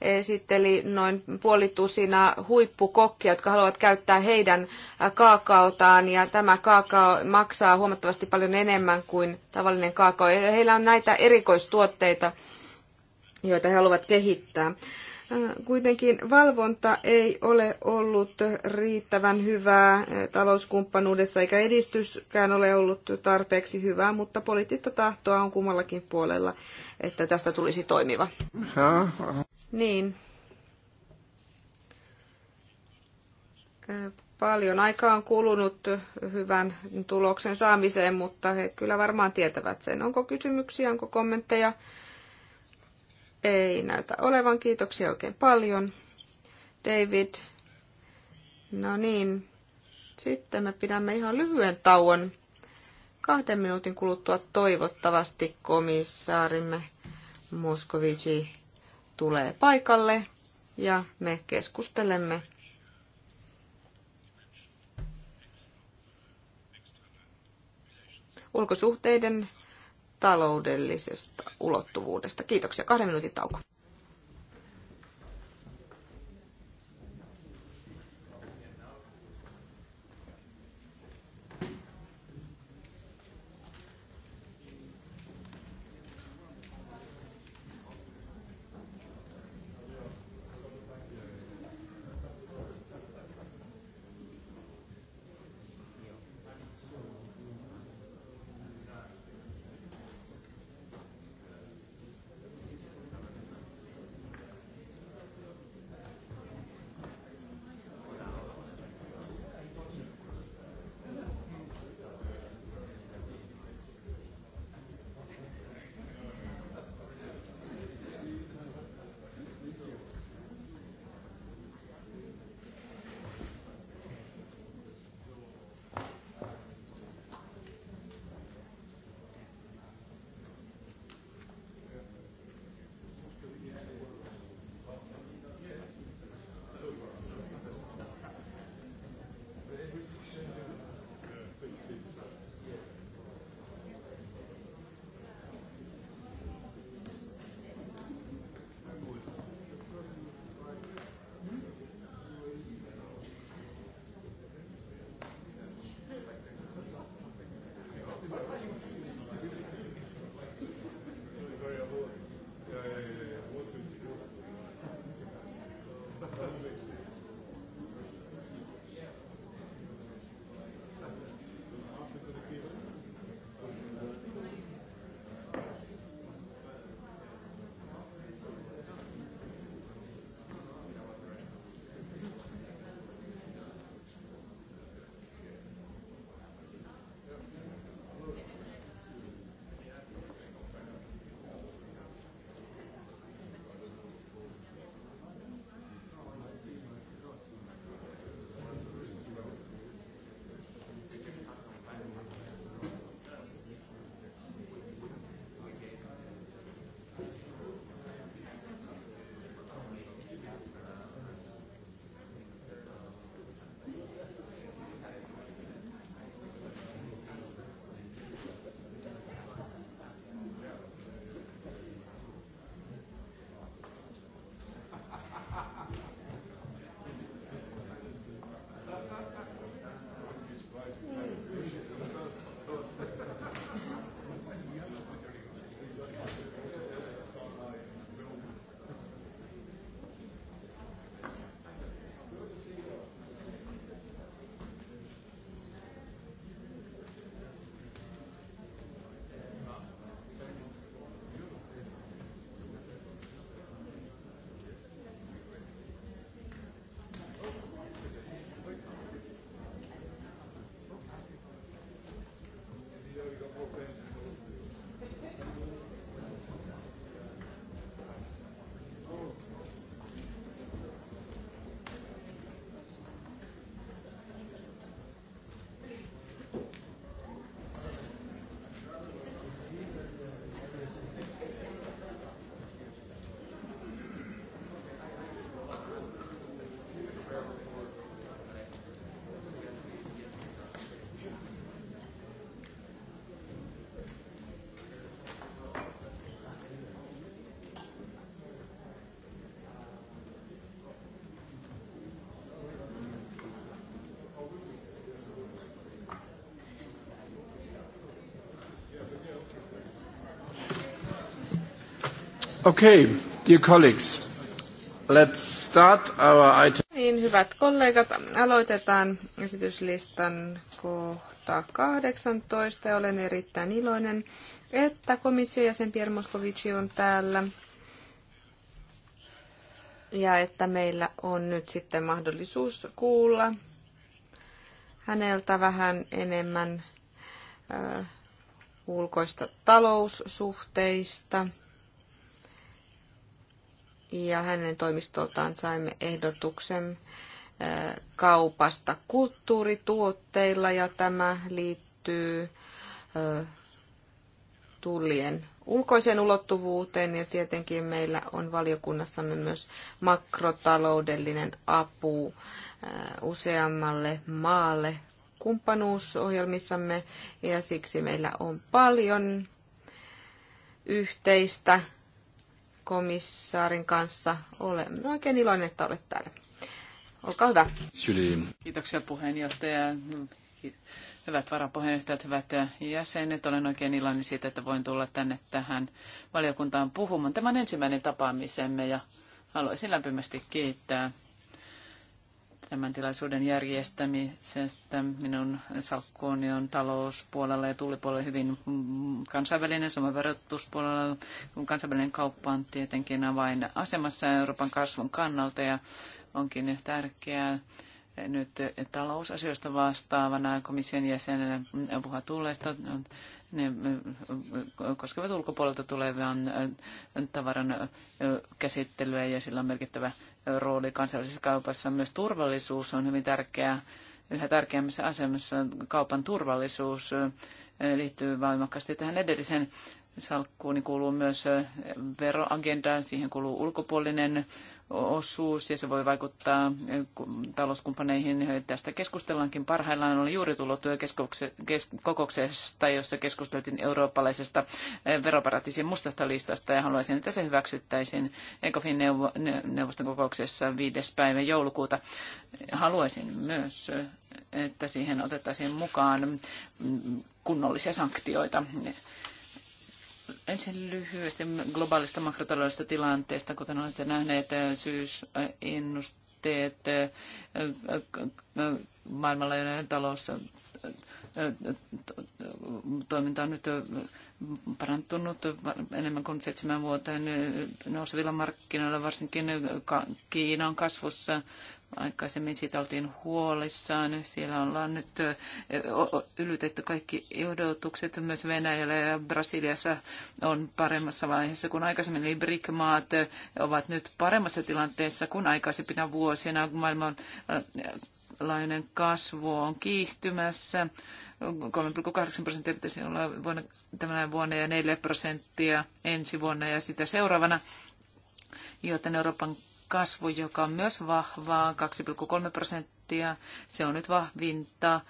esitteli noin puolitusina huippukokkia, jotka haluavat käyttää heidän kaakaotaan. Ja tämä kaakao maksaa huomattavasti paljon enemmän kuin tavallinen kaakao. Heillä on näitä erikoistuotteita, joita he haluavat kehittää. Kuitenkin valvonta ei ole ollut riittävän hyvää eh, talouskumppanuudessa, eikä edistyskään ole ollut tarpeeksi hyvää, mutta poliittista tahtoa on kummallakin puolella, että tästä tulisi toimiva. Niin. Eh, paljon aikaa on kulunut hyvän tuloksen saamiseen, mutta he kyllä varmaan tietävät sen. Onko kysymyksiä, onko kommentteja? Ei näytä olevan. Kiitoksia oikein paljon. David. No niin. Sitten me pidämme ihan lyhyen tauon. Kahden minuutin kuluttua toivottavasti komissaarimme Moskovici tulee paikalle ja me keskustelemme ulkosuhteiden taloudellisesta ulottuvuudesta. Kiitoksia. Kahden minuutin tauko. Niin, hyvät kollegat, aloitetaan esityslistan kohta 18. Ja olen erittäin iloinen, että komission jäsen Pierre Moscovici on täällä. Ja että meillä on nyt sitten mahdollisuus kuulla häneltä vähän enemmän äh, ulkoista taloussuhteista – ja hänen toimistoltaan saimme ehdotuksen kaupasta kulttuurituotteilla ja tämä liittyy tullien ulkoiseen ulottuvuuteen ja tietenkin meillä on valiokunnassamme myös makrotaloudellinen apu useammalle maalle kumppanuusohjelmissamme ja siksi meillä on paljon yhteistä komissaarin kanssa. Olen oikein iloinen, että olet täällä. Olkaa hyvä. Kiitoksia puheenjohtaja. Hyvät varapuheenjohtajat, hyvät jäsenet, olen oikein iloinen siitä, että voin tulla tänne tähän valiokuntaan puhumaan. Tämä on ensimmäinen tapaamisemme ja haluaisin lämpimästi kiittää tämän tilaisuuden järjestämisestä. Minun salkkuuni on talouspuolella ja tullipuolella hyvin kansainvälinen, samoin verotuspuolella, kun kansainvälinen kauppa on tietenkin avain asemassa Euroopan kasvun kannalta ja onkin tärkeää nyt talousasioista vastaavana komission jäsenenä puhua tulleista ne koskevat ulkopuolelta tulevan tavaran käsittelyä ja sillä on merkittävä rooli kansainvälisessä kaupassa. Myös turvallisuus on hyvin tärkeää. Yhä tärkeämmässä asemassa kaupan turvallisuus liittyy voimakkaasti tähän edelliseen salkkuun, niin kuuluu myös veroagenda, siihen kuuluu ulkopuolinen osuus ja se voi vaikuttaa eh, talouskumppaneihin. Tästä keskustellaankin parhaillaan. Olen juuri tullut työkokouksesta, jossa keskusteltiin eurooppalaisesta eh, veroparatiisin mustasta listasta ja haluaisin, että se hyväksyttäisiin ECOFin neuvoston kokouksessa 5. päivä joulukuuta. Haluaisin myös, eh, että siihen otettaisiin mukaan mm, kunnollisia sanktioita Ensin lyhyesti globaalista makrotaloudellisesta tilanteesta, kuten olette nähneet, syysennusteet, maailmanlaajuinen talous, toiminta on nyt parantunut enemmän kuin seitsemän vuoteen nousevilla markkinoilla, varsinkin Kiina on kasvussa Aikaisemmin siitä oltiin huolissaan. Siellä ollaan nyt ylitetty kaikki odotukset. Myös Venäjällä ja Brasiliassa on paremmassa vaiheessa kuin aikaisemmin. Eli BRIC-maat ovat nyt paremmassa tilanteessa kuin aikaisempina vuosina. Maailman lainen kasvu on kiihtymässä. 3,8 prosenttia pitäisi olla vuonna, tämän vuonna ja 4 prosenttia ensi vuonna ja sitä seuraavana, joten Euroopan kasvu, joka on myös vahvaa, 2,3 prosenttia. Se on nyt vahvinta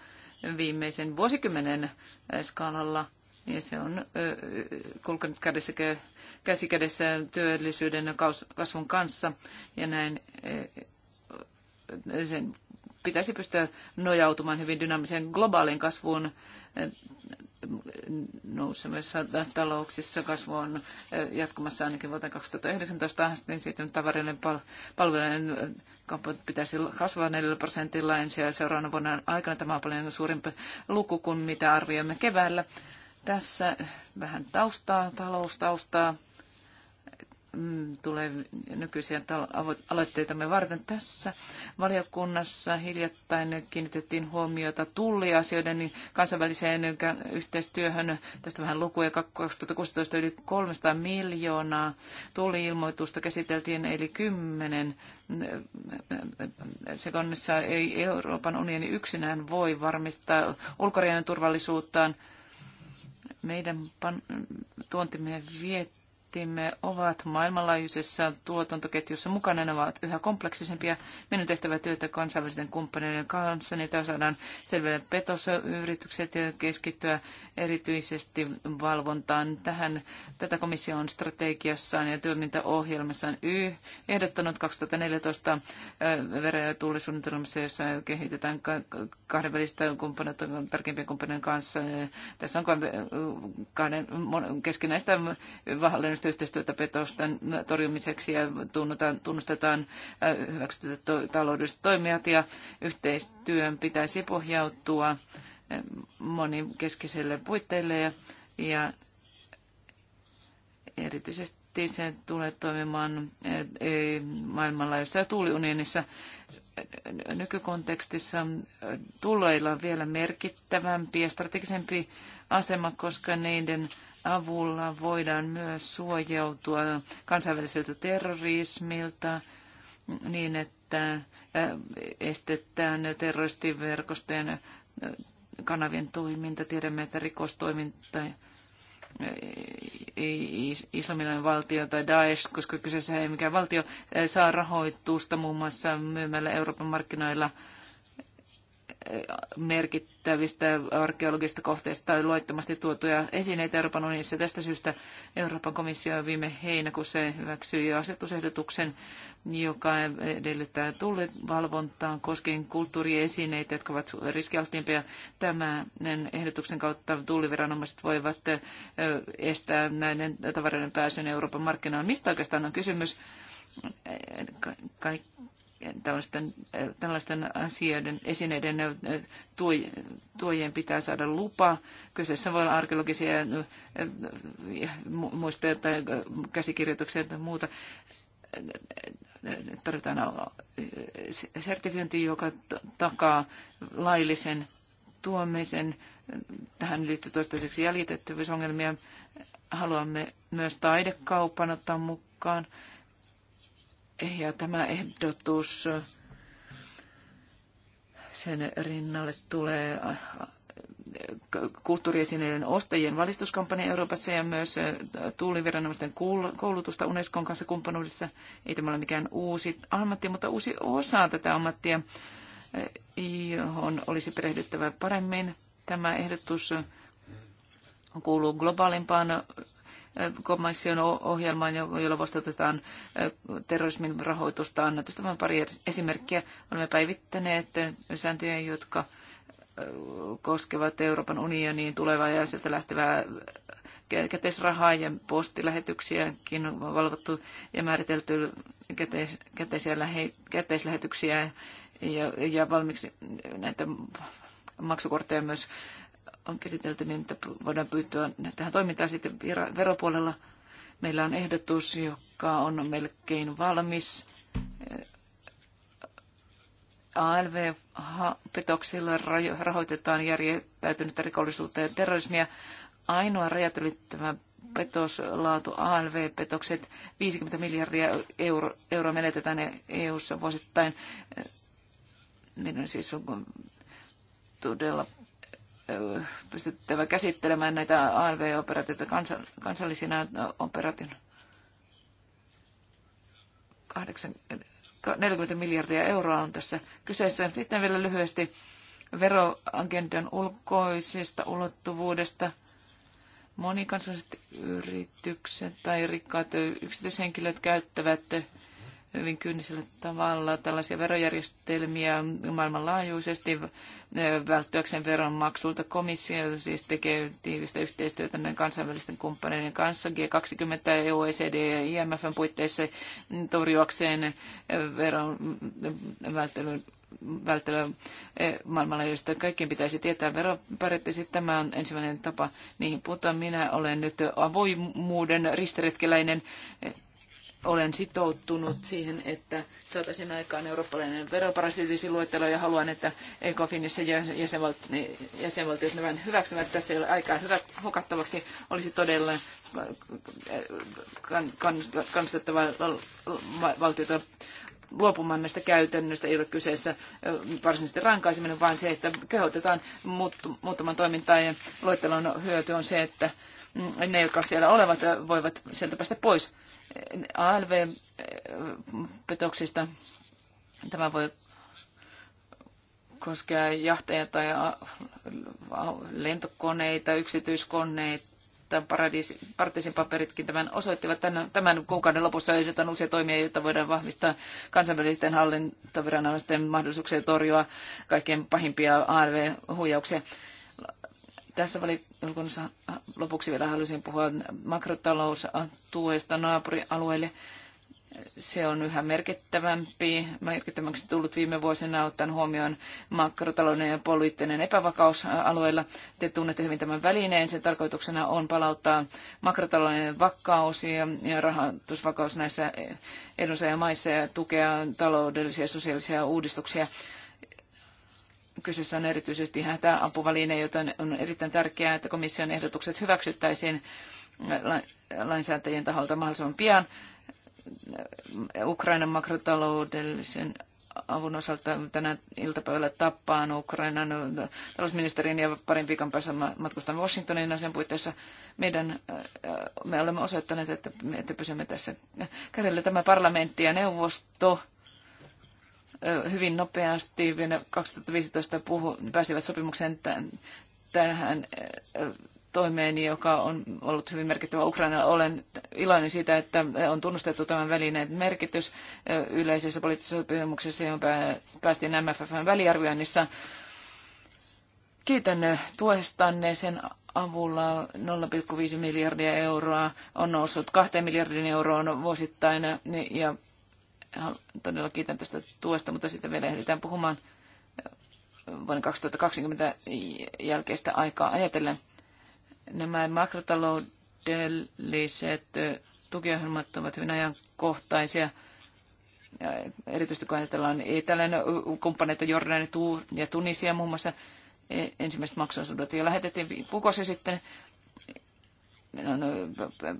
viimeisen vuosikymmenen eh, skaalalla. Ja se on eh, kulkenut kädessä, käsi kädessä työllisyyden kasvun kanssa. Ja näin eh, sen pitäisi pystyä nojautumaan hyvin dynaamiseen globaaliin kasvuun nousemassa talouksissa kasvu on jatkumassa ainakin vuoteen 2019 asti, niin sitten tavaroiden pal- palvelujen kauppa pitäisi kasvaa 4 prosentilla ensi ja seuraavana vuonna aikana. Tämä on paljon suurempi luku kuin mitä arvioimme keväällä. Tässä vähän taustaa, taloustaustaa Mm, tulee nykyisiä aloitteitamme varten tässä valiokunnassa. Hiljattain kiinnitettiin huomiota tulliasioiden niin kansainväliseen yhteistyöhön. Tästä vähän lukuja 2016 yli 300 miljoonaa tulliilmoitusta käsiteltiin, eli 10 mm, sekunnissa ei Euroopan unioni yksinään voi varmistaa ulkorajojen turvallisuuttaan. Meidän pan- tuontimme viet maatimme ovat maailmanlaajuisessa tuotantoketjussa mukana. Ne ovat yhä kompleksisempia. Meidän tehtävä työtä kansainvälisten kumppaneiden kanssa, niitä saadaan selville petosyritykset ja keskittyä erityisesti valvontaan. Tähän, tätä komissio on strategiassaan ja toimintaohjelmassaan y ehdottanut 2014 vero- ja tullisuunnitelmassa, jossa kehitetään kahdenvälistä kumppanuutta tarkempien kumppaneiden kanssa. Tässä on kahden keskinäistä hallinnosta kansainvälistä yhteistyötä petosten torjumiseksi ja tunnustetaan äh, hyväksytyt taloudelliset toimijat ja yhteistyön pitäisi pohjautua äh, monikeskiselle puitteille ja, ja erityisesti ei se tule toimimaan maailmanlaajuisessa tuuliunionissa. Nykykontekstissa tuloilla on vielä merkittävämpi ja strategisempi asema, koska niiden avulla voidaan myös suojautua kansainväliseltä terrorismilta niin, että estetään terroristiverkostojen kanavien toiminta. Tiedämme, että rikostoiminta islamilainen valtio tai Daesh, koska kyseessä ei mikään valtio, saa rahoitusta muun muassa myymällä Euroopan markkinoilla – merkittävistä arkeologisista kohteista tai luettomasti tuotuja esineitä Euroopan unionissa. Tästä syystä Euroopan komissio viime heinäkuussa hyväksyi asetusehdotuksen, joka edellyttää tullivalvontaa koskien kulttuuriesineitä, jotka ovat riskialttiimpia. Tämän ehdotuksen kautta tulliviranomaiset voivat estää näiden tavaroiden pääsyn Euroopan markkinoille. Mistä oikeastaan on kysymys? Ka- tällaisten, äh, tällaisten asioiden, esineiden äh, tuojien pitää saada lupa. Kyseessä voi olla arkeologisia äh, muistoja tai käsikirjoituksia tai muuta. Tarvitaan sertifiointi, joka takaa laillisen tuomisen. Tähän liittyy toistaiseksi jäljitettävyysongelmia. Haluamme myös taidekaupan ottaa mukaan ja tämä ehdotus, sen rinnalle tulee äh, äh, kulttuuriesineiden ostajien valistuskampanja Euroopassa ja myös äh, tuuliviranomaisten koulutusta Unescon kanssa kumppanuudessa. Ei tämä ole mikään uusi ammatti, mutta uusi osa tätä ammattia, johon olisi perehdyttävä paremmin. Tämä ehdotus kuuluu globaalimpaan komission ohjelmaan, jolla vastatetaan terrorismin rahoitusta. Annan tästä vain pari esimerkkiä. Olemme päivittäneet sääntöjä, jotka koskevat Euroopan unioniin tulevaa ja sieltä lähtevää käteisrahaa ja postilähetyksiäkin on valvottu ja määritelty käteis, käteisiä lähe, käteislähetyksiä ja, ja valmiiksi näitä maksukortteja myös on käsitelty niin, että voidaan pyytää tähän toimintaan sitten veropuolella. Meillä on ehdotus, joka on melkein valmis. Eh, ALV-petoksilla rahoitetaan järjestäytynyttä rikollisuutta ja terrorismia. Ainoa rajat ylittävä petoslaatu ALV-petokset, 50 miljardia euro, euroa menetetään EU-ssa vuosittain. Eh, Meidän siis on todella pystyttävä käsittelemään näitä ALV-operaatioita kansallisina operaation 40 miljardia euroa on tässä kyseessä. Sitten vielä lyhyesti veroagendan ulkoisesta ulottuvuudesta. Monikansalliset yritykset tai rikkaat yksityishenkilöt käyttävät hyvin kynnisellä tavalla tällaisia verojärjestelmiä maailmanlaajuisesti eh, välttyäkseen veronmaksulta. Komissio siis tekee tiivistä yhteistyötä näiden kansainvälisten kumppaneiden kanssa G20, OECD ja IMFn puitteissa torjuakseen eh, veron eh, välttelyn välttelyä maailmanlaajuisesti. Kaikkien pitäisi tietää veroparettisi. Tämä on ensimmäinen tapa niihin puuttua. Minä olen nyt avoimuuden ristiretkeläinen olen sitoutunut siihen, että saataisiin aikaan eurooppalainen veroparasitiisin ja haluan, että ECOFINissa jäsenvaltiot, jäsenvaltiot hyväksyvät. Tässä ei ole aikaa hyvät hukattavaksi. Olisi todella kannustettava valtiota luopumaan näistä käytännöistä. Ei ole kyseessä varsinaisesti rankaiseminen, vaan se, että kehotetaan muuttamaan toimintaa ja luettelon hyöty on se, että mm, ne, jotka siellä olevat, voivat sieltä päästä pois. ALV-petoksista. Eh, Tämä voi koskea jahteja tai lentokoneita, yksityiskoneita, paradiis, paperitkin tämän osoittivat. Tämän, tämän kuukauden lopussa edetään uusia toimia, joita voidaan vahvistaa kansainvälisten hallintoviranomaisten mahdollisuuksia torjua kaikkien pahimpia ARV-huijauksia. Tässä valiokunnassa lopuksi vielä halusin puhua makrotaloustuesta naapurialueille. Se on yhä merkittävämpi, merkittävämmäksi tullut viime vuosina ottaen huomioon makrotalouden ja poliittinen epävakaus alueella. Te tunnette hyvin tämän välineen. Sen tarkoituksena on palauttaa makrotalouden vakaus ja rahoitusvakaus näissä edunsaajamaissa ja tukea taloudellisia ja sosiaalisia uudistuksia Kyseessä on erityisesti hätäapuväline, joten on erittäin tärkeää, että komission ehdotukset hyväksyttäisiin lainsäätäjien taholta mahdollisimman pian. Ukrainan makrotaloudellisen avun osalta tänä iltapäivällä tappaan Ukrainan talousministerin ja parin viikon päässä matkustan Washingtonin asian puitteissa. Meidän, äh, me olemme osoittaneet, että, että pysymme tässä kädellä tämä parlamentti ja neuvosto hyvin nopeasti vuonna 2015 puhu, pääsivät sopimukseen tämän, tähän toimeen, joka on ollut hyvin merkittävä Ukrainalla. Olen iloinen siitä, että on tunnustettu tämän välineen merkitys yleisessä poliittisessa sopimuksessa, johon päästiin MFFn väliarvioinnissa. Kiitän tuestanne sen avulla 0,5 miljardia euroa on noussut 2 miljardin euroon vuosittain ja Todella kiitän tästä tuosta, mutta sitten vielä ehditään puhumaan äh, vuoden 2020 jälkeistä aikaa ajatellen. Nämä makrotaloudelliset äh, tukiohjelmat ovat hyvin ajankohtaisia, erityisesti kun ajatellaan etelän kumppaneita Jordania ja Tunisia muun muassa e- ensimmäiset maksuosuudet ja lähetettiin kuukausi sitten. Meillä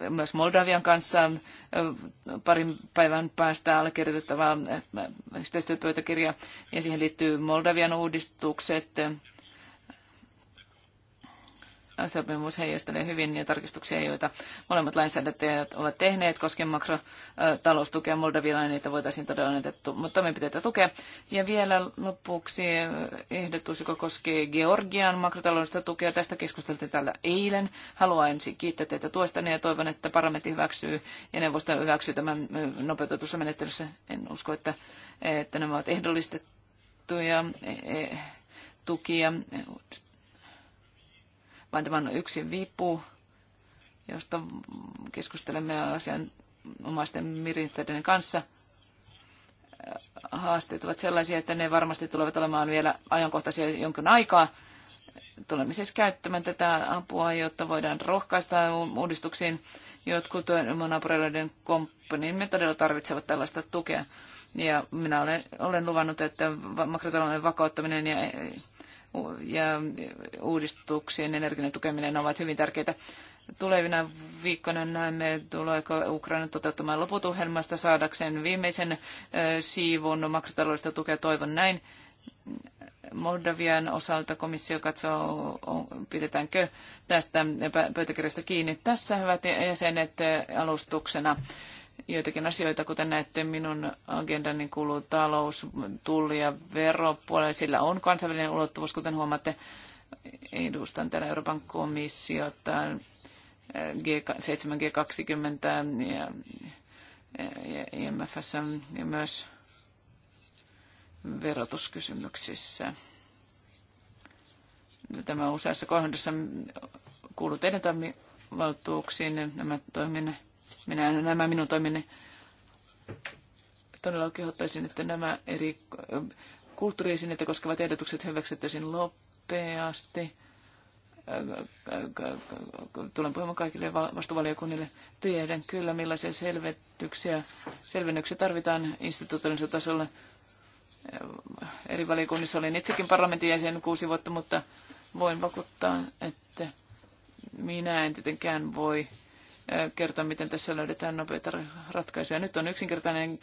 on myös Moldavian kanssa parin päivän päästä allekirjoitettava yhteistyöpöytäkirja ja siihen liittyy Moldavian uudistukset sopimus heijastelee hyvin niitä tarkistuksia, joita molemmat lainsäädäntöjät ovat tehneet koskien makrotaloustukea Moldavilla, niin niitä voitaisiin todella me pitää tukea. Ja vielä lopuksi ehdotus, joka koskee Georgian makrotaloudellista tukea. Tästä keskusteltiin täällä eilen. Haluan ensin kiittää teitä tuosta ja toivon, että parlamentti hyväksyy ja neuvosto hyväksyy tämän nopeutetussa menettelyssä. En usko, että, että nämä ovat ehdollistettuja e, e, tukia vaan tämä on yksi vipu, josta keskustelemme asian omaisten mirinteiden kanssa. Haasteet ovat sellaisia, että ne varmasti tulevat olemaan vielä ajankohtaisia jonkin aikaa. Tulemme siis käyttämään tätä apua, jotta voidaan rohkaista uudistuksiin. Jotkut komppaniin me todella tarvitsevat tällaista tukea. Ja minä olen, olen luvannut, että makrotalouden vakauttaminen ja ja uudistuksien energian tukeminen ovat hyvin tärkeitä. Tulevina viikkoina näemme, tuleeko Ukraina toteuttamaan loput ohjelmasta saadakseen viimeisen siivun makrotaloudellista tukea. Toivon näin. Moldavian osalta komissio katsoo, pidetäänkö tästä pöytäkirjasta kiinni. Tässä hyvät jäsenet alustuksena joitakin asioita, kuten näette, minun agendani kuuluu talous, tulli ja veropuolelle. Sillä on kansainvälinen ulottuvuus, kuten huomaatte. Edustan täällä Euroopan komissiota, G7, G20 ja, ja ja myös verotuskysymyksissä. Tämä useassa kohdassa kuuluu teidän toimivaltuuksiin nämä toiminnat minä, nämä minun toiminne todella kehottaisin, että nämä eri äh, kulttuuriesineitä koskevat ehdotukset hyväksyttäisiin lopeasti. Äh, äh, tulen puhumaan kaikille vastuvaliokunnille. Tiedän kyllä, millaisia selvityksiä, selvennyksiä tarvitaan instituutioiden tasolla. Eri valiokunnissa olin itsekin parlamentin jäsen kuusi vuotta, mutta voin vakuuttaa, että minä en tietenkään voi kertoa, miten tässä löydetään nopeita ratkaisuja. Nyt on yksinkertainen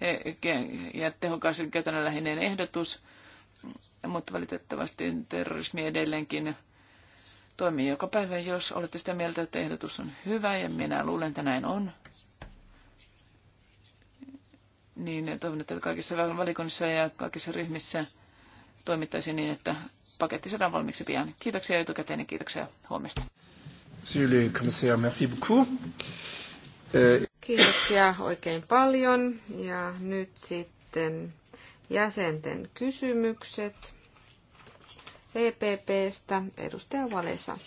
e, e, ja tehokas käytännönläheinen ehdotus, mutta valitettavasti terrorismi edelleenkin toimii joka päivä. Jos olette sitä mieltä, että ehdotus on hyvä ja minä luulen, että näin on, niin toivon, että kaikissa valikunnissa ja kaikissa ryhmissä toimittaisiin niin, että paketti saadaan valmiiksi pian. Kiitoksia etukäteen ja kiitoksia huomesta. Monsieur le commissaire, merci beaucoup. Euh, Kiitoksia oikein paljon. Ja nyt sitten jäsenten kysymykset. EPPstä edustaja Valesa.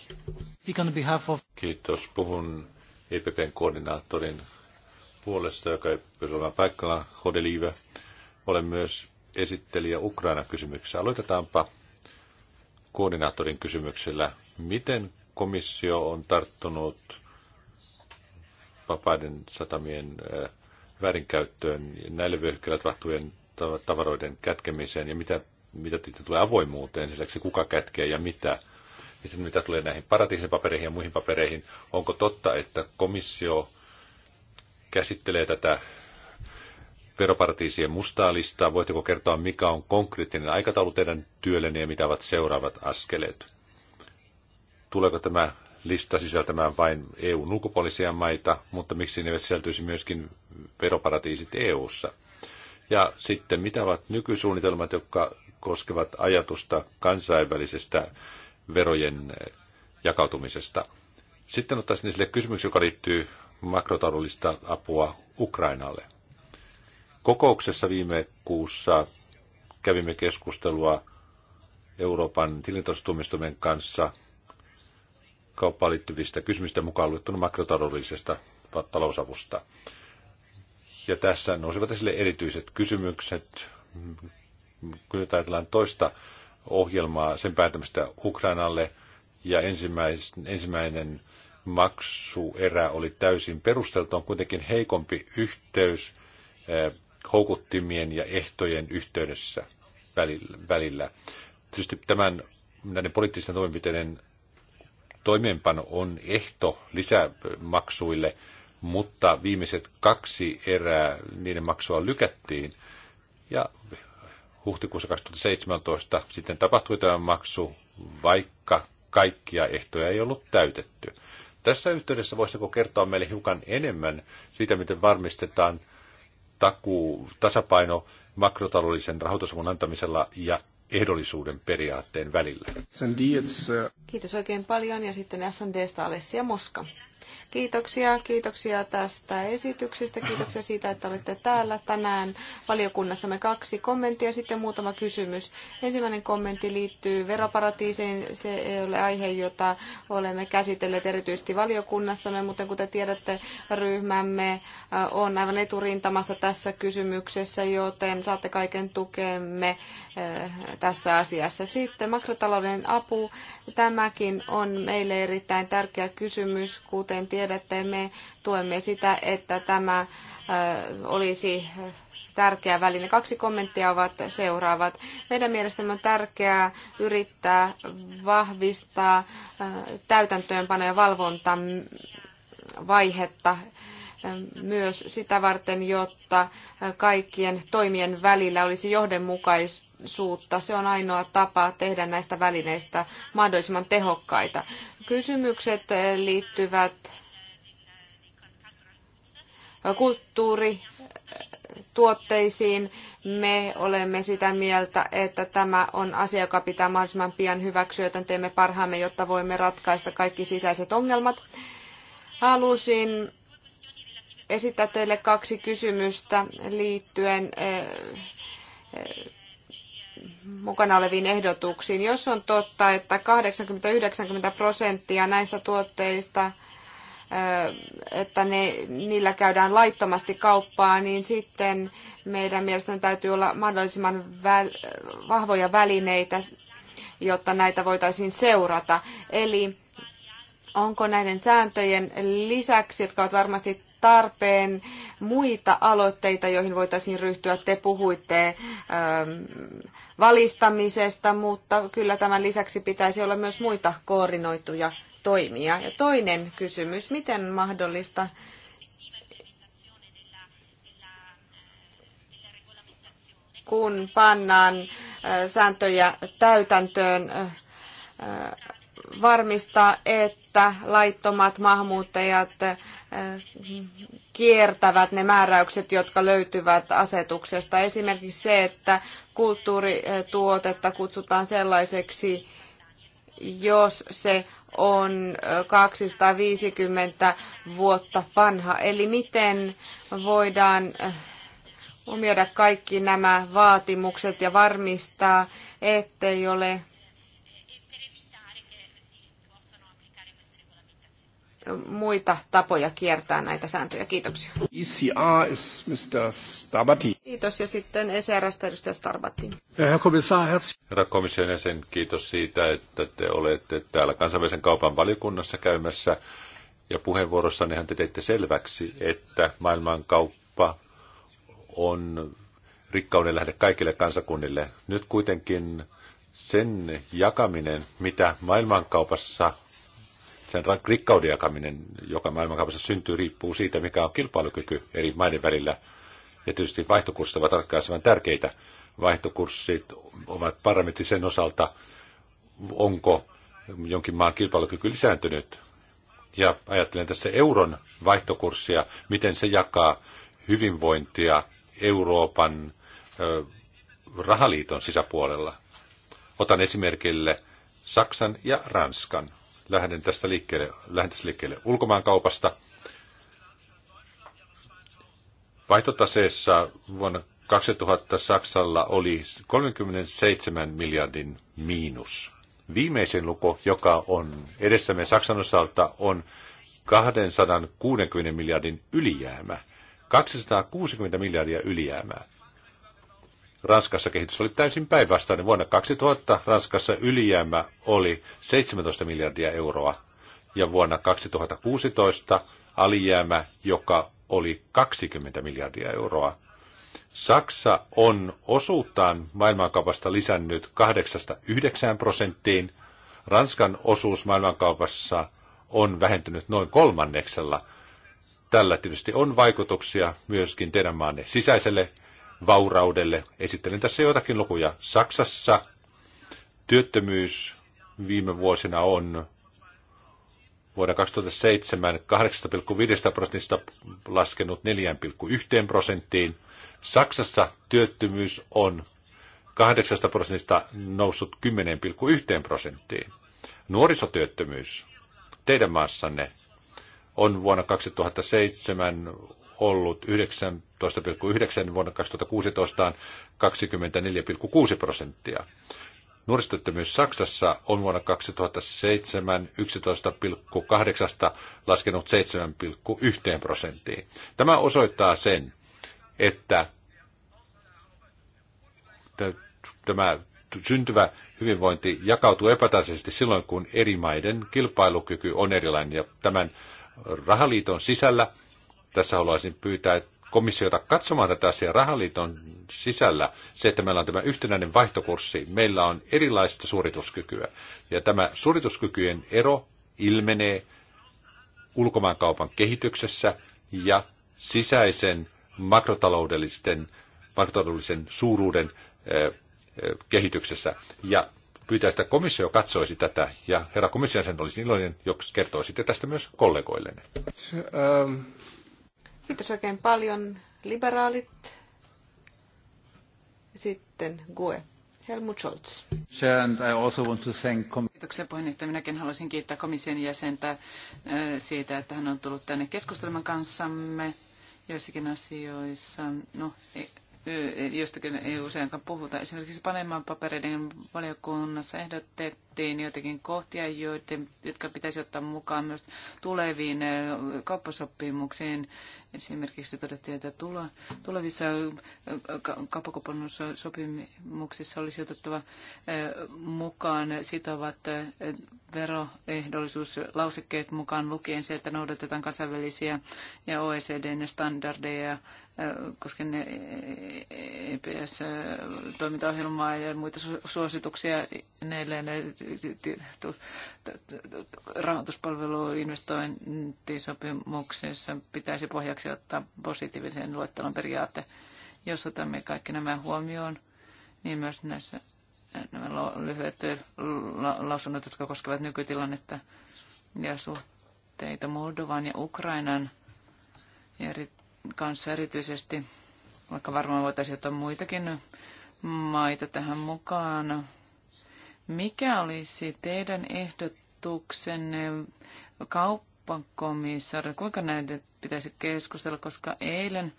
Kiitos. Puhun EPPn koordinaattorin puolesta, joka ei pysy olemaan paikalla, Hodeliive. Olen myös esittelijä Ukraina-kysymyksessä. Aloitetaanpa koordinaattorin kysymyksellä. Miten komissio on tarttunut vapaiden satamien äh, väärinkäyttöön, näille vyöhykkeillä tapahtuvien tavaroiden kätkemiseen ja mitä, mitä tulee avoimuuteen, lisäksi kuka kätkee ja mitä. Ja sitten mitä tulee näihin paratiisipapereihin ja muihin papereihin, onko totta, että komissio käsittelee tätä veroparatiisien mustaa listaa? Voitteko kertoa, mikä on konkreettinen aikataulu teidän työlleni ja mitä ovat seuraavat askeleet? tuleeko tämä lista sisältämään vain EUn ulkopuolisia maita, mutta miksi ne sisältyisi myöskin veroparatiisit EUssa. Ja sitten mitä ovat nykysuunnitelmat, jotka koskevat ajatusta kansainvälisestä verojen eh, jakautumisesta. Sitten ottaisin esille kysymys, joka liittyy makrotaloudellista apua Ukrainalle. Kokouksessa viime kuussa kävimme keskustelua Euroopan tilintarkastustuomioistuimen kanssa kauppaan liittyvistä kysymystä mukaan luettuna makrotaloudellisesta talousavusta. Ja tässä nousivat esille erityiset kysymykset, kun nyt ajatellaan toista ohjelmaa, sen päätämistä Ukrainalle, ja ensimmäinen ensimmäinen maksuerä oli täysin perusteltu, on kuitenkin heikompi yhteys eh, houkuttimien ja ehtojen yhteydessä välillä. Tietysti tämän näiden poliittisten toimenpiteiden toimeenpano on ehto lisämaksuille, mutta viimeiset kaksi erää niiden maksua lykättiin. Ja huhtikuussa 2017 sitten tapahtui tämä maksu, vaikka kaikkia ehtoja ei ollut täytetty. Tässä yhteydessä voisitko kertoa meille hiukan enemmän siitä, miten varmistetaan takuu, tasapaino makrotaloudellisen rahoitusavun antamisella ja ehdollisuuden periaatteen välillä. Uh, Kiitos oikein paljon ja sitten SNDstä Alessia Moska. Kiitoksia, kiitoksia tästä esityksestä, kiitoksia siitä, että olette täällä tänään valiokunnassamme kaksi kommenttia, sitten muutama kysymys. Ensimmäinen kommentti liittyy veroparatiiseen, se ei ole aihe, jota olemme käsitelleet erityisesti valiokunnassamme, mutta kuten tiedätte, ryhmämme äh, on aivan eturintamassa tässä kysymyksessä, joten saatte kaiken tukemme äh, tässä asiassa. Sitten makrotalouden apu, tämäkin on meille erittäin tärkeä kysymys, kuten Kuten tiedätte, me tuemme sitä, että tämä olisi tärkeä väline. Kaksi kommenttia ovat seuraavat. Meidän mielestämme on tärkeää yrittää vahvistaa täytäntöönpano- ja valvontavaihetta myös sitä varten, jotta kaikkien toimien välillä olisi johdonmukaisuutta. Se on ainoa tapa tehdä näistä välineistä mahdollisimman tehokkaita. Kysymykset liittyvät kulttuurituotteisiin. Me olemme sitä mieltä, että tämä on asia, joka pitää mahdollisimman pian hyväksyä, joten teemme parhaamme, jotta voimme ratkaista kaikki sisäiset ongelmat. Halusin esittää teille kaksi kysymystä liittyen eh, eh, mukana oleviin ehdotuksiin. Jos on totta, että 80-90 prosenttia näistä tuotteista, että ne, niillä käydään laittomasti kauppaa, niin sitten meidän mielestäni täytyy olla mahdollisimman väl- vahvoja välineitä, jotta näitä voitaisiin seurata. Eli onko näiden sääntöjen lisäksi, jotka ovat varmasti tarpeen muita aloitteita, joihin voitaisiin ryhtyä. Te puhuitte ähm, valistamisesta, mutta kyllä tämän lisäksi pitäisi olla myös muita koordinoituja toimia. Ja toinen kysymys, miten mahdollista kun pannaan sääntöjä täytäntöön, varmistaa, että laittomat maahanmuuttajat kiertävät ne määräykset, jotka löytyvät asetuksesta. Esimerkiksi se, että kulttuurituotetta kutsutaan sellaiseksi, jos se on 250 vuotta vanha. Eli miten voidaan äh, huomioida kaikki nämä vaatimukset ja varmistaa, ettei ole muita tapoja kiertää näitä sääntöjä. Kiitoksia. ECR is Mr. Starbatti. Kiitos ja sitten ECRstä edustaja Starbatti. Herra komission jäsen, kiitos siitä, että te olette täällä kansainvälisen kaupan valiokunnassa käymässä. Ja puheenvuorossannehan te teitte selväksi, että maailmankauppa on rikkauden lähde kaikille kansakunnille. Nyt kuitenkin sen jakaminen, mitä maailmankaupassa sen rikkauden jakaminen, joka maailmankaupassa syntyy, riippuu siitä, mikä on kilpailukyky eri maiden välillä. Ja tietysti vaihtokurssit ovat ratkaisevan tärkeitä. Vaihtokurssit ovat parametri sen osalta, onko jonkin maan kilpailukyky lisääntynyt. Ja ajattelen tässä euron vaihtokurssia, miten se jakaa hyvinvointia Euroopan ö, rahaliiton sisäpuolella. Otan esimerkille Saksan ja Ranskan lähden tästä liikkeelle, lähden tästä liikkeelle ulkomaankaupasta. Vaihtotaseessa vuonna 2000 Saksalla oli 37 miljardin miinus. Viimeisin luku, joka on edessämme Saksan osalta, on 260 miljardin ylijäämä. 260 miljardia ylijäämää. Ranskassa kehitys oli täysin päinvastainen. Vuonna 2000 Ranskassa ylijäämä oli 17 miljardia euroa ja vuonna 2016 alijäämä, joka oli 20 miljardia euroa. Saksa on osuuttaan maailmankaupasta lisännyt 8-9 prosenttiin. Ranskan osuus maailmankaupassa on vähentynyt noin kolmanneksella. Tällä tietysti on vaikutuksia myöskin teidän maanne sisäiselle vauraudelle. Esittelen tässä joitakin lukuja. Saksassa työttömyys viime vuosina on vuonna 2007 8,5 prosentista laskenut 4,1 prosenttiin. Saksassa työttömyys on 8 prosentista noussut 10,1 prosenttiin. Nuorisotyöttömyys teidän maassanne on vuonna 2007 ollut 9, 19,9 vuonna 2016 on 24,6 prosenttia. Nuorisotyöttömyys Saksassa on vuonna 2007 11,8 laskenut 7,1 prosenttiin. Tämä osoittaa sen, että tämä syntyvä hyvinvointi jakautuu epätasaisesti silloin, kun eri maiden kilpailukyky on erilainen. Ja tämän rahaliiton sisällä tässä haluaisin pyytää, että komissiota katsomaan tätä asiaa rahaliiton sisällä. Se, että meillä on tämä yhtenäinen vaihtokurssi, meillä on erilaista suorituskykyä. Ja tämä suorituskykyjen ero ilmenee ulkomaankaupan kehityksessä ja sisäisen makrotaloudellisten, makrotaloudellisen suuruuden kehityksessä. Ja pyytää, että komissio katsoisi tätä, ja herra komission sen olisi iloinen, jos kertoisitte tästä myös kollegoillenne. Um. Kiitos oikein paljon liberaalit. Sitten GUE. Helmut Scholz. And I also want to thank Kiitoksia puheenjohtaja. Minäkin haluaisin kiittää komission jäsentä äh, siitä, että hän on tullut tänne keskustelemaan kanssamme joissakin asioissa. No, jostakin ei useinkaan puhuta. Esimerkiksi Panemaan papereiden valiokunnassa ehdotettiin joitakin kohtia, joiden, jotka pitäisi ottaa mukaan myös tuleviin kauppasopimuksiin. Esimerkiksi todettiin, että tulevissa kauppakumppanuussopimuksissa olisi otettava mukaan sitovat veroehdollisuuslausekkeet mukaan lukien se, että noudatetaan kansainvälisiä ja OECDn standardeja koskien EPS-toimintaohjelmaa e ja muita suosituksia näille rahoituspalveluinvestointisopimuksessa pitäisi pohjaksi ottaa positiivisen luettelon periaate. Jos otamme kaikki nämä huomioon, niin myös näissä nämä lyhyet lausunnot, jotka koskevat nykytilannetta ja suhteita Moldovan ja Ukrainan ja erityisesti kanssa erityisesti, vaikka varmaan voitaisiin ottaa muitakin maita tähän mukaan. Mikä olisi teidän ehdotuksenne kauppakomissaari? Kuinka näiden pitäisi keskustella, koska eilen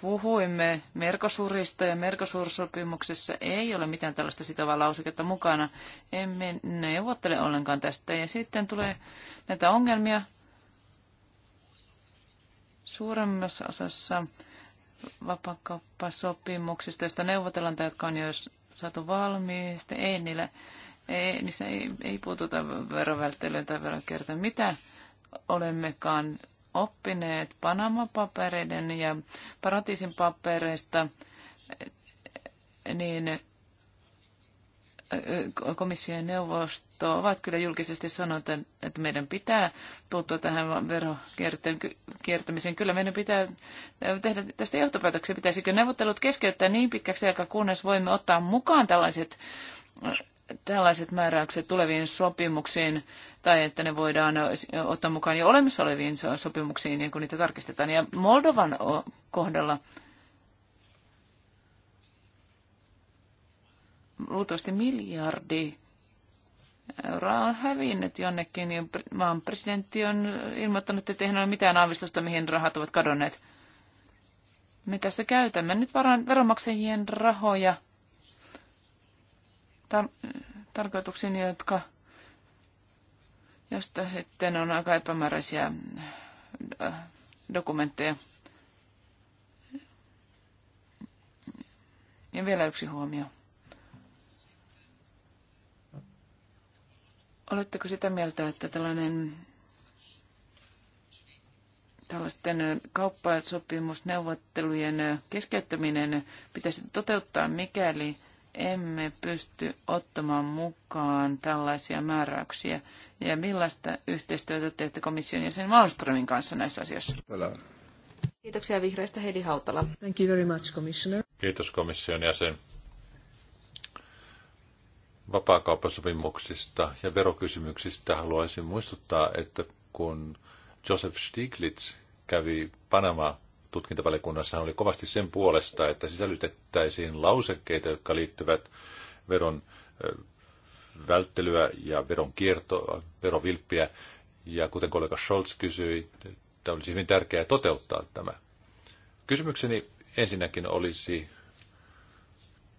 puhuimme Merkosurista ja Merkosur-sopimuksessa ei ole mitään tällaista sitovaa lauseketta mukana. Emme neuvottele ollenkaan tästä ja sitten tulee näitä ongelmia Suuremmassa osassa vapakauppasopimuksista, joista neuvotellaan tai jotka on jo saatu valmiiksi, ei niillä ei, niissä ei, ei puututa verovälttelyyn tai verokertoon. Mitä olemmekaan oppineet Panama-papereiden ja paratiisin papereista, niin komissio ja neuvosto ovat kyllä julkisesti sanoneet, että meidän pitää puuttua tähän verokiertämiseen. Kyllä meidän pitää tehdä tästä johtopäätöksiä. Pitäisikö neuvottelut keskeyttää niin pitkäksi aikaa, kunnes voimme ottaa mukaan tällaiset tällaiset määräykset tuleviin sopimuksiin tai että ne voidaan ottaa mukaan jo olemassa oleviin sopimuksiin, niin kun niitä tarkistetaan. Ja Moldovan kohdalla luultavasti miljardi euroa on hävinnyt jonnekin ja maan presidentti on ilmoittanut, että ei ole mitään aavistusta, mihin rahat ovat kadonneet. Me tässä käytämme nyt varan, veronmaksajien rahoja tar- tarkoituksiin, jotka, josta sitten on aika epämääräisiä äh, dokumentteja. Ja vielä yksi huomio. Oletteko sitä mieltä, että tällainen tällaisten kauppasopimusneuvottelujen keskeyttäminen pitäisi toteuttaa, mikäli emme pysty ottamaan mukaan tällaisia määräyksiä? Ja millaista yhteistyötä teette komission jäsen Malmströmin kanssa näissä asioissa? Kiitoksia vihreistä Heidi Hautala. Thank you very much, Commissioner. Kiitos komission jäsen vapaakauppasopimuksista ja verokysymyksistä haluaisin muistuttaa, että kun Joseph Stiglitz kävi Panama tutkintavaliokunnassa, hän oli kovasti sen puolesta, että sisällytettäisiin lausekkeita, jotka liittyvät veron välttelyä ja veron kiertoa, verovilppiä. Ja kuten kollega Scholz kysyi, että olisi hyvin tärkeää toteuttaa tämä. Kysymykseni ensinnäkin olisi,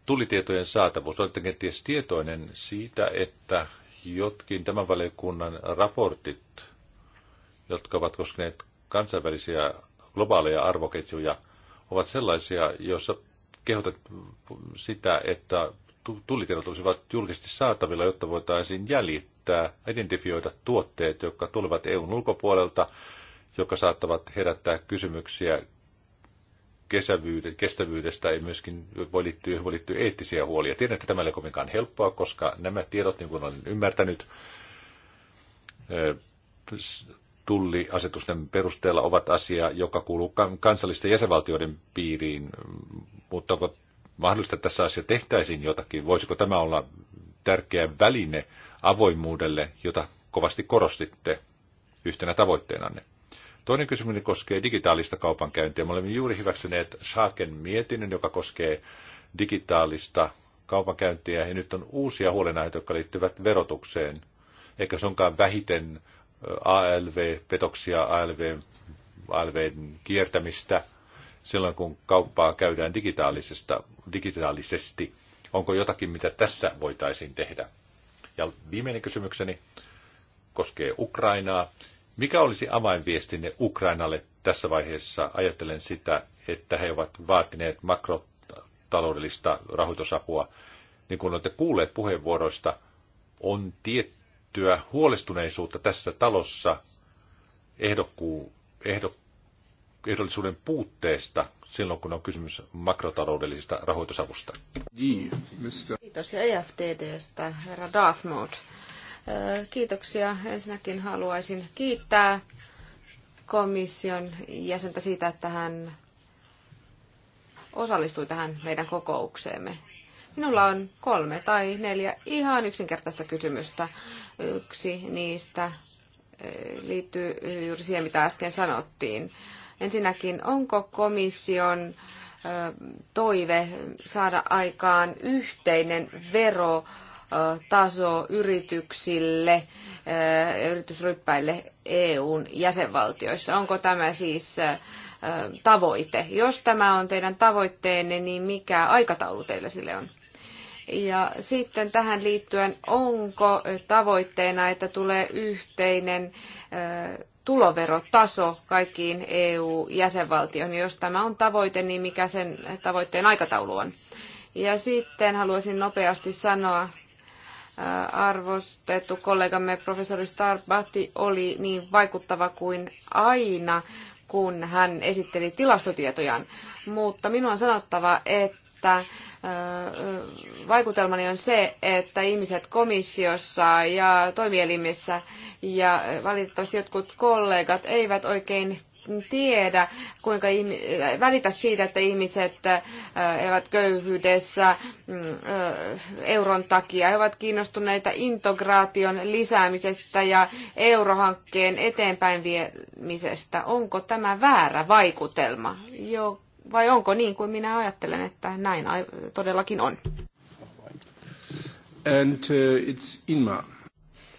tullitietojen saatavuus. Olette kenties tietoinen siitä, että jotkin tämän valiokunnan raportit, jotka ovat koskeneet kansainvälisiä globaaleja arvoketjuja, ovat sellaisia, joissa kehotat sitä, että tulitiedot olisivat julkisesti saatavilla, jotta voitaisiin jäljittää, identifioida tuotteet, jotka tulevat EUn ulkopuolelta, jotka saattavat herättää kysymyksiä kesävyyden, kestävyydestä ei myöskin voi liittyä, voi liittyä eettisiä huolia. Tiedän, että tämä ei ole kovinkaan helppoa, koska nämä tiedot, niin kuin olen ymmärtänyt, tulliasetusten perusteella ovat asia, joka kuuluu kansallisten jäsenvaltioiden piiriin, mutta onko mahdollista, että tässä asia tehtäisiin jotakin? Voisiko tämä olla tärkeä väline avoimuudelle, jota kovasti korostitte yhtenä tavoitteenanne? Toinen kysymys koskee digitaalista kaupankäyntiä. Me olemme juuri hyväksyneet Saaken mietinnön, joka koskee digitaalista kaupankäyntiä, ja nyt on uusia huolenaiheita, jotka liittyvät verotukseen. Eikä se onkaan vähiten ALV-petoksia, ALV, ALVn kiertämistä silloin, kun kauppaa käydään digitaalisesta, digitaalisesti. Onko jotakin, mitä tässä voitaisiin tehdä? Ja viimeinen kysymykseni koskee Ukrainaa. Mikä olisi avainviestinne Ukrainalle tässä vaiheessa? Ajattelen sitä, että he ovat vaatineet makrotaloudellista rahoitusapua. Niin kuin olette kuulleet puheenvuoroista, on tiettyä huolestuneisuutta tässä talossa ehdokku, ehdok, ehdollisuuden puutteesta silloin, kun on kysymys makrotaloudellisesta rahoitusavusta. Kiitos ja EFTDstä, herra Daafnod. Kiitoksia. Ensinnäkin haluaisin kiittää komission jäsentä siitä, että hän osallistui tähän meidän kokoukseemme. Minulla on kolme tai neljä ihan yksinkertaista kysymystä. Yksi niistä liittyy juuri siihen, mitä äsken sanottiin. Ensinnäkin, onko komission toive saada aikaan yhteinen vero taso yrityksille, yritysryppäille EUn jäsenvaltioissa. Onko tämä siis tavoite? Jos tämä on teidän tavoitteenne, niin mikä aikataulu teillä sille on? Ja sitten tähän liittyen, onko tavoitteena, että tulee yhteinen tuloverotaso kaikkiin EU-jäsenvaltioihin? Jos tämä on tavoite, niin mikä sen tavoitteen aikataulu on? Ja sitten haluaisin nopeasti sanoa arvostettu kollegamme professori Starbatti oli niin vaikuttava kuin aina, kun hän esitteli tilastotietojaan. Mutta minun on sanottava, että vaikutelmani on se, että ihmiset komissiossa ja toimielimissä ja valitettavasti jotkut kollegat eivät oikein tiedä, kuinka ihmi- äh, välitä siitä, että ihmiset äh, elävät köyhyydessä mm, äh, euron takia. He ovat kiinnostuneita integraation lisäämisestä ja eurohankkeen eteenpäin viemisestä. Onko tämä väärä vaikutelma? Jo, vai onko niin kuin minä ajattelen, että näin todellakin on? And uh, it's Inma.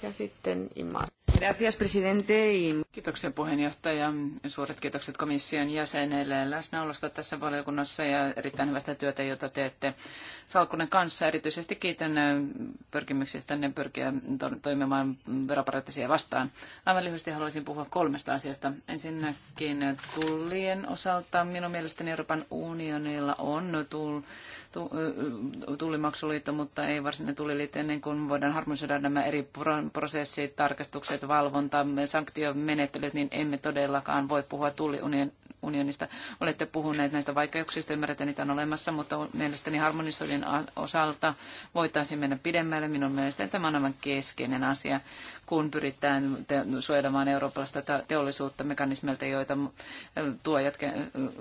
Ja sitten Imar. Gracias, presidente. Kiitoksia puheenjohtaja. Suuret kiitokset komission jäsenille läsnäolosta tässä valiokunnassa ja erittäin hyvästä työtä, jota teette Salkunen kanssa. Erityisesti kiitän pyrkimyksistänne pyrkiä toimimaan veroparatiisia vastaan. Aivan lyhyesti haluaisin puhua kolmesta asiasta. Ensinnäkin tullien osalta minun mielestäni Euroopan unionilla on tullimaksuliitto, mutta ei varsinainen tulliliitto ennen kuin voidaan harmonisoida nämä eri prosessit, tarkastukset, valvonta, sanktiomenettelyt, niin emme todellakaan voi puhua tulliunionista unionista. Olette puhuneet näistä vaikeuksista, ymmärrätte niitä on olemassa, mutta mielestäni harmonisoinnin osalta voitaisiin mennä pidemmälle. Minun mielestäni tämä on aivan keskeinen asia, kun pyritään suojelemaan eurooppalaista teollisuutta mekanismeilta, joita tuojat,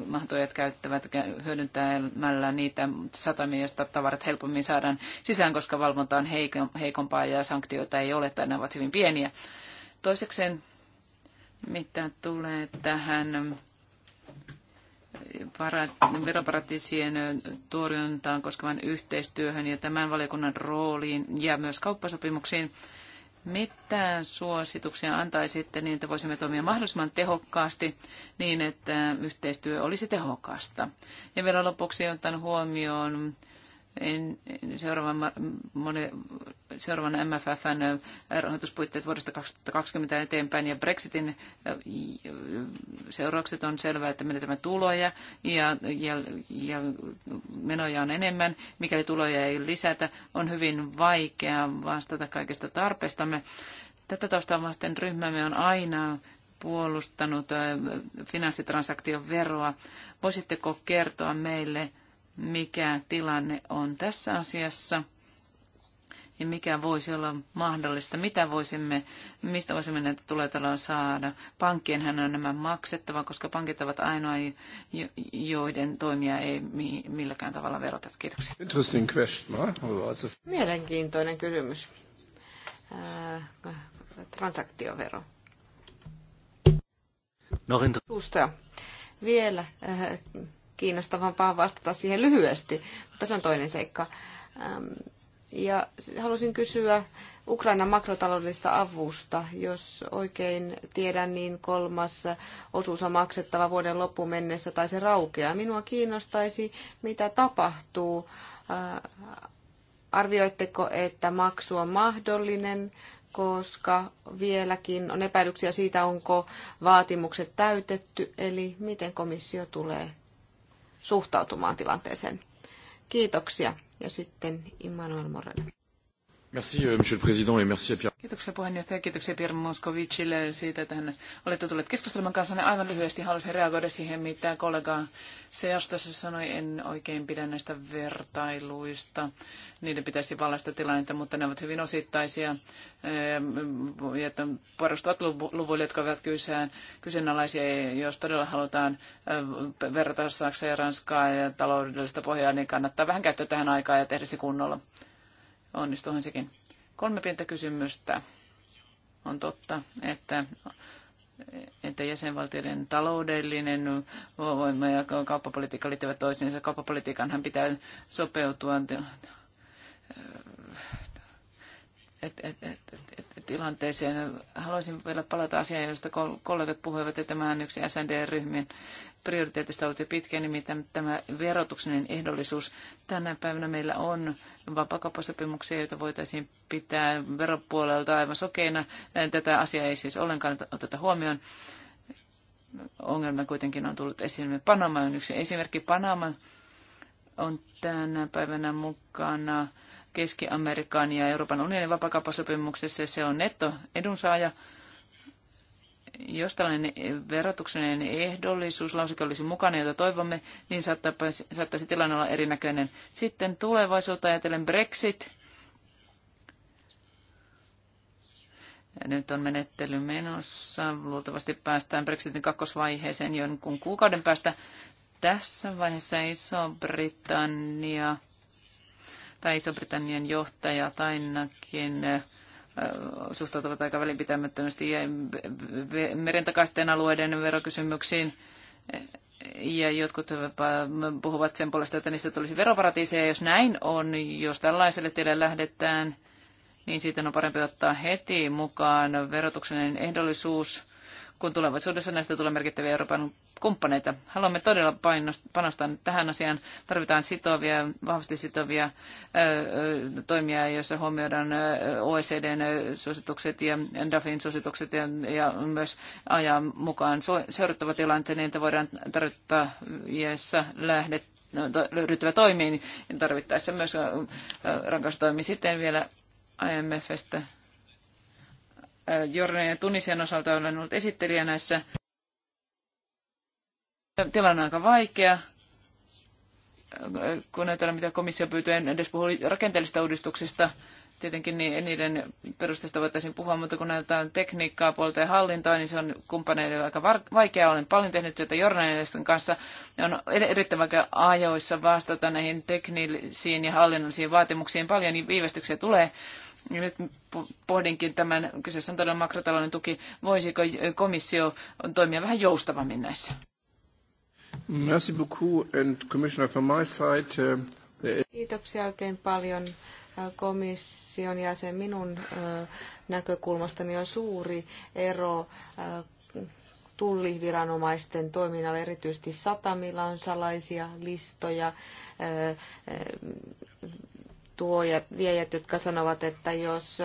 mahtuojat käyttävät hyödyntämällä niitä satamia, joista tavarat helpommin saadaan sisään, koska valvonta on heikompaa ja sanktioita ei ole tai ne ovat hyvin pieniä. Toisekseen, mitä tulee tähän veroparatiisien torjuntaan koskevan yhteistyöhön ja tämän valiokunnan rooliin ja myös kauppasopimuksiin. Mitä suosituksia antaisitte niin, että voisimme toimia mahdollisimman tehokkaasti niin, että yhteistyö olisi tehokasta? Ja vielä lopuksi otan huomioon en, seuraavan, moni, seuraavan MFFn rahoituspuitteet vuodesta 2020 eteenpäin ja Brexitin seuraukset on selvää, että menetämme tuloja ja, ja, ja menoja on enemmän. Mikäli tuloja ei lisätä, on hyvin vaikea vastata kaikesta tarpeestamme. Tätä taustaa vasten ryhmämme on aina puolustanut finanssitransaktion veroa. Voisitteko kertoa meille, mikä tilanne on tässä asiassa ja mikä voisi olla mahdollista, mitä voisimme, mistä voisimme näitä tuletaloja saada. hän on nämä maksettava, koska pankit ovat ainoa, joiden toimia ei milläkään tavalla veroteta. Kiitoksia. Interesting question. Mielenkiintoinen kysymys. Äh, transaktiovero. No, Vielä äh, kiinnostavampaa vastata siihen lyhyesti, mutta se on toinen seikka. Ja halusin kysyä Ukrainan makrotaloudellista avusta. Jos oikein tiedän, niin kolmas osuus on maksettava vuoden loppuun mennessä tai se raukeaa. Minua kiinnostaisi, mitä tapahtuu. Arvioitteko, että maksu on mahdollinen, koska vieläkin on epäilyksiä siitä, onko vaatimukset täytetty, eli miten komissio tulee suhtautumaan tilanteeseen. Kiitoksia. Ja sitten Immanuel Morelle. Merci, euh, monsieur le président, et merci à Pierre. Kiitoksia puheenjohtaja, kiitoksia Pierre Moskovicille siitä, että hän olette tulleet keskustelemaan kanssa. Aivan lyhyesti haluaisin reagoida siihen, mitä kollega Seastassa sanoi. En oikein pidä näistä vertailuista. Niiden pitäisi valaista tilannetta, mutta ne ovat hyvin osittaisia ehm, ja perustuvat luvuille, jotka ovat kyseen, kyseenalaisia. Jos todella halutaan ehm, verrata Saksaa ja Ranskaa ja taloudellista pohjaa, niin kannattaa vähän käyttää tähän aikaa ja tehdä se kunnolla. Onnistuhan sekin. Kolme pientä kysymystä. On totta, että että jäsenvaltioiden taloudellinen voima ja kauppapolitiikka liittyvät toisiinsa. Kauppapolitiikanhan pitää sopeutua tilanteeseen. Haluaisin vielä palata asiaan, josta kollegat puhuivat, että tämä on yksi SND-ryhmien prioriteetista ollut jo pitkään, nimittäin tämä verotuksinen ehdollisuus. Tänä päivänä meillä on vapakauppasopimuksia, joita voitaisiin pitää veropuolelta aivan sokeina. Tätä asiaa ei siis ollenkaan oteta huomioon. Ongelma kuitenkin on tullut esiin. Panama on yksi esimerkki. Panama on tänä päivänä mukana Keski-Amerikan ja Euroopan unionin vapakauppasopimuksessa. Se on netto edunsaaja jos tällainen verotuksellinen ehdollisuuslauseke olisi mukana, jota toivomme, niin saattaisi, saattaisi tilanne olla erinäköinen. Sitten tulevaisuutta ajatellen Brexit. Ja nyt on menettely menossa. Luultavasti päästään Brexitin kakkosvaiheeseen jonkun kuukauden päästä. Tässä vaiheessa Iso-Britannia tai Iso-Britannian johtajat ainakin suhtautuvat aika välinpitämättömästi ja merentakaisten alueiden verokysymyksiin. Ja jotkut puhuvat sen puolesta, että niistä tulisi veroparatiiseja. Jos näin on, jos tällaiselle tielle lähdetään, niin siitä on parempi ottaa heti mukaan verotuksellinen ehdollisuus – kun tulevaisuudessa näistä tulee merkittäviä Euroopan kumppaneita. Haluamme todella panostaa tähän asiaan. Tarvitaan sitovia, vahvasti sitovia toimia, joissa huomioidaan OECDn suositukset ja DAFin suositukset ja, ja myös ajan mukaan seurattava tilanteen, niin että voidaan tarvittaessa lähdet no, ryhtyvä toimiin ja tarvittaessa myös rankaistoimi sitten vielä IMFstä Jordanian ja Tunisian osalta olen ollut esittelijä näissä. Tilanne on aika vaikea, kun ajatellaan, mitä komissio pyytää, en edes puhu rakenteellisista uudistuksista. Tietenkin niiden perusteista voitaisiin puhua, mutta kun näytetään tekniikkaa, puolta ja hallintoa, niin se on kumppaneille aika vaikeaa. Olen paljon tehnyt työtä journalistien kanssa. Ne on erittäin vaikea ajoissa vastata näihin teknisiin ja hallinnollisiin vaatimuksiin. Paljon niin viivästyksiä tulee. Ja nyt pohdinkin tämän, kyseessä on todella makrotalouden tuki, voisiko komissio toimia vähän joustavammin näissä? Merci beaucoup and commissioner from my side. Uh, Kiitoksia oikein paljon äh, komission jäsen. Minun äh, näkökulmastani on suuri ero äh, tulliviranomaisten toiminnalla, erityisesti satamilla on salaisia listoja, tuojat, viejät, jotka sanovat, että jos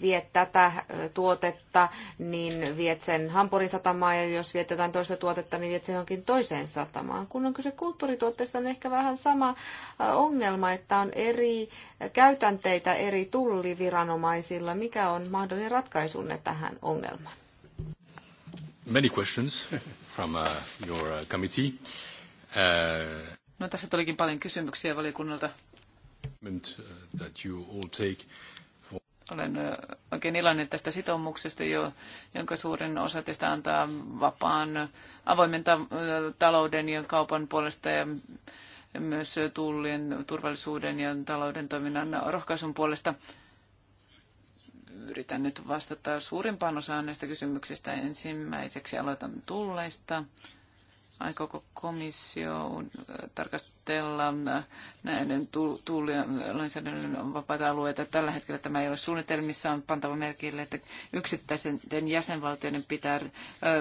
viet tätä tuotetta, niin viet sen Hampurin satamaan, ja jos viet jotain toista tuotetta, niin viet sen johonkin toiseen satamaan. Kun on kyse kulttuurituotteista, on niin ehkä vähän sama ongelma, että on eri käytänteitä eri tulliviranomaisilla. Mikä on mahdollinen ratkaisunne tähän ongelmaan? Many questions from uh, your uh, committee. Uh... No tässä tulikin paljon kysymyksiä valiokunnalta commitment uh, that you all take olen uh, oikein iloinen tästä sitoumuksesta, jo, jonka suurin osa teistä antaa vapaan avoimen ta- uh, talouden ja kaupan puolesta ja myös tullien turvallisuuden ja talouden toiminnan rohkaisun puolesta. Yritän nyt vastata suurimpaan osaan näistä kysymyksistä. Ensimmäiseksi aloitan tulleista aikooko komissio äh, tarkastella äh, näiden lainsäädännön vapaita alueita. Tällä hetkellä tämä ei ole suunnitelmissa. On pantava merkille, että yksittäisen jäsenvaltioiden pitää äh,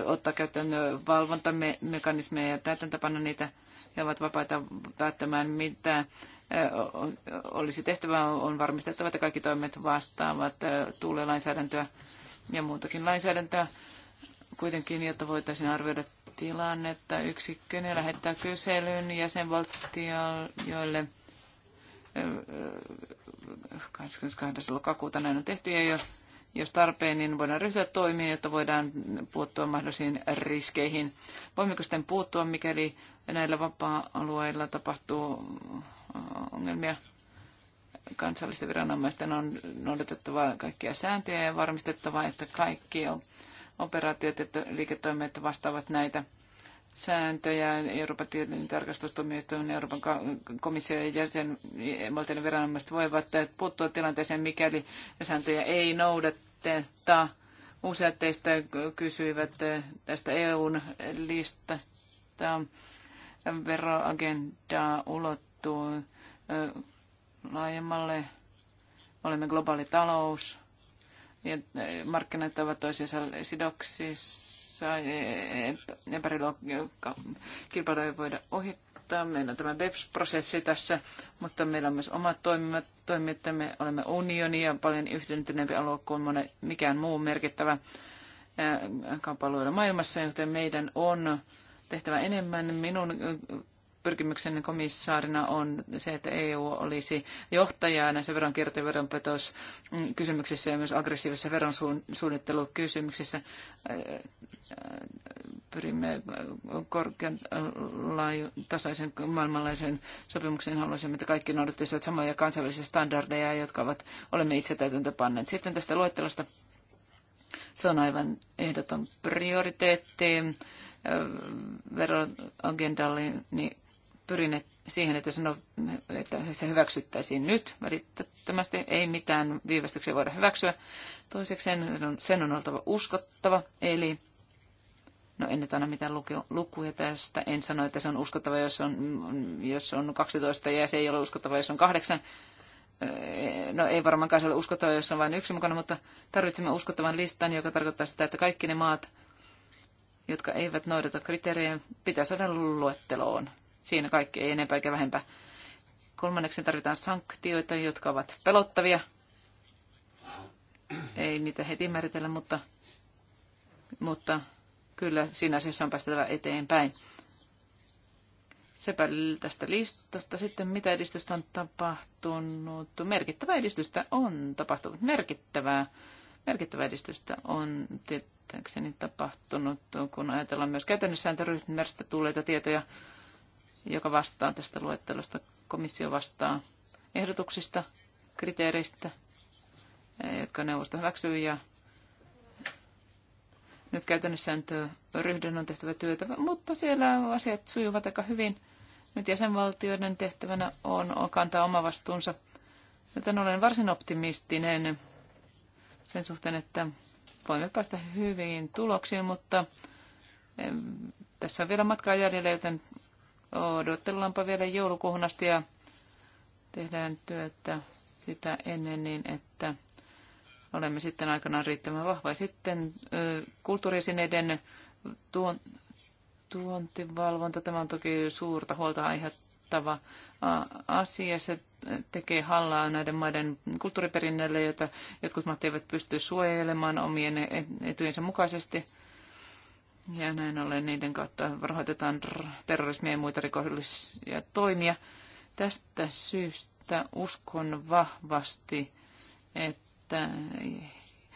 ottaa käyttöön valvontamekanismeja ja täytäntöpanna niitä. He ovat vapaita päättämään, mitä olisi tehtävä. On varmistettava, että kaikki toimet vastaavat tuulilainsäädäntöä ja muutakin lainsäädäntöä kuitenkin, jotta voitaisiin arvioida tilannetta yksikkö. Ne lähettää kyselyn jäsenvaltioille 22. lokakuuta näin on tehty ja jos, jos tarpeen, niin voidaan ryhtyä toimiin, jotta voidaan puuttua mahdollisiin riskeihin. Voimmeko sitten puuttua, mikäli näillä vapaa-alueilla tapahtuu ongelmia? Kansallisten viranomaisten on noudatettava kaikkia sääntöjä ja varmistettava, että kaikki on operaatiot ja liiketoimet vastaavat näitä sääntöjä. Euroopan tarkastustuomioistuin, Euroopan komissio ja jäsen, valtioiden viranomaiset voivat puuttua tilanteeseen, mikäli sääntöjä ei noudateta. Useat teistä kysyivät tästä EUn listasta. Veroagenda ulottuu laajemmalle. Olemme globaali talous ja markkinat ovat toisiinsa sidoksissa, epäriluokka kilpailu ei voida ohittaa. Meillä on tämä BEPS-prosessi tässä, mutta meillä on myös omat toimijat, me olemme unioni ja paljon yhdentyneempi alue kuin monen, mikään muu merkittävä kauppa maailmassa, joten meidän on tehtävä enemmän. Minun pyrkimyksen komissaarina on se, että EU olisi johtaja näissä veronkierto- ja kysymyksissä ja myös aggressiivisessa veronsuunnittelukysymyksissä. Pyrimme korkean laaju, tasaisen maailmanlaisen sopimuksen haluaisimme, että kaikki noudattaisivat samoja kansainvälisiä standardeja, jotka ovat, olemme itse täytäntö panneet. Sitten tästä luettelosta se on aivan ehdoton prioriteetti veroagendalle, niin pyrin siihen, että, sano, että se hyväksyttäisiin nyt välittömästi. Ei mitään viivästyksiä voida hyväksyä. Toiseksi sen on, sen on oltava uskottava, eli No en nyt anna mitään lukuja tästä. En sano, että se on uskottava, jos on, jos on 12 ja se ei ole uskottava, jos on kahdeksan. Öö, no ei varmaankaan se ole uskottava, jos on vain yksi mukana, mutta tarvitsemme uskottavan listan, joka tarkoittaa sitä, että kaikki ne maat, jotka eivät noudata kriteerejä, pitää saada luetteloon. Siinä kaikki ei enempää eikä vähempää. Kolmanneksi tarvitaan sanktioita, jotka ovat pelottavia. Ei niitä heti määritellä, mutta, mutta kyllä siinä asiassa on päästävä eteenpäin. Sepä tästä listasta sitten, mitä edistystä on tapahtunut. Merkittävää edistystä on tapahtunut. Merkittävää, merkittävää edistystä on tietääkseni tapahtunut, kun ajatellaan myös käytännössä tulee tulleita tietoja joka vastaa tästä luettelosta. Komissio vastaa ehdotuksista, kriteereistä, eh, jotka neuvosto hyväksyy ja nyt käytännössä eh, ryhdyn on tehtävä työtä, mutta siellä asiat sujuvat aika hyvin. Nyt jäsenvaltioiden tehtävänä on kantaa oma vastuunsa, joten olen varsin optimistinen sen suhteen, että voimme päästä hyviin tuloksiin, mutta tässä on vielä matkaa jäljellä, joten Odotellaanpa vielä joulukuuhun ja tehdään työtä sitä ennen niin, että olemme sitten aikanaan riittävän Ja Sitten kulttuurisineiden tuon, tuontivalvonta, tämä on toki suurta huolta aiheuttava asia. Se tekee hallaa näiden maiden kulttuuriperinnölle, jota jotkut maat eivät pysty suojelemaan omien e-, etujensa mukaisesti. Ja näin ollen niiden kautta rahoitetaan terrorismia ja muita rikollisia toimia. Tästä syystä uskon vahvasti, että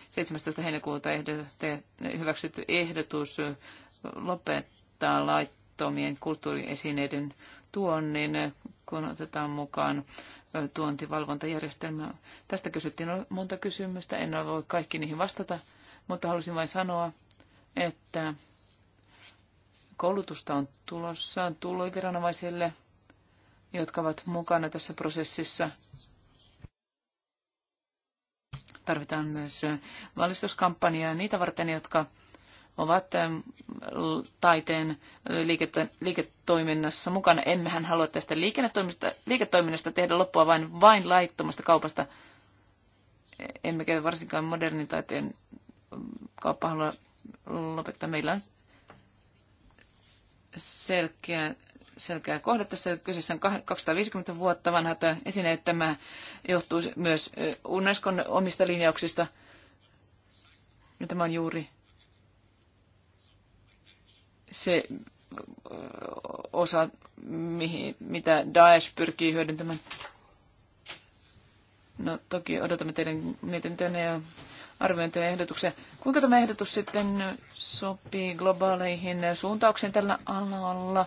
17. heinäkuuta hyväksytty ehdotus lopettaa laittomien kulttuuriesineiden tuonnin, kun otetaan mukaan tuontivalvontajärjestelmä. Tästä kysyttiin monta kysymystä, en voi kaikki niihin vastata, mutta halusin vain sanoa, että Koulutusta on tulossa tulliviranomaisille, jotka ovat mukana tässä prosessissa. Tarvitaan myös valistuskampanjaa niitä varten, jotka ovat ähm, taiteen äh, liiketo- liiketoiminnassa mukana. Emmehän halua tästä liiketoiminnasta tehdä loppua vain, vain laittomasta kaupasta. E-, emmekä varsinkaan modernin taiteen mm, kauppa halua lopettaa. Meillä on selkeä, selkeä kohde. Tässä kyseessä on 250 vuotta vanha esine että Tämä johtuu myös Unescon omista linjauksista. Ja tämä on juuri se osa, mihin, mitä Daesh pyrkii hyödyntämään. No toki odotamme teidän mietintöönne ja arviointi ja ehdotuksia. Kuinka tämä ehdotus sitten sopii globaaleihin suuntauksiin tällä alalla?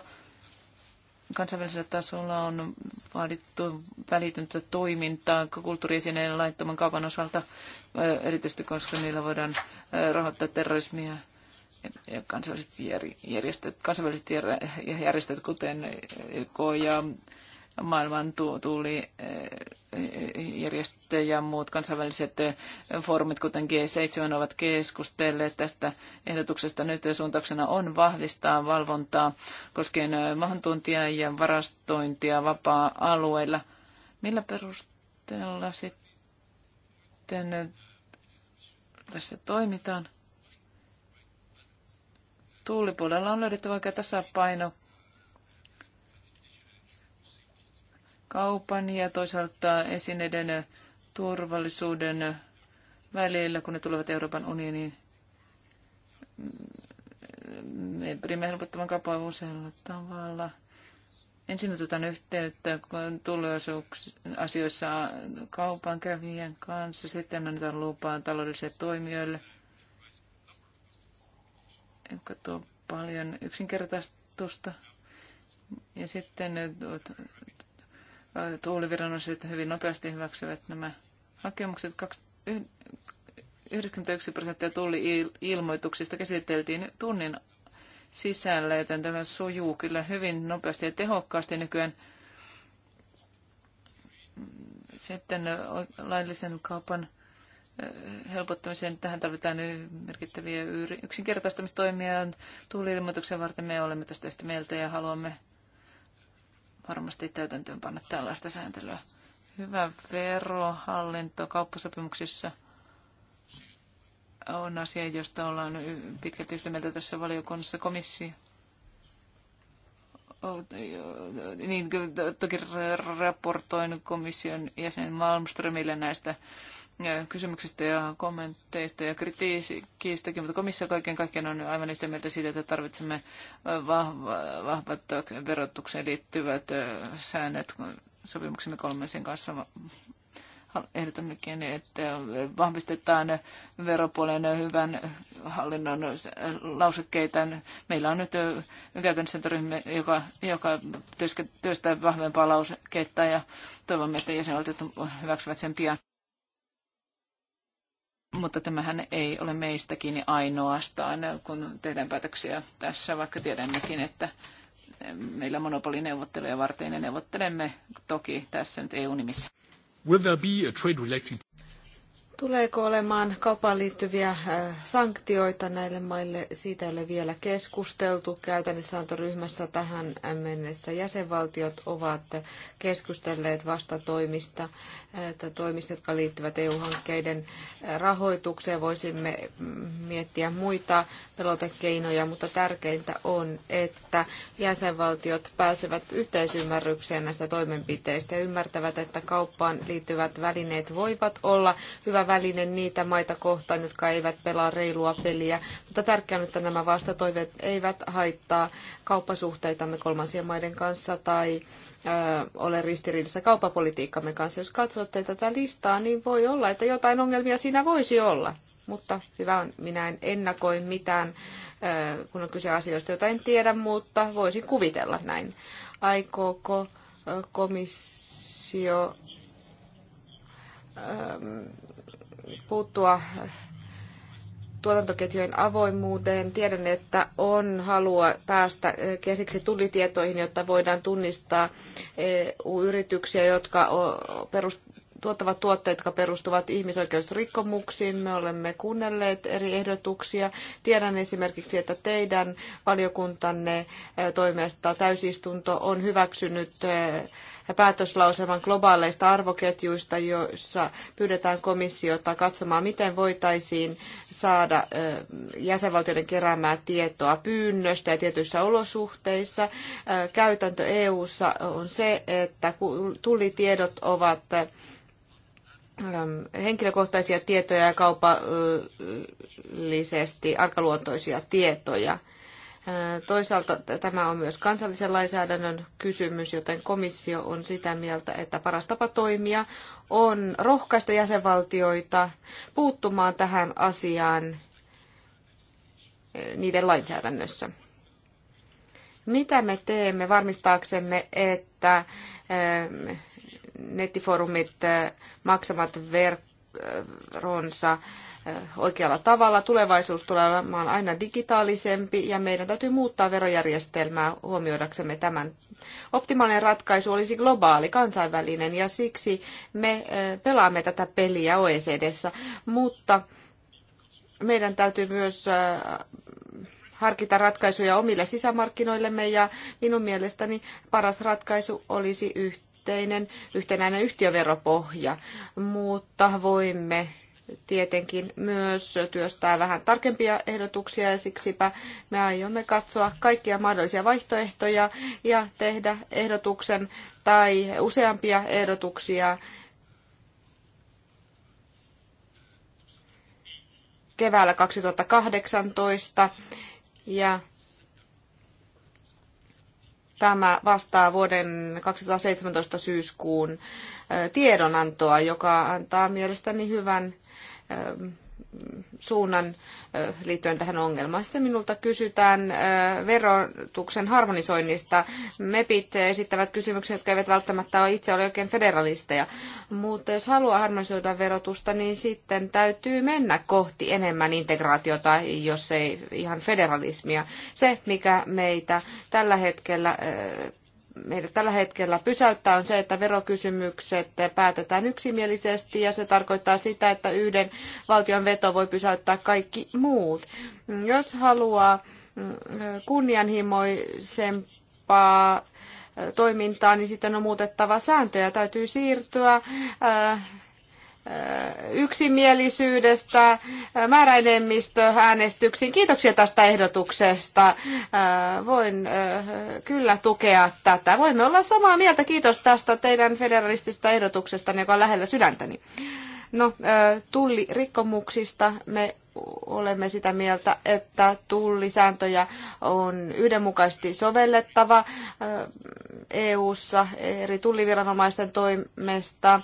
Kansainvälisellä tasolla on vaadittu välitöntä toimintaa kulttuuriesineen laittoman kaupan osalta, erityisesti koska niillä voidaan rahoittaa terrorismia ja kansainväliset järjestöt, kansainväliset järjestöt kuten YK ja maailman tuuli eh, ja muut kansainväliset eh, foorumit, kuten G7, ovat keskustelleet tästä ehdotuksesta. Nyt suuntauksena on vahvistaa valvontaa koskien eh, maahantuntia ja varastointia vapaa-alueilla. Millä perusteella sitten tässä toimitaan? Tuulipuolella on löydettävä oikea tasapaino kaupan ja toisaalta esineiden turvallisuuden välillä, kun ne tulevat Euroopan unioniin. Me pyrimme helpottamaan kapaa usealla tavalla. Ensin otetaan yhteyttä asioissa kaupan kävijän kanssa, sitten annetaan lupaa taloudellisille toimijoille, joka tuo paljon yksinkertaistusta. Ja sitten tuuliviranomaiset hyvin nopeasti hyväksyvät nämä hakemukset. 91 prosenttia tulli-ilmoituksista käsiteltiin tunnin sisällä, joten tämä sujuu kyllä hyvin nopeasti ja tehokkaasti nykyään. Sitten laillisen kaupan helpottamiseen tähän tarvitaan merkittäviä yksinkertaistamistoimia. Tuuli-ilmoituksen varten me olemme tästä yhtä mieltä ja haluamme varmasti panna tällaista sääntelyä. Hyvä verohallinto kauppasopimuksissa on asia, josta ollaan pitkälti yhtä mieltä tässä valiokunnassa komissio. Niin, toki raportoin komission jäsen Malmströmille näistä kysymyksistä ja kommenteista ja kritiikistäkin, mutta komissio kaiken kaikkiaan on aivan yhtä mieltä siitä, että tarvitsemme vahvat verotukseen liittyvät säännöt sopimuksemme kolmeisen kanssa ehdotammekin, että vahvistetaan veropuolen hyvän hallinnon lausekkeita. Meillä on nyt käytännössä ryhmä, joka, joka työstää vahvempaa lauseketta ja toivomme, että jäsenvaltiot hyväksyvät sen pian. Mutta tämähän ei ole meistäkin ainoastaan, kun tehdään päätöksiä tässä, vaikka tiedämmekin, että meillä monopolineuvotteluja varten ja neuvottelemme toki tässä nyt EU-nimissä. Tuleeko olemaan kaupaan liittyviä äh, sanktioita näille maille? Siitä ei ole vielä keskusteltu. Käytännössä antoryhmässä tähän mennessä jäsenvaltiot ovat keskustelleet vastatoimista, toimista, jotka liittyvät EU-hankkeiden rahoitukseen. Voisimme miettiä muita pelotekeinoja, mutta tärkeintä on, että jäsenvaltiot pääsevät yhteisymmärrykseen näistä toimenpiteistä ja ymmärtävät, että kauppaan liittyvät välineet voivat olla hyvä väline niitä maita kohtaan, jotka eivät pelaa reilua peliä. Mutta tärkeää on, että nämä vastatoiveet eivät haittaa kauppasuhteitamme kolmansien maiden kanssa tai ole ristiriidassa kauppapolitiikkamme kanssa. Jos katsotte tätä listaa, niin voi olla, että jotain ongelmia siinä voisi olla. Mutta hyvä on, minä en ennakoi mitään, kun on kyse asioista, joita en tiedä, mutta voisin kuvitella näin. Aikooko komissio puuttua tuotantoketjujen avoimuuteen. Tiedän, että on halua päästä käsiksi tullitietoihin, jotta voidaan tunnistaa yrityksiä jotka tuottavat tuotteet, jotka perustuvat ihmisoikeusrikkomuksiin. Me olemme kuunnelleet eri ehdotuksia. Tiedän esimerkiksi, että teidän valiokuntanne toimesta täysistunto on hyväksynyt päätöslauselman globaaleista arvoketjuista, joissa pyydetään komissiota katsomaan, miten voitaisiin saada jäsenvaltioiden keräämää tietoa pyynnöstä ja tietyissä olosuhteissa. Käytäntö EU:ssa on se, että tullitiedot ovat henkilökohtaisia tietoja ja kaupallisesti arkaluontoisia tietoja – Toisaalta tämä on myös kansallisen lainsäädännön kysymys, joten komissio on sitä mieltä, että paras tapa toimia on rohkaista jäsenvaltioita puuttumaan tähän asiaan niiden lainsäädännössä. Mitä me teemme varmistaaksemme, että nettifoorumit maksavat verkkoja veronsa oikealla tavalla. Tulevaisuus tulee olemaan aina digitaalisempi ja meidän täytyy muuttaa verojärjestelmää huomioidaksemme tämän. Optimaalinen ratkaisu olisi globaali, kansainvälinen ja siksi me pelaamme tätä peliä OECDssä, mutta meidän täytyy myös harkita ratkaisuja omille sisämarkkinoillemme ja minun mielestäni paras ratkaisu olisi yhteinen, yhtenäinen yhtiöveropohja, mutta voimme tietenkin myös työstää vähän tarkempia ehdotuksia ja siksipä me aiomme katsoa kaikkia mahdollisia vaihtoehtoja ja tehdä ehdotuksen tai useampia ehdotuksia keväällä 2018 ja tämä vastaa vuoden 2017 syyskuun tiedonantoa, joka antaa mielestäni hyvän Ähm, suunnan liittyen tähän ongelmaan. Sitten minulta kysytään verotuksen harmonisoinnista. MEPit esittävät kysymyksiä, jotka eivät välttämättä ole itse ole oikein federalisteja. Mutta jos haluaa harmonisoida verotusta, niin sitten täytyy mennä kohti enemmän integraatiota, jos ei ihan federalismia. Se, mikä meitä tällä hetkellä meidät tällä hetkellä pysäyttää, on se, että verokysymykset päätetään yksimielisesti ja se tarkoittaa sitä, että yhden valtion veto voi pysäyttää kaikki muut. Jos haluaa kunnianhimoisempaa toimintaa, niin sitten on muutettava sääntöjä. Täytyy siirtyä äh, yksimielisyydestä määräenemmistöäänestyksiin. Kiitoksia tästä ehdotuksesta. Voin kyllä tukea tätä. Voimme olla samaa mieltä. Kiitos tästä teidän federalistista ehdotuksesta, joka on lähellä sydäntäni. No, tullirikkomuksista me olemme sitä mieltä, että tullisääntöjä on yhdenmukaisesti sovellettava EU-ssa eri tulliviranomaisten toimesta.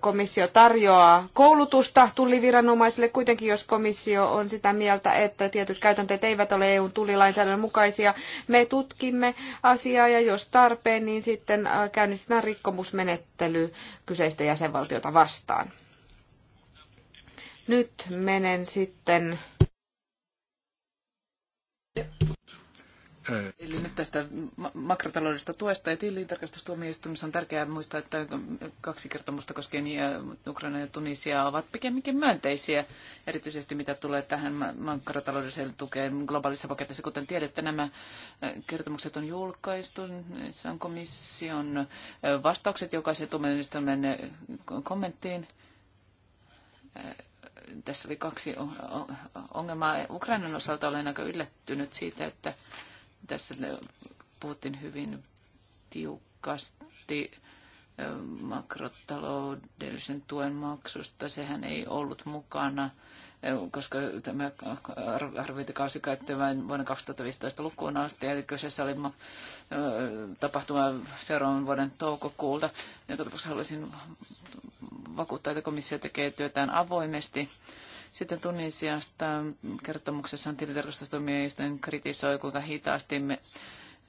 Komissio tarjoaa koulutusta tulliviranomaisille, kuitenkin jos komissio on sitä mieltä, että tietyt käytänteet eivät ole EUn tullilainsäädännön mukaisia, me tutkimme asiaa ja jos tarpeen, niin sitten käynnistetään rikkomusmenettely kyseistä jäsenvaltiota vastaan. Nyt menen sitten... Eli nyt tästä makrotaloudesta tuesta ja tilintarkastustuomioistuimessa on tärkeää muistaa, että kaksi kertomusta koskien Ukraina ja Tunisia ovat pikemminkin myönteisiä, erityisesti mitä tulee tähän makrotaloudelliseen tukeen globaalissa paketissa. Kuten tiedätte, nämä kertomukset on julkaistu. Se on komission vastaukset jokaisen tuomioistuimen kommenttiin tässä oli kaksi ongelmaa. Ukrainan osalta olen aika yllättynyt siitä, että tässä Putin hyvin tiukasti makrotaloudellisen tuen maksusta. Sehän ei ollut mukana, koska tämä arviointikausi käytti vain vuonna 2015 lukuun asti, eli kyseessä oli tapahtuma seuraavan vuoden toukokuulta. Joka tapauksessa haluaisin vakuuttaa, että komissio tekee työtään avoimesti. Sitten Tunisiasta kertomuksessaan tilintarkastustuomioistuin kritisoi, kuinka hitaasti me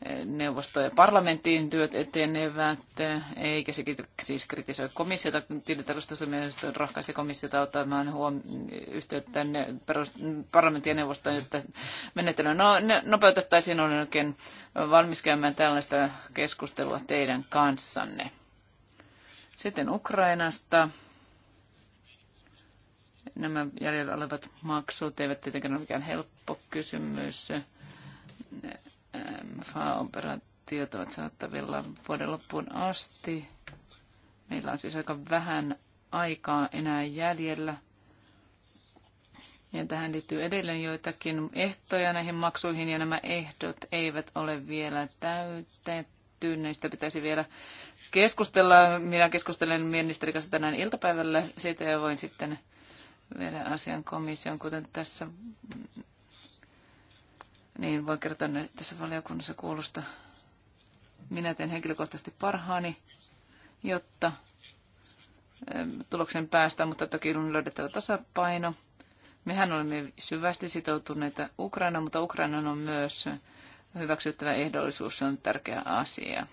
eh, neuvosto- ja parlamenttiin työt etenevät, eikä se siis kritisoi komissiota, tilintarkastustuomioistuin rohkaisi komissiota ottamaan huom- yhteyttä parlamentin ja neuvostoon, että menettely no, nopeutettaisiin, olen oikein valmis käymään tällaista keskustelua teidän kanssanne. Sitten Ukrainasta. Nämä jäljellä olevat maksut eivät tietenkään ole mikään helppo kysymys. Ähm, FA-operaatiot ovat saattavilla vuoden loppuun asti. Meillä on siis aika vähän aikaa enää jäljellä. Ja tähän liittyy edelleen joitakin ehtoja näihin maksuihin, ja nämä ehdot eivät ole vielä täytetty. Näistä pitäisi vielä keskustella. Minä keskustelen ministerin kanssa tänään iltapäivällä siitä ja voin sitten viedä asian komission, kuten tässä niin voin kertoa tässä valiokunnassa kuulusta. Minä teen henkilökohtaisesti parhaani, jotta tuloksen päästään, mutta toki on löydettävä tasapaino. Mehän olemme syvästi sitoutuneita Ukraina, mutta Ukraina on myös hyväksyttävä ehdollisuus, se on tärkeä asia.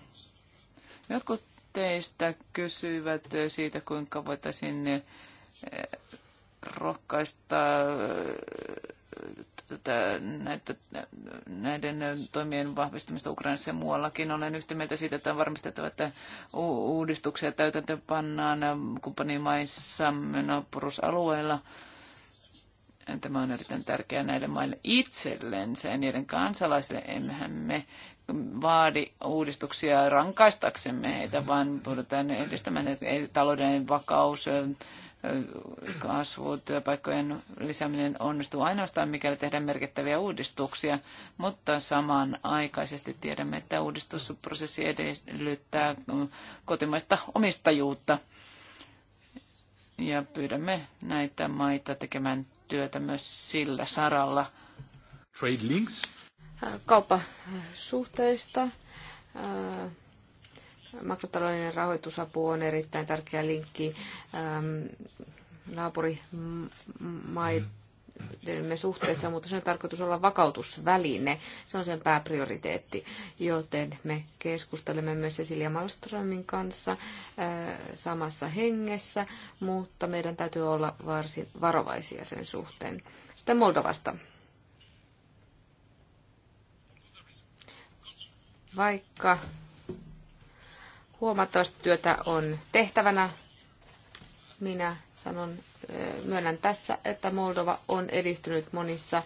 Jotkut teistä kysyivät siitä, kuinka voitaisiin eh, rohkaista eh, tätä, näitä, näiden toimien vahvistamista Ukrainassa ja muuallakin. Olen yhtä mieltä siitä, että on varmistettava, että uudistuksia täytäntöön pannaan kumppanimaissa naapurusalueilla. Tämä on erittäin tärkeää näille maille itsellensä ja niiden kansalaisille. Emmehän me vaadi uudistuksia rankaistaksemme heitä, vaan puhutaan edistämään talouden vakaus, kasvu, työpaikkojen lisääminen onnistuu ainoastaan, mikäli tehdään merkittäviä uudistuksia, mutta samanaikaisesti tiedämme, että uudistusprosessi edellyttää kotimaista omistajuutta. Ja pyydämme näitä maita tekemään työtä myös sillä saralla. Trade links kauppasuhteista. Makrotaloudellinen rahoitusapu on erittäin tärkeä linkki naapurimaidemme suhteessa, mutta sen on tarkoitus olla vakautusväline. Se on sen pääprioriteetti, joten me keskustelemme myös Cecilia Malmströmin kanssa samassa hengessä, mutta meidän täytyy olla varsin varovaisia sen suhteen. Sitten Moldovasta. Vaikka huomattavasti työtä on tehtävänä, minä sanon, myönnän tässä, että Moldova on edistynyt monissa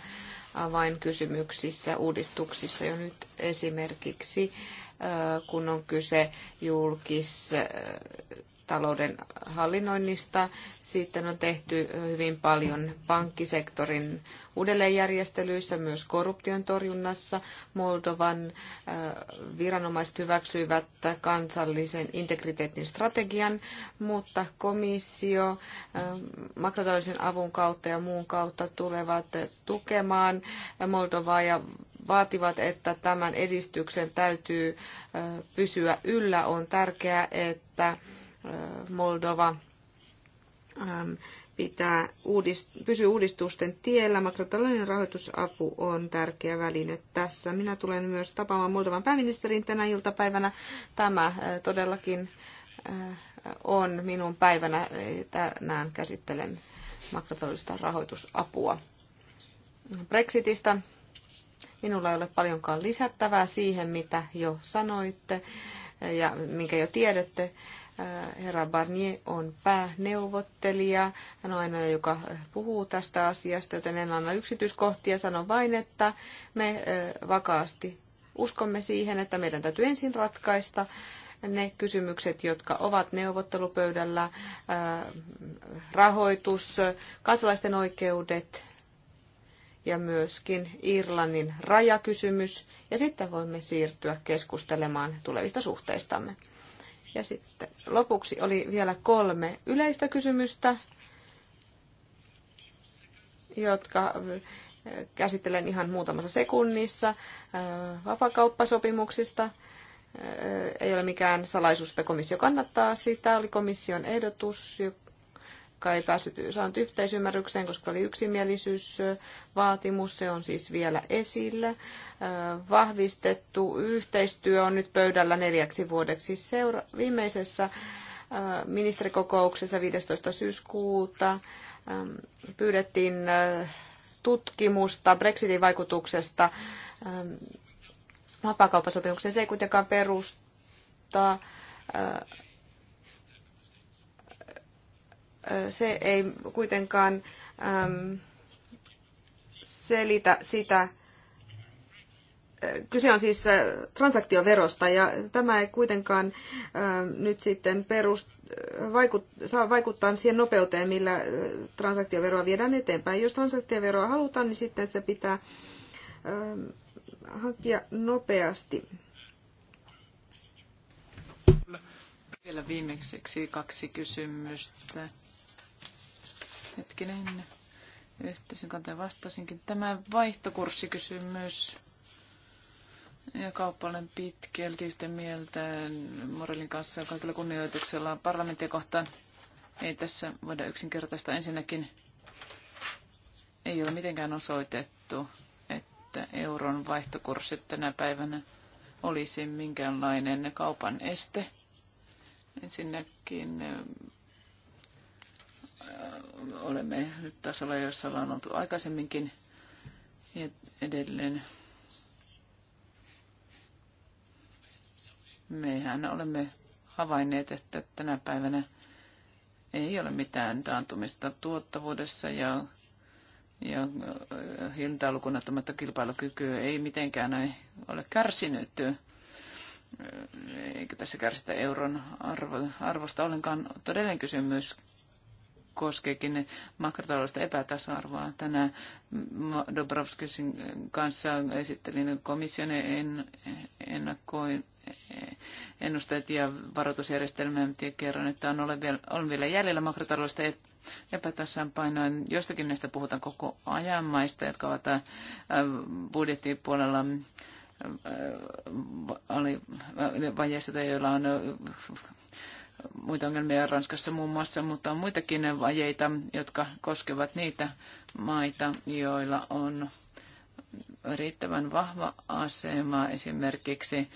avainkysymyksissä, uudistuksissa jo nyt esimerkiksi, kun on kyse julkis talouden hallinnoinnista. Sitten on tehty hyvin paljon pankkisektorin uudelleenjärjestelyissä, myös korruption torjunnassa. Moldovan äh, viranomaiset hyväksyivät kansallisen integriteetin strategian, mutta komissio äh, makrotaloudellisen avun kautta ja muun kautta tulevat tukemaan Moldovaa ja vaativat, että tämän edistyksen täytyy äh, pysyä yllä. On tärkeää, että Moldova ähm, pitää uudist- pysyä uudistusten tiellä. Makrotalouden rahoitusapu on tärkeä väline tässä. Minä tulen myös tapaamaan Moldovan pääministerin tänä iltapäivänä. Tämä äh, todellakin äh, on minun päivänä. Tänään käsittelen makrotaloudellista rahoitusapua. Brexitistä minulla ei ole paljonkaan lisättävää siihen, mitä jo sanoitte ja minkä jo tiedätte. Äh, herra Barnier on pääneuvottelija. Hän on ainoa, joka äh, puhuu tästä asiasta, joten en anna yksityiskohtia. Sanon vain, että me äh, vakaasti uskomme siihen, että meidän täytyy ensin ratkaista ne kysymykset, jotka ovat neuvottelupöydällä, rahoitus, kansalaisten oikeudet ja myöskin Irlannin rajakysymys, ja sitten voimme siirtyä keskustelemaan tulevista suhteistamme. Ja sitten lopuksi oli vielä kolme yleistä kysymystä, jotka äh, käsittelen ihan muutamassa sekunnissa. Äh, vapakauppasopimuksista äh, ei ole mikään salaisuus, että komissio kannattaa sitä. Oli komission ehdotus, joka koska ei päässyt saanut yhteisymmärrykseen, koska oli yksimielisyysvaatimus, se on siis vielä esillä. Vahvistettu yhteistyö on nyt pöydällä neljäksi vuodeksi seura- viimeisessä ministerikokouksessa 15. syyskuuta pyydettiin tutkimusta Brexitin vaikutuksesta vapaakauppasopimukseen. Se ei kuitenkaan perusta se ei kuitenkaan selitä sitä, kyse on siis äh, transaktioverosta ja tämä ei kuitenkaan nyt sitten perust, äh, vaikut, saa vaikuttaa siihen nopeuteen, millä äh, transaktioveroa viedään eteenpäin. Jos transaktioveroa halutaan, niin sitten se pitää hankkia nopeasti. Vielä viimeiseksi kaksi kysymystä hetkinen, yhteisen kanteen vastasinkin. Tämä vaihtokurssikysymys ja kauppalainen pitkälti yhteen mieltä Morelin kanssa ja kaikilla kunnioituksella parlamenttia kohtaan. Ei tässä voida yksinkertaista. Ensinnäkin ei ole mitenkään osoitettu, että euron vaihtokurssi tänä päivänä olisi minkäänlainen kaupan este. Ensinnäkin olemme nyt tasolla, jossa ollaan oltu aikaisemminkin ja edelleen. Mehän olemme havainneet, että tänä päivänä ei ole mitään taantumista tuottavuudessa ja, ja äh, hintaa lukunottamatta kilpailukyky ei mitenkään ole kärsinyt äh, eikä tässä kärsitä euron arvo, arvosta ollenkaan. Todellinen kysymys koskeekin makrotaloudesta epätasa-arvoa. Tänään Dobrovskisin kanssa esittelin komission ennakoin ennusteet ja varoitusjärjestelmää. Kerron, että on, ole vielä, on vielä jäljellä makrotaloudellista painoa. Jostakin näistä puhutaan koko ajan maista, jotka ovat äh, budjettipuolella äh, äh, vajeissa tai joilla on muita ongelmia Ranskassa muun muassa, mutta on muitakin vajeita, jotka koskevat niitä maita, joilla on riittävän vahva asema esimerkiksi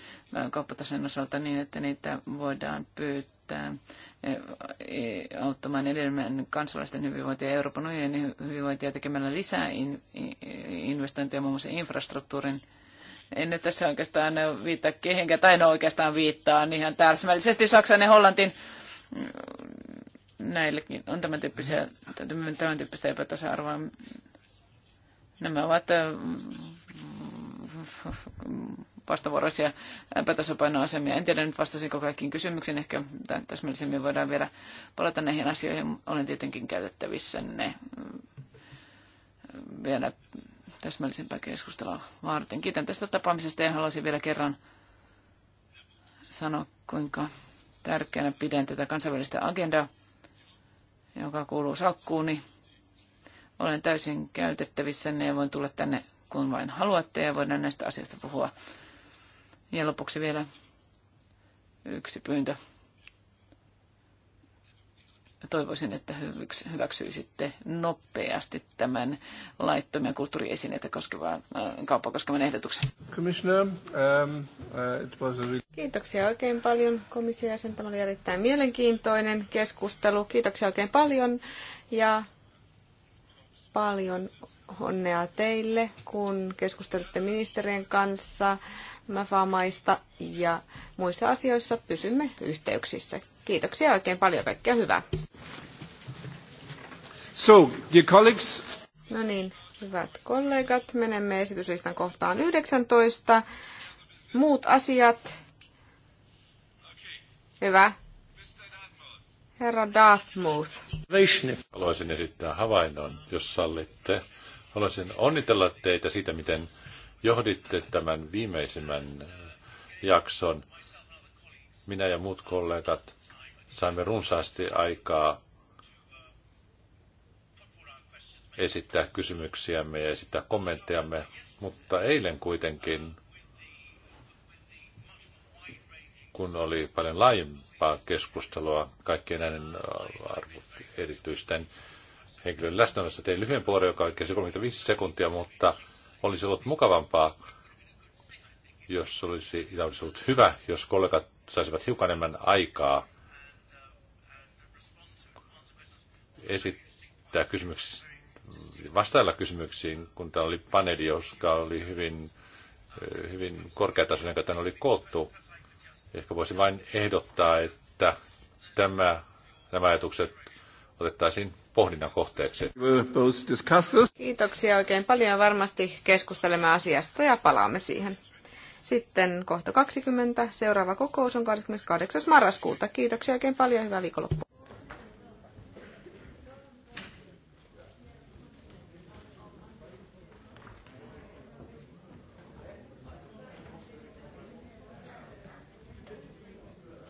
kauppatasen osalta niin, että niitä voidaan pyytää eh, eh, auttamaan enemmän kansalaisten hyvinvointia ja Euroopan unionin hyvinvointia tekemällä lisää investointeja muun muassa infrastruktuurin en nyt tässä oikeastaan viittaa kehenkä, tai en no oikeastaan viittaa niin ihan täsmällisesti Saksan ja Hollantin näillekin on tämän, tyyppisiä, tämän tyyppistä epätasa-arvoa. Nämä ovat vastavuoroisia epätasapainoasemia. En tiedä nyt vastasinko kaikkiin kysymyksiin. Ehkä täsmällisemmin voidaan vielä palata näihin asioihin. Olen tietenkin ne vielä täsmällisempää keskustelua varten. Kiitän tästä tapaamisesta ja haluaisin vielä kerran sanoa, kuinka tärkeänä pidän tätä kansainvälistä agendaa, joka kuuluu salkkuuni. Olen täysin käytettävissä, ja voin tulla tänne kun vain haluatte ja voidaan näistä asioista puhua. Ja lopuksi vielä yksi pyyntö toivoisin, että hyväksyisitte nopeasti tämän laittomia kulttuuriesineitä koskevaa äh, kauppaa koskevan ehdotuksen. Commissioner, um, uh, Kiitoksia oikein paljon komission jäsen. Tämä oli erittäin mielenkiintoinen keskustelu. Kiitoksia oikein paljon ja paljon onnea teille, kun keskustelitte ministerien kanssa. Mäfamaista ja muissa asioissa pysymme yhteyksissä. Kiitoksia oikein paljon, kaikkea hyvää. So, dear colleagues. No niin, hyvät kollegat, menemme esityslistan kohtaan 19. Muut asiat. Hyvä. Herra Dartmouth. Haluaisin esittää havainnon, jos sallitte. Haluaisin onnitella teitä siitä, miten johditte tämän viimeisimmän eh, jakson. Minä ja muut kollegat saimme runsaasti aikaa esittää kysymyksiämme ja esittää kommenttejamme, mutta eilen kuitenkin, kun oli paljon laajempaa keskustelua kaikkien näiden äh, erityisten henkilöiden läsnäolossa, tein lyhyen puolen, joka kesti 35 sekuntia, mutta olisi ollut mukavampaa, jos olisi, ja olisi ollut hyvä, jos kollegat saisivat hiukan enemmän aikaa esittää kysymyksiä, vastailla kysymyksiin, kun tämä oli paneeli, joka oli hyvin, hyvin korkeatasoinen, joka tänne oli koottu. Ehkä voisi vain ehdottaa, että tämä, nämä ajatukset otettaisiin pohdinnan kohteeksi. Kiitoksia oikein paljon. Varmasti keskustelemme asiasta ja palaamme siihen. Sitten kohta 20. Seuraava kokous on 28. marraskuuta. Kiitoksia oikein paljon hyvää viikonloppua.